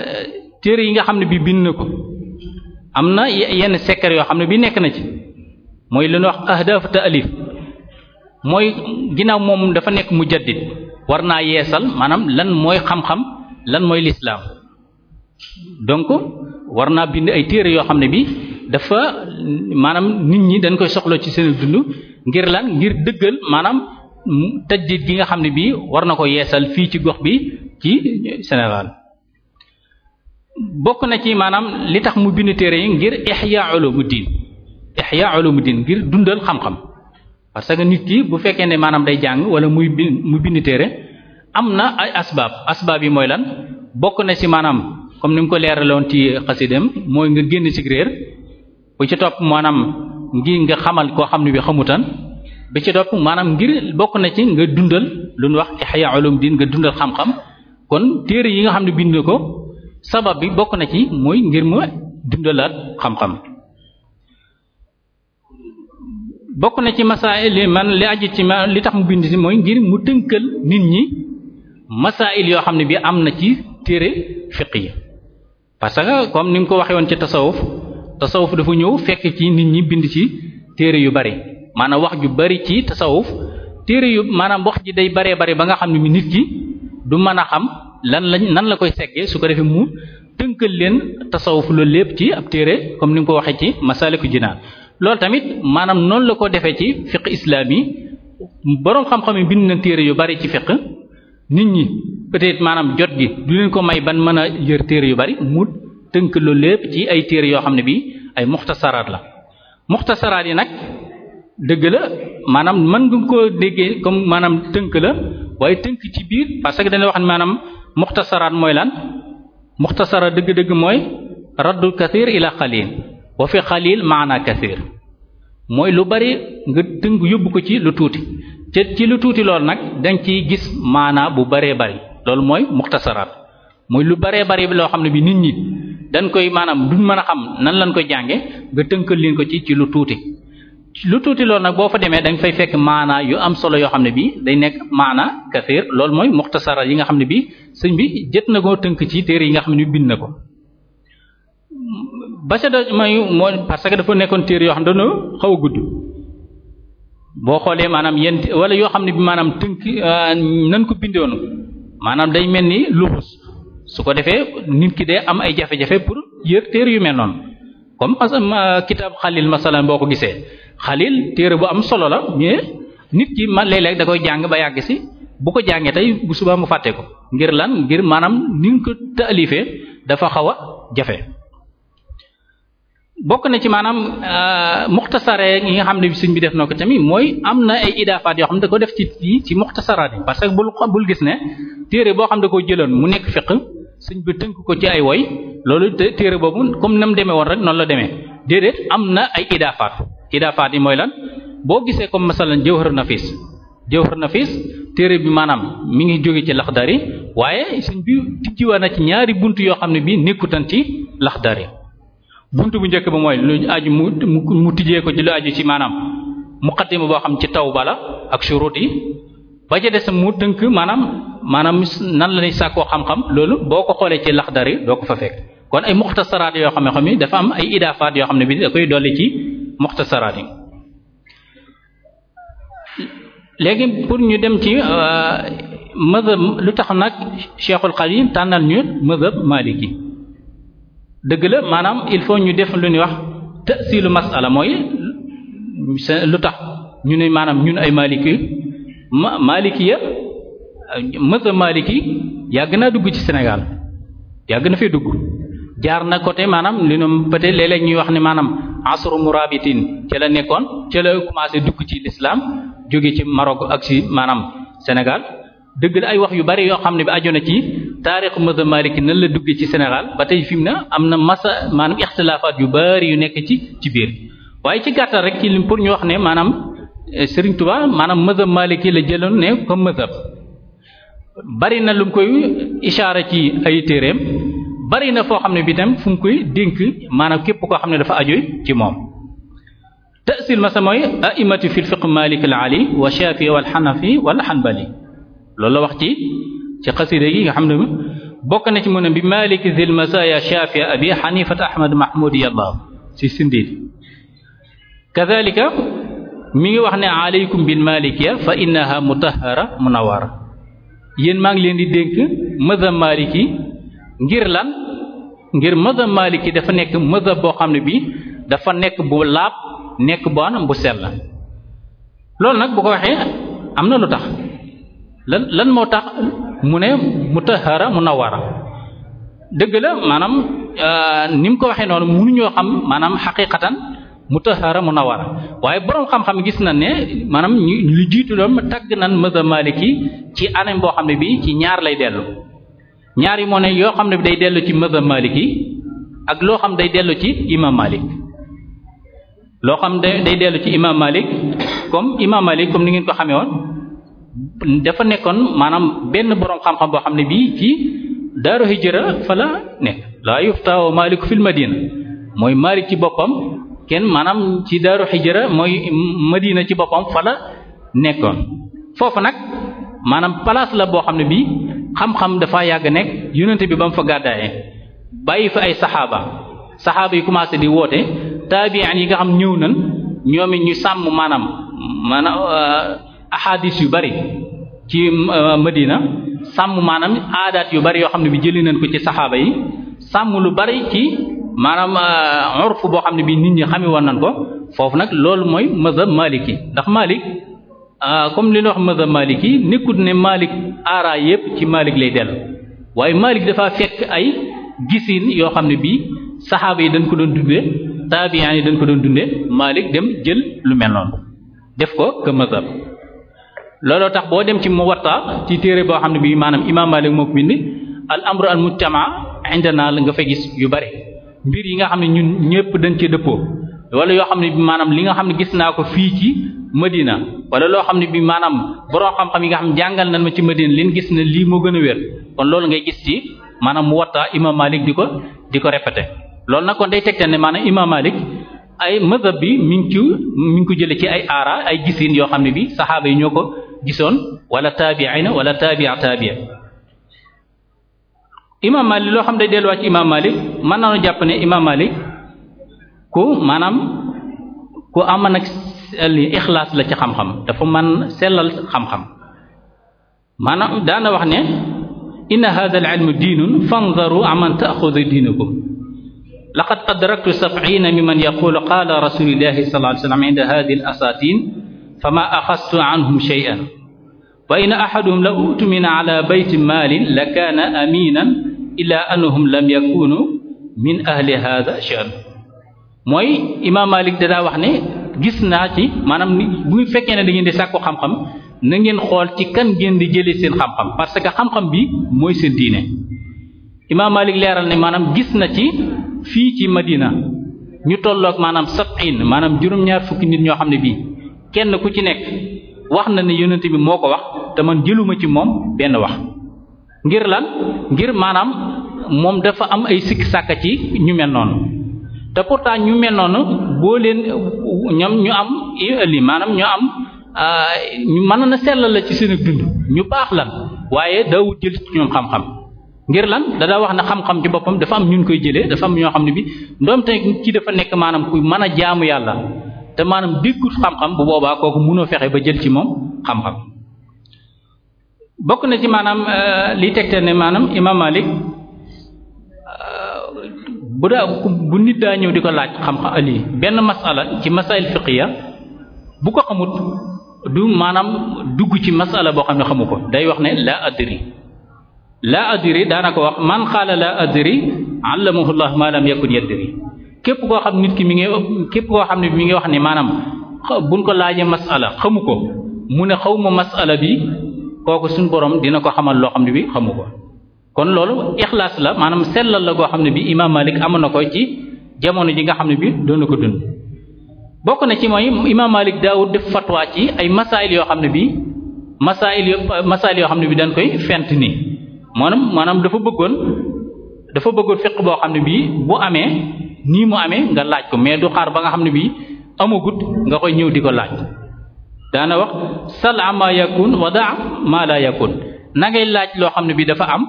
téere yi nga xam ne bii bind na ko am na yenn secret yoo xam ne bi nekk na ci mooy lu ñuy wax ahdaf ta'alif mooy ginnaaw moom dafa nekk mujaddid war naa yeesal maanaam lan mooy xam-xam lan mooy lislaam donc war naa bind ay téere yoo xam ne bi dafa maanaam nit ñi dañ koy soxla ci seen dund ngir lan ngir dëggal maanaam tajdiid gi nga xam ne bii war na ko yeesal fii ci gox bi ci Sénégal bokk na ci maanaam li tax mu bind téere yi ngir ihya ulumuddin ihya ulumuddin ngir dundal xam-xam parce que nit ki bu fekkee ne maanaam day jàng wala muy bind mu bind téere am na ay asbaab asbaab yi mooy lan bokk na ci maanaam comme ni mu ko leeraloon ci xasidem mooy nga génn ci réer bu ci topp maanaam ngi nga xamal koo xam ne bi xamutan bi ci topp maanaam ngir bokk na ci nga dundal lu ñu wax ihya ulum din nga dundal xam-xam kon téere yi nga xam ne bind ko sabab bi bokk na ci mooy ngir mu dundalaat xam-xam bokk na ci masail li man li aji ci ma li tax mu bind si mooy ngir mu tënkal nit ñi masail yoo xam ne bi am na ci téere fiq yi parce que comme ni nga ko waxee woon ci tasawuf tasawuf dafa ñëw fekk ci nit ñi bind ci téere yu bari maanaam wax ju bari ci tasawuf téere yu maanaam wax ji day baree bari ba nga xam ne nit ki du mën a xam lan lañ nan la koy seggee su ko defee mu tënkal leen tasawuf loolu lépp ci ab téere comme ni nga ko waxee ci masaliku jinaan loolu tamit maanaam noonu la ko defee ci fiq islaam yi boroom xam-xam yi bind na téere yu bari ci fiq nit ñi peut-être maanaam jot gi du leen ko may ban mën a yër téere yu bari mu tënk loolu lépp ci ay téere yoo xam ne bii ay muxtasaraat la muxtasaraat yi nag dëgg la maanaam mën nga koo déggee comme maanaam tënk la waaye tënk ci biir parce que dañuy wax ne maanaam muxtasaraat mooy lan muxtasara dëgg-dëgg mooy raddul kathir ila xalil wa fi xalil maana kathir mooy lu bari nga tënk yóbbu ko ci lu tuuti te ci lu tuuti lool nag dañ ciy gis maanaa bu baree bëri loolu mooy muxtasaraat mooy lu bëree bëri loo xam ne bi nit ñi dañ koy maanaam duñ mën a xam nan lañ koy jànge nga tënkal leen ko ci lu tuuti lu tuuti loolu nag boo fa demee dañ fay fekk maanaa yu am solo yoo xam ne bi day nekk maanaa kafir loolu mooy muxtasaraat yi nga xam ne bi sëñ bi jët na koo tënk ci téer yi nga xam ne bi bind na ko ba ca do mooy mooy parce que dafa nekkoon téere yoo xam ne dañoo xaw a gudd boo xoolee maanaam yent wala yoo xam ne bi maanaam tënk euh, nan ko bindoon maanaam day mel ni luxus su ko defee nit ki dee am ay jafe-jafe pour yër téere yu mel noonu comme kitab xalil masalan boo ko gisee xalil téere bu am solo la mais nit ki man léeg da koy jàng ba yàgg si bu ko jàngee tey bu subaa mu fàtte ko ngir lan ngir maanaam ni ko taalifee dafa xaw a jafe bokk na ci maanaam euh, muxtasare yi nga xam ne sëñ bi def na ko tamit mooy am na ay idaafaat yoo xam ne da ko def ci ci muxtasaraat yi parce que bul bul gis ne téere boo xam da koo jëloon mu nekk fiq sëñ bi tënk ko ci ay woy loolu téere boobu comme nam demee woon rek noonu la deme déedéet am na ay idaafaat idaafaat yi mooy lan boo gisee comme masalan jawhar nafis jawhar nafis téere bi maanaam mi ngi jóge ci laxdari waaye sëñ bi tijjiwaa na ci ñaari bunt yoo xam ne bii nekkutan ci laxdari buntu bu njëkk ba mooy lu aju mu mu tijjee ko ci lu aju ci maanaam muqaddima boo xam ci taw bala ak shurut yi ba ca des mu tënk maanaam maanaam nan la ñuy saakoo xam-xam loolu boo ko xoolee ci yi doo ko fa fekk kon ay muxtasaraat yoo xam ne dafa am ay idaafaat yoo xam ne bi da koy dolli ci muxtasaraat yi léegi pour ñu dem ci euh, madhab lu tax nag Cheikhul yi tànnal ñu madhab Maliki dëgg la maanaam il faut ñu def lu ñuy wax lu masala mooy lu tax ñu ne maanaam ñun ay maliki ma maliki ya mësa yàgg naa dugg ci Sénégal yàgg na fee dugg jaar na côté maanaam li ñu peut-être ñuy wax ne maanaam asru murabitin ci la nekkoon ca la commencé dugg ci l'islam jóge ci Maroc ak si maanaam Sénégal dëgg la ay wax yu bari yoo xam ne bi aju na ci taarixu mazhab Maliki nan la duggee ci Sénégal ba tey fi mu na am na masa maanaam ixtilaafaat yu bari yu nekk ci ci biir waaye ci gàttal rek ci lim pour ñu wax ne maanaam eh, Serigne Touba maanaam mazhab Maliki la jëloon ne comme mazhab na lu koy ishaara ci ay téereem bari na foo xam ne bi tam fu koy dénk maanaam képp koo xam ne dafa aju ci moom tasil masa mooy a fil fiqh Malik al ali wa Shafi loolu la wax ci ci xasida yi nga xam ne bokk na ci mu ne bi maliki zil masaya shafia abi xanifat ahmad mahmud yallah ci sindiid kadalika mi ngi wax ne aleykum bil malikiya fa innaha mutahara munawara yéen maa ngi leen di dénk mazhab maliki ngir lan ngir mazhab maliki dafa nekk mazhab boo xam ne bi dafa nekk bu laab nekk bu an bu sell loolu nag bu ko waxee am na lu tax lan lan moo tax mu ne mutahara wara dëgg la maanaam euh, ni mu ko waxe noonu mënuñoo xam maanaam xaqiqatan mutahara munawara waaye boroom xam-xam gis na ne maanaam ñu li jiitu loolu ma tagg nan mazhab maliki ci anam boo xam ne bi ci ñaar lay dellu ñaar yi moo ne yoo xam ne bi day dellu ci mazhab maliki ak loo xam day dellu ci imam malik loo xam day dellu ci imam malik comme imam malik comme ni ngeen ko xamee woon dafa nekkoon maanaam benn boroom xam-xam boo xam ne bii ci daaru hijra fa la nekk laa yuftahu maliku fil madina mooy malik ci boppam kenn maanaam ci daaru hijra mooy madina ci boppam fa la nekkoon foofu nag maanaam place la boo xam ne bii xam-xam dafa yàgg nekk yonent bi ba mu fa gàddaayee bàyyi fa ay saxaaba saxaaba yi commencé di woote tabi'an yi nga xam ñëw nan ñoom ñu sàmm maanaam maanaam euh, ahadis yu bari ci euh, Medina sàmm maanaam aadaat yu bari yoo xam ne bi jëli nañ ko ci saxaaba yi sàmm lu bari ci maanaam euh, urf boo xam ne bi nit ñi xame woon nañ ko foofu nag loolu mooy mazhab maliki ndax malik euh, comme li ñu wax mazhab maliki nekkut ne malik aara yépp ci malik lay dellu waaye malik dafa fekk ay gisin yoo xam ne bii saxaaba yi dañ ko doon dundee taabiyaan yi dañ ko doon dunde malik dem jël lu mel noonu def ko que mazhab looloo tax boo dem ci Muwatta ci téere boo xam ne bii maanaam imaam Maalik moo ko bind al amru al mujtama indana la nga fa gis yu bare mbir yi nga xam ne ñun ñëpp dañ cee dëppoo wala yoo xam ne bi maanaam li nga xam ne gis naa ko fii ci madina wala loo xam ne bi maanaam borom xam-xam yi nga xam jàngal nañ ma ci Medina leen gis ne lii moo gën a wér kon loolu ngay gis ci maanaam Muwatta imaam Maalik di ko di ko répété loolu na kon day tegte ne maanaam imaam Maalik ay mazhab bi mi ngi ci mi ngi ko jëlee ci ay aara ay gisin yoo xam ne bi saxaaba yi ñoo ko gisoon wala taabiina wala taabia taabia imaam Malik loo xam day delluwaat ci imaam Malik mën nañu jàpp ne imaam Malik ku maanaam ku am nag li ixlaas la ci xam-xam dafa man sellal xam-xam maanaam daana wax ne inna hadha al ilmu diinun fanzaru aman taaxudu diinakum laqad adraktu sab'ina mimman yaqulu qala rasulillahi sallallahu alayhi wa sallam inda hadhihi al asatin fama axastu anhum shay'an wa in ahaduhum la utumina ala bayti maalin la kaana aminan ila annahum lam yakunu min ahli hadha sha'n mooy imaam Malik da wax ne gis naa ci maanaam bu fekkee ne da ngeen di sàkku xam-xam na ngeen xool ci kan ngeen di jëlee seen xam-xam parce que xam-xam bi mooy seen diine imaam Malik leeral ne maanaam gis na ci fii ci Madina ñu tolloog maanaam sab'in maanaam juróom-ñaar fukki nit ñoo xam ne bii kenn ku ci nekk wax na ne yonent bi moo ko wax te man jëluma ci moom benn wax ngir lan ngir maanaam moom dafa am ay sikk sàkka ci ñu mel noonu te pourtant ñu mel noonu boo leen ñoom ñu am li maanaam ñu am euh, ñu mën na sellal la ci seen dund ñu baax lan waaye daawut jël ci ñoom xam-xam ngir lan da daa wax ne xam-xam ci boppam dafa am ñun koy jëlee dafa am ñoo xam ne bi ndoom te ci dafa nekk maanaam ku mën a jaamu yàlla te maanaam déggut xam-xam bu boobaa kooku mënoo fexe ba jël ci moom xam-xam bokk na ci maanaam euh, li tegte ne maanaam imaam Malik euh, bu daa bu nit daa ñëw di ko laaj xam-xam lii benn masala ci masail fiqiya bu ko xamut du maanaam dugg ci masala boo xam ne xamu ko day wax ne la adri la adri daana ko wax man qaala la adri allamahu llah yakun yadri képp koo xam nit ki mi ngi képp koo xam ne mi ngi wax ne maanaam buñ ko laajee masala xamu ko mu ne xaw ma masala bi kooku suñu borom dina ko xamal loo xam ne bi xamu ko kon loolu ixlaas la maanaam sellal la goo xam ne bi imaam Malik amoon na ko ci jamono ji nga xam ne bii doon na ko dund bokk na ci mooy imaam Malik daawud def fatwa ci ay masaayil yoo xam ne bii masaa yo masaayil yoo xam ne bi dañ koy fent nii maanaam maanaam dafa bëggoon dafa bëggoon fiq boo xam ne bii bu amee nii mu amee nga laaj ko mais du xaar ba nga xam ne bii amagut nga koy ñëw di ko laaj daana wax sal ama yakun wa da ma la na ngay laaj loo xam ne bi dafa am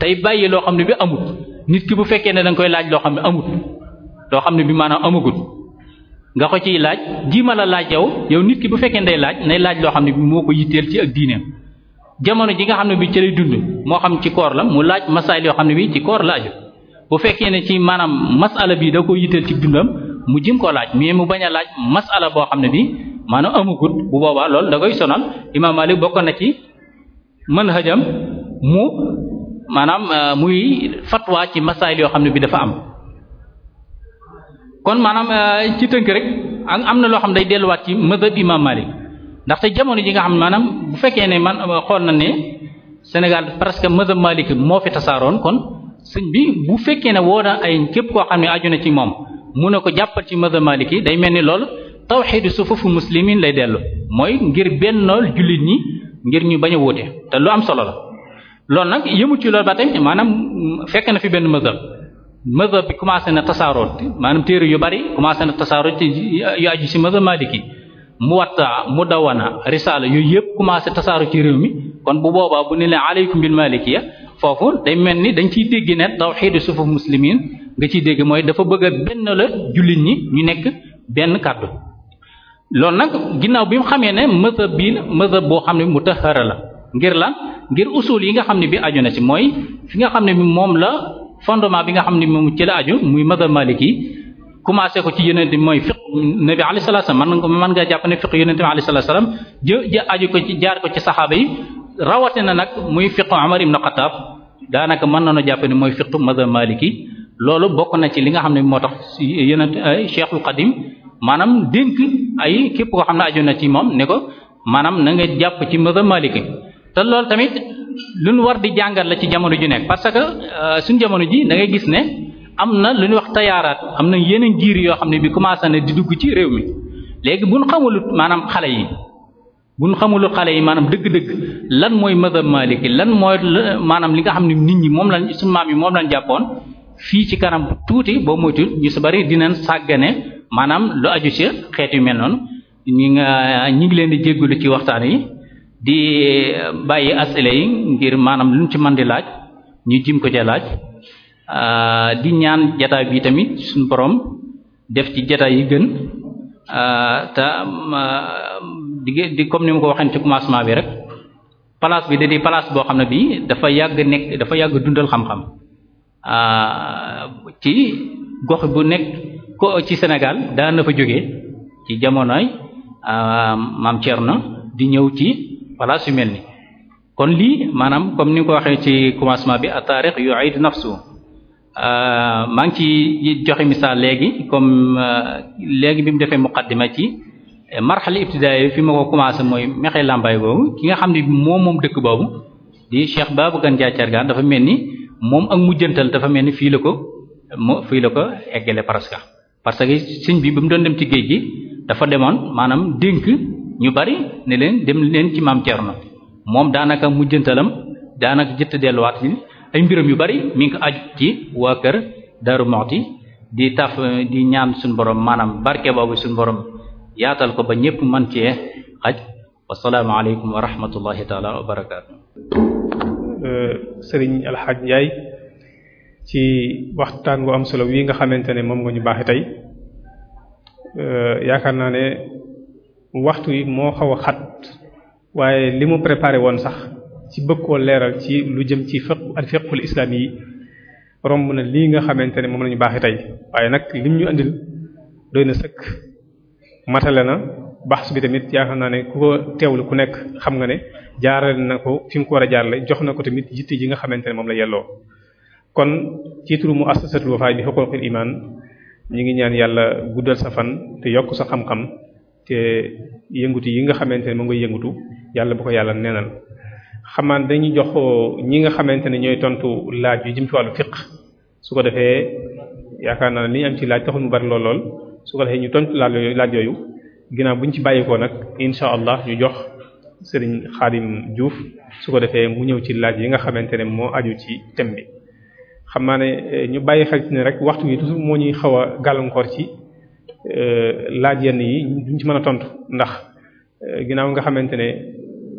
tey bàyyi loo xam ne bi amut nit ki bu fekkee ne da nga koy laaj loo xam ne amut loo xam ne bi maanaam amagut nga ko ciy laaj ma la laaj yow yow nit ki bu fekkee ne laaj nay laaj loo xam ne bi moo ko yitteel ci ak diineem jamono ji nga xam ne bi ci lay dund moo xam ci koor la mu laaj masaayil yoo xam ne bi ci koor la bu fekkee ne ci maanaam masala bi da ko yitteel ci dundam mu jëm koo laaj mais mu bañ a laaj masala boo xam ne bi maanaam amugut bu boobaa loolu da koy sonal Imaam Maalik bokk na ci manhajam mu maanaam euh, muy fatwa ci masaayil yoo xam ne bi dafa am kon maanaam euh, ci tënk rek ak am na loo xam day delluwaat ci madhab Imaam Maalik ndaxte jamono ji nga xam ne maanaam bu fekkee ne man euh, xool na ne Sénégal presque madhab Maalik moo fi tasaaroon kon sëñ bi bu fekkee ne woo na ay képp koo xam ne aju na ci moom mu ne ko jàppal ci mazhab maliki day mel ni loolu tawxiidu sufufu muslimin lay dellu mooy ngir bennool jullit ñi ngir ñu bañ a wóote te lu am solo la loolu nag yëmu ci loolu ba te maanaam fekk na fi benn mazhab mazhab bi commencé na tasaaroo maanaam téere yu bari commencé na tasaaroo ci yu aju ci mazhab maliki muwatta mudawana risala yooyu yëpp commencé tasaaroo ci réew mi kon bu boobaa bu ne leen aleykum bil malikiya foofu day mel ni dañ ciy dégg ne tawxiidu sufuf muslimin nga ciy dégg mooy dafa bëgg benn la jullit ñi ñu nekk benn kàddu loolu nag ginnaaw bi mu xamee ne mazhab bi mazhab boo xam ne mu mutahara la ngir la ngir usul yi nga xam ne bi aju na ci mooy fi nga xam ne moom la fondement bi nga xam ne moom ci la aju muy mazhab maliki commencé ko ci yonent bi mooy fiq nabi alayhi salaam man nga mën ngaa jàpp ne fiq yonent bi alayhi salaam jë jë aju ko ci jaar ko ci saxaaba yi rawatina nag muy fiqu Umar ibn Xattaab daanaka mën na jàpp ne mooy fiqu mazhab Maliki loolu bokk na ci li nga xam ne moo tax yeneen ay Cheikhul Xadim maanaam dénk ay képp koo xam ne aju na ci moom ne ko maanaam na nga jàpp ci mazhab Maliki te loolu tamit lu ñu war di jàngat la ci jamono ju nekk parce que euh, suñ jamono ji da gis ne am na lu ñuy wax tayaaraat am na yeneen jiir yoo xam ne bi commencé na di dugg ci réew mi léegi bu ñu xamalut maanaam xale yi. bu ñu xamul xale yi maanaam dëgg-dëgg lan mooy madhab maliki lan mooy maanaam li nga xam ne nit ñi moom lañ su maam yi moom lañ jàppoon fii ci kanam tuuti boo moytu ñu su bari dinañ sàggane maanaam lu aju ci xeet yu mel ñi nga ñi ngi leen di jéggalu ci waxtaan yi di bàyyi asile yi ngir maanaam luñ ci mën di laaj ñu jim ko ca laaj ah, di ñaan jataay bi tamit suñu borom def ci jataay yi gën Euh, te di di comme ni mu ko waxee ci commencement bi rek place bi da di place boo xam ne bii dafa yàgg nekk dafa yàgg dundal xam-xam euh, ci gox bu nekk ko ci Sénégal daan na fa jógee ci jamonoy euh, maam na di ñëw ci place yu mel ni kon lii maanaam comme ni nga ko waxee ci commencement bi at taarix yu'id nafsu Euh, maa ngi ci joxe misaal léegi comme euh, léegi bi mu defee muqaddima ci euh, marxala ibtidaay fi ma ko commencé mooy mexee làmbaay boobu ki nga xam ni moom moom dëkk boobu di Cheikh Babacar Ndiaye Thiergane dafa mel ni moom ak mujjantal dafa mel ni fii la ko mo fii la ko eggale presque parce que sëñ bi ba mu doon dem ci géej gi dafa demoon maanaam dénk ñu bari ne leen dem leen ci maam Thierno moom daanaka mujjantalam daanaka jët delluwaat ay mbiram yu bari mi ngi ko aju ci waa kër Daaru Muxti di taf di ñaan suñ borom maanaam barke boobu suñu borom yaatal ko ba ñëpp man cee xaj wasalaamu aleykum wa rahmatullahi taala wa barakaatu euh, sëriñ alxaaj waxtaan gu am solo wi nga xamante ne moom nga ñu baax tey euh, yaakaar naa ne waxtu yi moo xaw a xat waaye li mu préparé woon sax ci bëgg koo leeral ci lu jëm ci fiqh al islaam yi romb na lii nga xamante ne moom lañu ñu baaxee tey waaye nag lim ñu andil doy na sëkk matale na baax bi tamit yaakaar naa ne ku ko ku nekk xam nga ne jaarale na ko fi mu ko war a jaarale jox na ko tamit jitte ji nga xamante ne moom la yelloo. kon ci turu mu assasatul wafa bi huquqil iman ñi ngi ñaan yàlla guddal sa fan te yokk sa xam-xam te yëngutu yi nga xamante ne moom nga yëngutu yàlla bu ko yàlla neenal. xamaan dañuy jox ñi nga xamante ne ñooy tontu laaj yu jëm ci wàllu fiq su ko defee yaakaar naa ne li ñu am ci laaj taxul mu bari lool lool su ko defee ñu tontu laaj yooyu laaj yooyu ginnaaw bu ci bàyyeekoo nag insha allah ñu jox Serigne Khadim Diouf su ko defee mu ñëw ci laaj yi nga xamante ne moo aju ci thème bi. xam naa ne eh, ñu bàyyi xel ci ne rek waxtu wi toujours moo ñuy xaw a gàllankoor ci eh, laaj yenn yi duñ ci mën a tontu ndax eh, ginnaaw nga xamante ne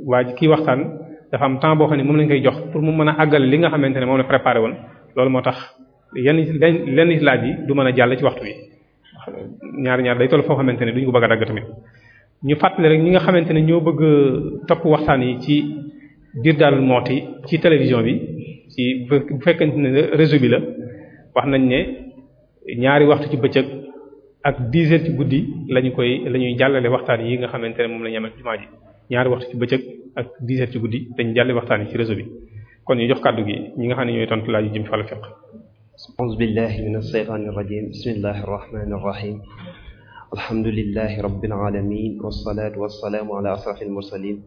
waaj ki waxtaan. dafa am temps boo xam ne moom lañ koy jox pour mu mën a àggale li nga xamante ne moom la préparé woon loolu moo tax yenn lenn laaj yi du mën a jàll ci waxtu bi ñaar ñaar day toll foo xamante ne duñ ko bëgg a ñu fàttali rek ñi nga xamante ne ñoo bëgg topp waxtaan yi ci biir daal mooti ci télévision bi ci bu fekkente ne réseau bi la wax nañ ne ñaari waxtu ci bëccëg ak 10 heures ci guddi lañu koy la ñuy jàllale waxtaan yi nga xamante ne moom la ñu am ak jumaa ñaari waxtu ci bëccëg ak 10 heures ci guddi dañ jàlli waxtaan yi ci réseau bi kon ñu jox kàddu gi ñi nga xam ne ñooy tontu laaj yu jëm ci wàllu fiqh a'uuzu billahi minash shaytaanir rajiim bismillahir rahmaanir rahiim alhamdulillahi rabbil aalamiin wassalaatu wassalaamu ala ashrafil mursaliin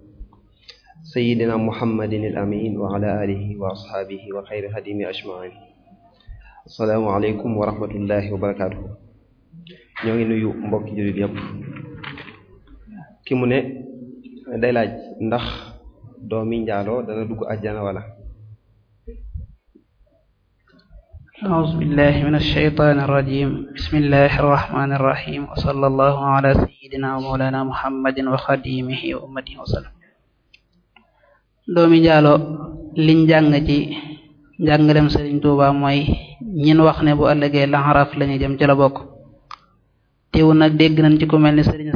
sayyidina muhammadin al amiin wa ala aalihi wa ashaabihi wa xayri hadiimi ajmaiin assalaamu aleykum wa rahmatullahi wa barakaatuh ñoo ngi nuyu mbokki jullit yépp ki mu ne day laaj ndax doomi njaaloo dana dugg àjjana wala أعوذ a من الشيطان الرجيم بسم a الرحمن الرحيم وصلى الله على سيدنا ومولانا محمد وخديمه وأمته وسلم doomi njaaloo liñ jàng ci njàngalem Sëriñ Tuuba mooy ñin wax ne bu la laxaraf lañu jëm ci la bokk teewu dégg nañ ci ku mel ni Sëriñ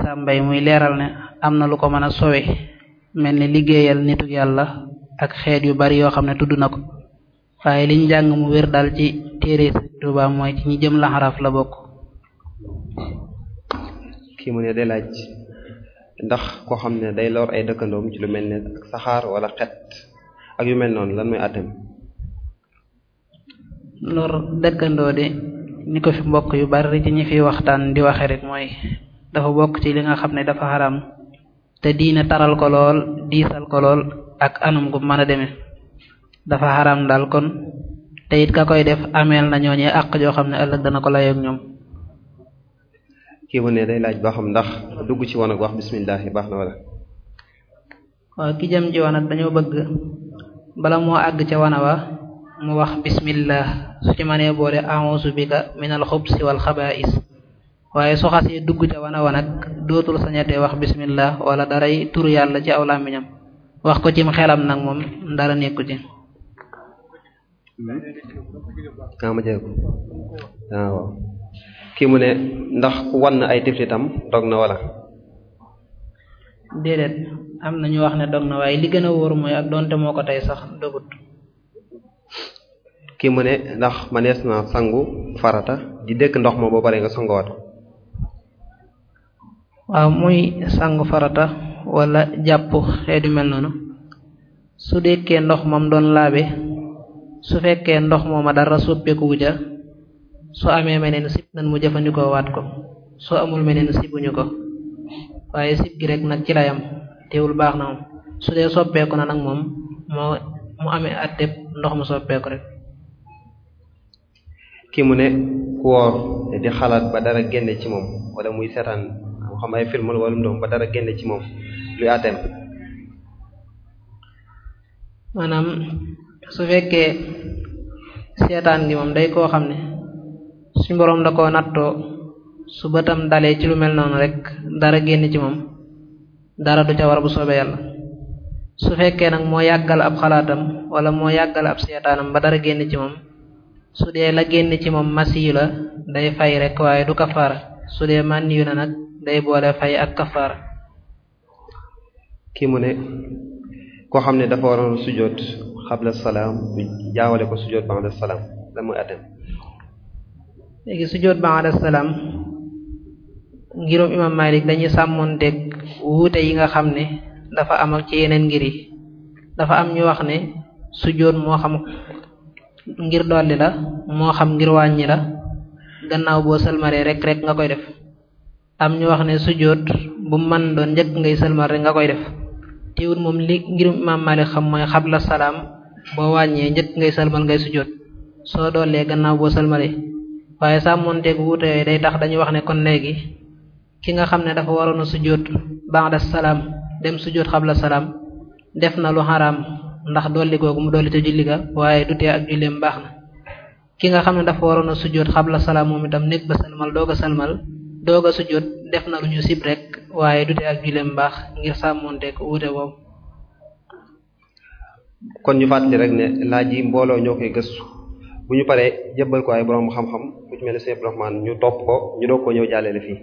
muy leeral ne am na lu ko mën a sowe mel ni liggéeyal nituk yàlla ak xeet yu bari yoo xam ne tudd na ko waaye liñ jàng mu wér daal ci téere Tuuba mooy ci ñi jëm la laxaraaf la bokk kii mu ne day laaj ndax koo xam ne day lor ay dëkkandoom ci lu mel ne saxaar wala xet ak yu mel noonu lan mooy àttam lor dëkkandoo de ni ko fi mbokk yu bari ci ñi fiy waxtaan di waxe rek mooy dafa bokk ci li nga xam ne dafa xaram te diine taral ko lool diisal ko lool ak anum gu mën a demee dafa xaram daal kon te it ka koy def ameel na ñooñee àq joo xam ne ëllëg dana ko layoog ñoom kii mu ne day laaj ba xam ndax dugg ci woon ak wax bismillah baax na wala waaw ki jëm ci wanag dañoo bëgg bala moo àgg ca wana wa mu wax bismillah su ci mënee boole a'uuzu bika minal xubsi wal xabaa'is waaye su xasee dugg ca wana wanag dootul sañatee wax bismillah wala daray tur yàlla ci aw làmmiñam wax ko cim xelam nag moom dara nekku ci ah, ah, waaw ma ko kii mu ne ndax ku wann ay tiflitam dog na wala déedéet am na ñu wax ne dog na waaye li gën a wóor mooy ak donte moo ko tey sax dogut kii mu ne ndax manees na sangu farata di dëkk ndox ma ba pare nga sangowaat waaw muy sangu farata wala jàpp xeetu mel noonu su dekkee ndox moom doon laabe su fekkee ndox mooma dara soppeeku ja su amee meneen sib nan mu jëfandikoo waat ko su amul meneen sibuñu ko waaye sib rek nag ci layam teewul baax na moom su dee soppeeku na nag moom moo mu amee atteb ndox mu soppeeku rek ki mu ne ku woor te di xalaat ba dara génne ci moom wala muy setaan xam ay film la wala mu ba dara génne ci moom luy maanaam su fekkee seetaan gi day koo xam ne suñ boroom da koo nattoo su bëtam ci lu mel noonu rek dara génn ci moom dara du ca war bu soobee yàlla su fekkee nag moo yàggal ab xalaatam wala moo yàggal ab seetaanam ba dara génn ci moom su dee la génn ci moom masiyu la day fay rek waaye du kafaara su dee mànniyu la nag day boole fay ak kafaara kii mu ne koo xam ne dafa waroon sujjóot xabla salaam jaawale ko sujjóot ba'da salaam la muy atem salaam ngirum imam Malik dañuy sàmmoonteeg wuute yi nga xam ne dafa am ci yeneen ngir dafa am ñu wax ne sujjóot moo xam ngir dolli la moo xam ngir wàññi la gannaaw boo sëlmaree rek rek nga koy def am ñu wax ne sujjóot bu man doon njëkk ngay sëlmal rek nga koy def teewul moom li ngir imaam Maalik xam mooy xabla salaam boo wàññee njëkk ngay sëlmal ngay sujjóot soo doolee gannaaw boo sëlmalee waaye sàmmonteeg wuute yooyu day tax dañuy wax ne kon léegi ki nga xam ne dafa waroon a sujjóot ba'da salaam dem sujjóot xabla salaam def na lu xaraam ndax dolli googu mu dolli te waaye du na xam ne dafa waroon a sujjóot xabla salaam moom itam nekk ba sëlmal doog a sëlmal doog a sujjóot def na lu ñu sib rek waaye du tee ak julleem baax ngir sàmmoonteek wuute woowu kon ñu fàttali rek ne laaj mbooloo ñoo koy gëstu bu ñu paree jëbbal ko ay borom xam-xam ku ci ñu topp ko ñu doog ko ñëw jàllale fii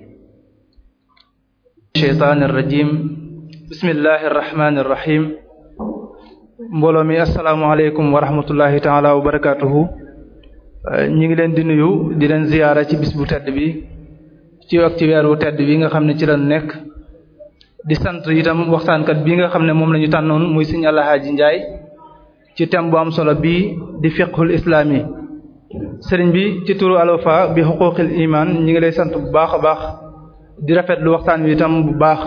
sheytaan irrajim bismillahi irrahmani irrahim mbooloo mi asalaamaaleykum wa rahmatullahi taala wa barakatuhu ñi ngi leen di nuyu di leen ziyaara ci bis bu tedd bi ci ak ci weer wu tedd bi nga xam ne ci lanu nekk di sant yitam waxtaankat bi nga xam ne moom la tànnoon muy Sëriñ ji Njaay ci thème bu am solo bii di fiqhul islaami sëriñ bi ci turu Al Wafa bi xuquuqil iman ñi ngi lay sant bu baax a baax di rafetlu waxtaan wi itam bu baax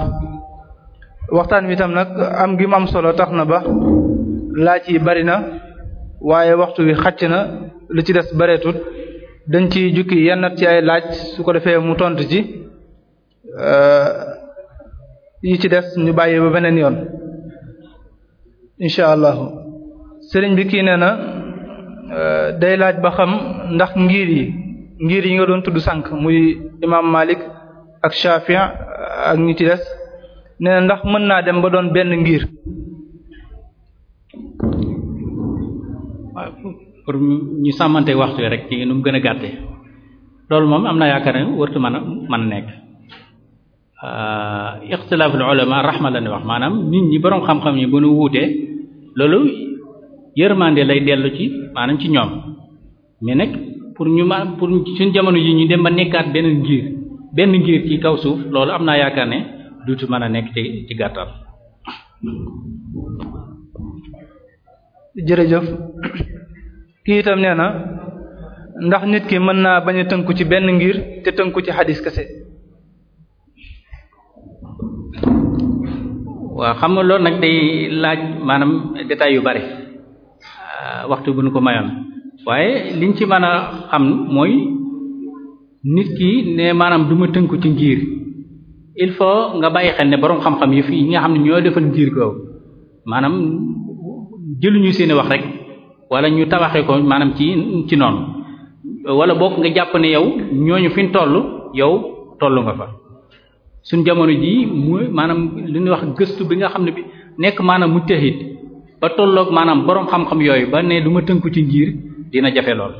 waxtaan wi tam nag am gi am solo tax na ba laaj yi bari na waaye waxtu wi xacc na lu ci des bareetut dañ ci jukki yenn ci ay laaj su ko defee mu tontu ci euh, yi ci des ñu bàyyi ba beneen yoon incha allahu sëriñ bi kii nee na euh, day laaj ba xam ndax ngir yi ngir yi nga doon tudd sànq muy imam Malik ak Shafi'i ak ñi ci des nee ndax mën naa dem ba doon benn ngir pour ñu sàmmante waxtu rek ci nu mu gën a gàtte loolu moom am na yaakaar ne wartu man a mën nekk euh, ixtilaaful ulama rahma la ne wax maanaam nit ñi boroom xam-xam yi bu nu wuutee loolu yërmande lay dellu ci maanaam ci ñoom mais nag pour ñu ma pour suñ jamono yi ñu dem ba nekkaat benn ngir benn ngir ci kaw suuf loolu am naa yaakaar ne duutu mën a nekk ci ci gàttal. jërëjëf. kii itam nee na ndax nit ki mën naa bañ a tënku ci benn ngir te tënku ci xadis kese. waaw xam nga loolu nag day laaj maanaam détails yu bari ah, waxtu bu nu ko mayoon waaye li liñ ci mën a xam mooy nit ki ne maanaam du ma tënku ci ngir il faut nga bàyyi xel ne boroom xam-xam yi fi yi nga xam ne ñoo defal ngir ko maanaam jëluñu seeni wax rek wala ñu tabaxee ko maanaam ci ci noonu wala bokk nga jàpp ne yow ñooñu fi ñu toll yow tollu nga fa suñ jamono jii mu maanaam li ñuy wax gëstu bi nga xam ne bi nekk maanaam mu texit ba tolloog maanaam borom xam-xam yooyu ba ne du ma tënku ci njiir dina jafe lool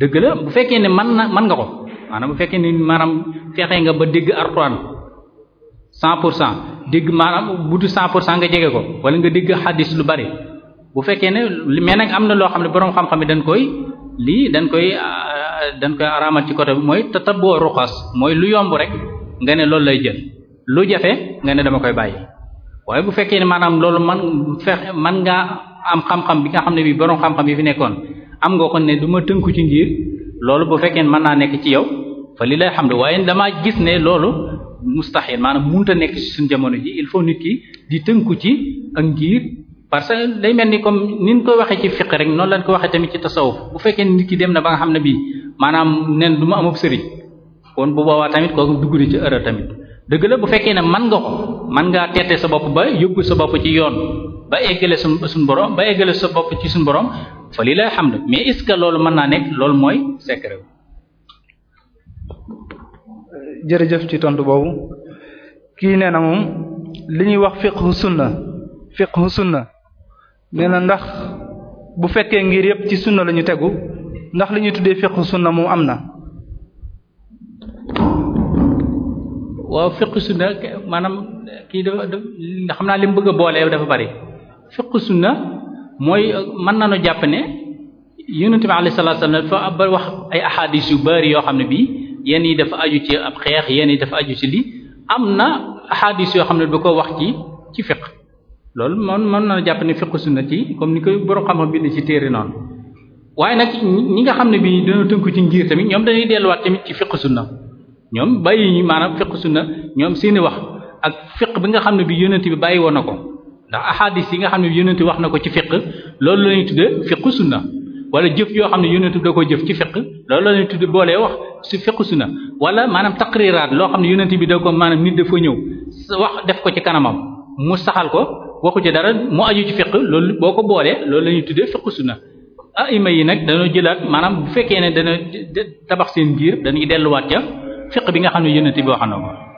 dëgg la bu fekkee ne man na man nga ko maanaam bu fekkee ne maanaam fexe nga ba dégg Alxuraan cent pour cent dégg maanaam bu du cent pour cent nga jege ko wala nga dégg xadis lu bari bu fekkee ne mais nag am na loo xam ne boroom xam-xam yi dañ koy lii dañ koy euh, euh, dañ koy araamal ci côté bi mooy tataboo ruxas mooy lu yomb rek nga ne loolu lay jël lu jafe nga ne dama koy bàyyi waaye bu fekkee ne maanaam loolu man fex man ngaa am xam-xam bi nga xam ne bi boroom xam-xam yi fi nekkoon am nga ko ne duma tënku ci ngir loolu bu fekkee ne mën naa nekk ci yow fa li lay xam ne waaye damaa gis ne loolu mustahil maanaam munta nekk ci suñu jamono ji il faut nit ki di tënku ci ak ngir parce que day mel ni comme ni ñu ko waxee ci fiq rek noonu lañ ko waxee tamit ci tasawuf bu fekkee nit ki dem na ba nga xam ne bii maanaam nen du ma amub sëriñ kon bu boobaa tamit kooku dugg na ci erreur tamit dëgg la bu fekkee ne man nga ko man ngaa teete sa bopp ba yóbbu sa bopp ci yoon ba eggale su suñ borom ba eggale sa bopp ci suñ borom fa lii lay xam ne mais est ce que loolu mën naa nekk loolu mooy secret jërëjëf ci tontu boobu kii nee na moom li ñuy wax fiqhu sunna fiqhu sunna nee na ndax bu fekkee ngir yépp ci sunna la ñu tegu ndax li ñuy tuddee fiqh sunna moom am na. waaw fiqh sunna maanaam kii dafa dafa xam naa li bëgg a boole dafa bari fiqh sunna mooy mën nañu jàpp ne yonent bi alayhi salaatu wasallam dafa ba wax ay ahadis yu bari yoo xam ne bii yenn yi dafa aju ci ab xeex yenn yi dafa aju ci lii am na ahadis yoo xam ne du ko wax ci ci fiqh. loolu man mën na jàpp ne fiqhu sunna ci comme ni koy borom xam bi bind ci téere noonu waaye nag ñi nga xam ne bi dana tënku ci ngir tamit ñoom dañuy delluwaat tamit ci fiqhu sunna ñoom bàyyi ñu maanaam fiqhu sunna ñoom seeni wax ak fiq bi nga xam ne bi yonent bi bàyyi woon na ko ndax ahadis yi nga xam ne bi yonent bi wax na ko ci fiq loolu la tuddee tudde fiqhu sunna wala jëf yoo xam ne yonent bi da ko jëf ci fiq loolu la ñuy tudde boolee wax si fiqhu sunna wala maanaam taqriraat loo xam ne yonent bi da ko maanaam nit dafa ñëw wax def ko ci kanamam mu saxal ko waxu ci dara mu aju ci fiq loolu boo ko boolee loolu la ñuy tuddee fiq ah aima yi nag dañoo jëlaat maanaam bu fekkee ne dana tabax seen ngir dañuy delluwaat ca fiq bi nga xam ne yonent bi wax na ko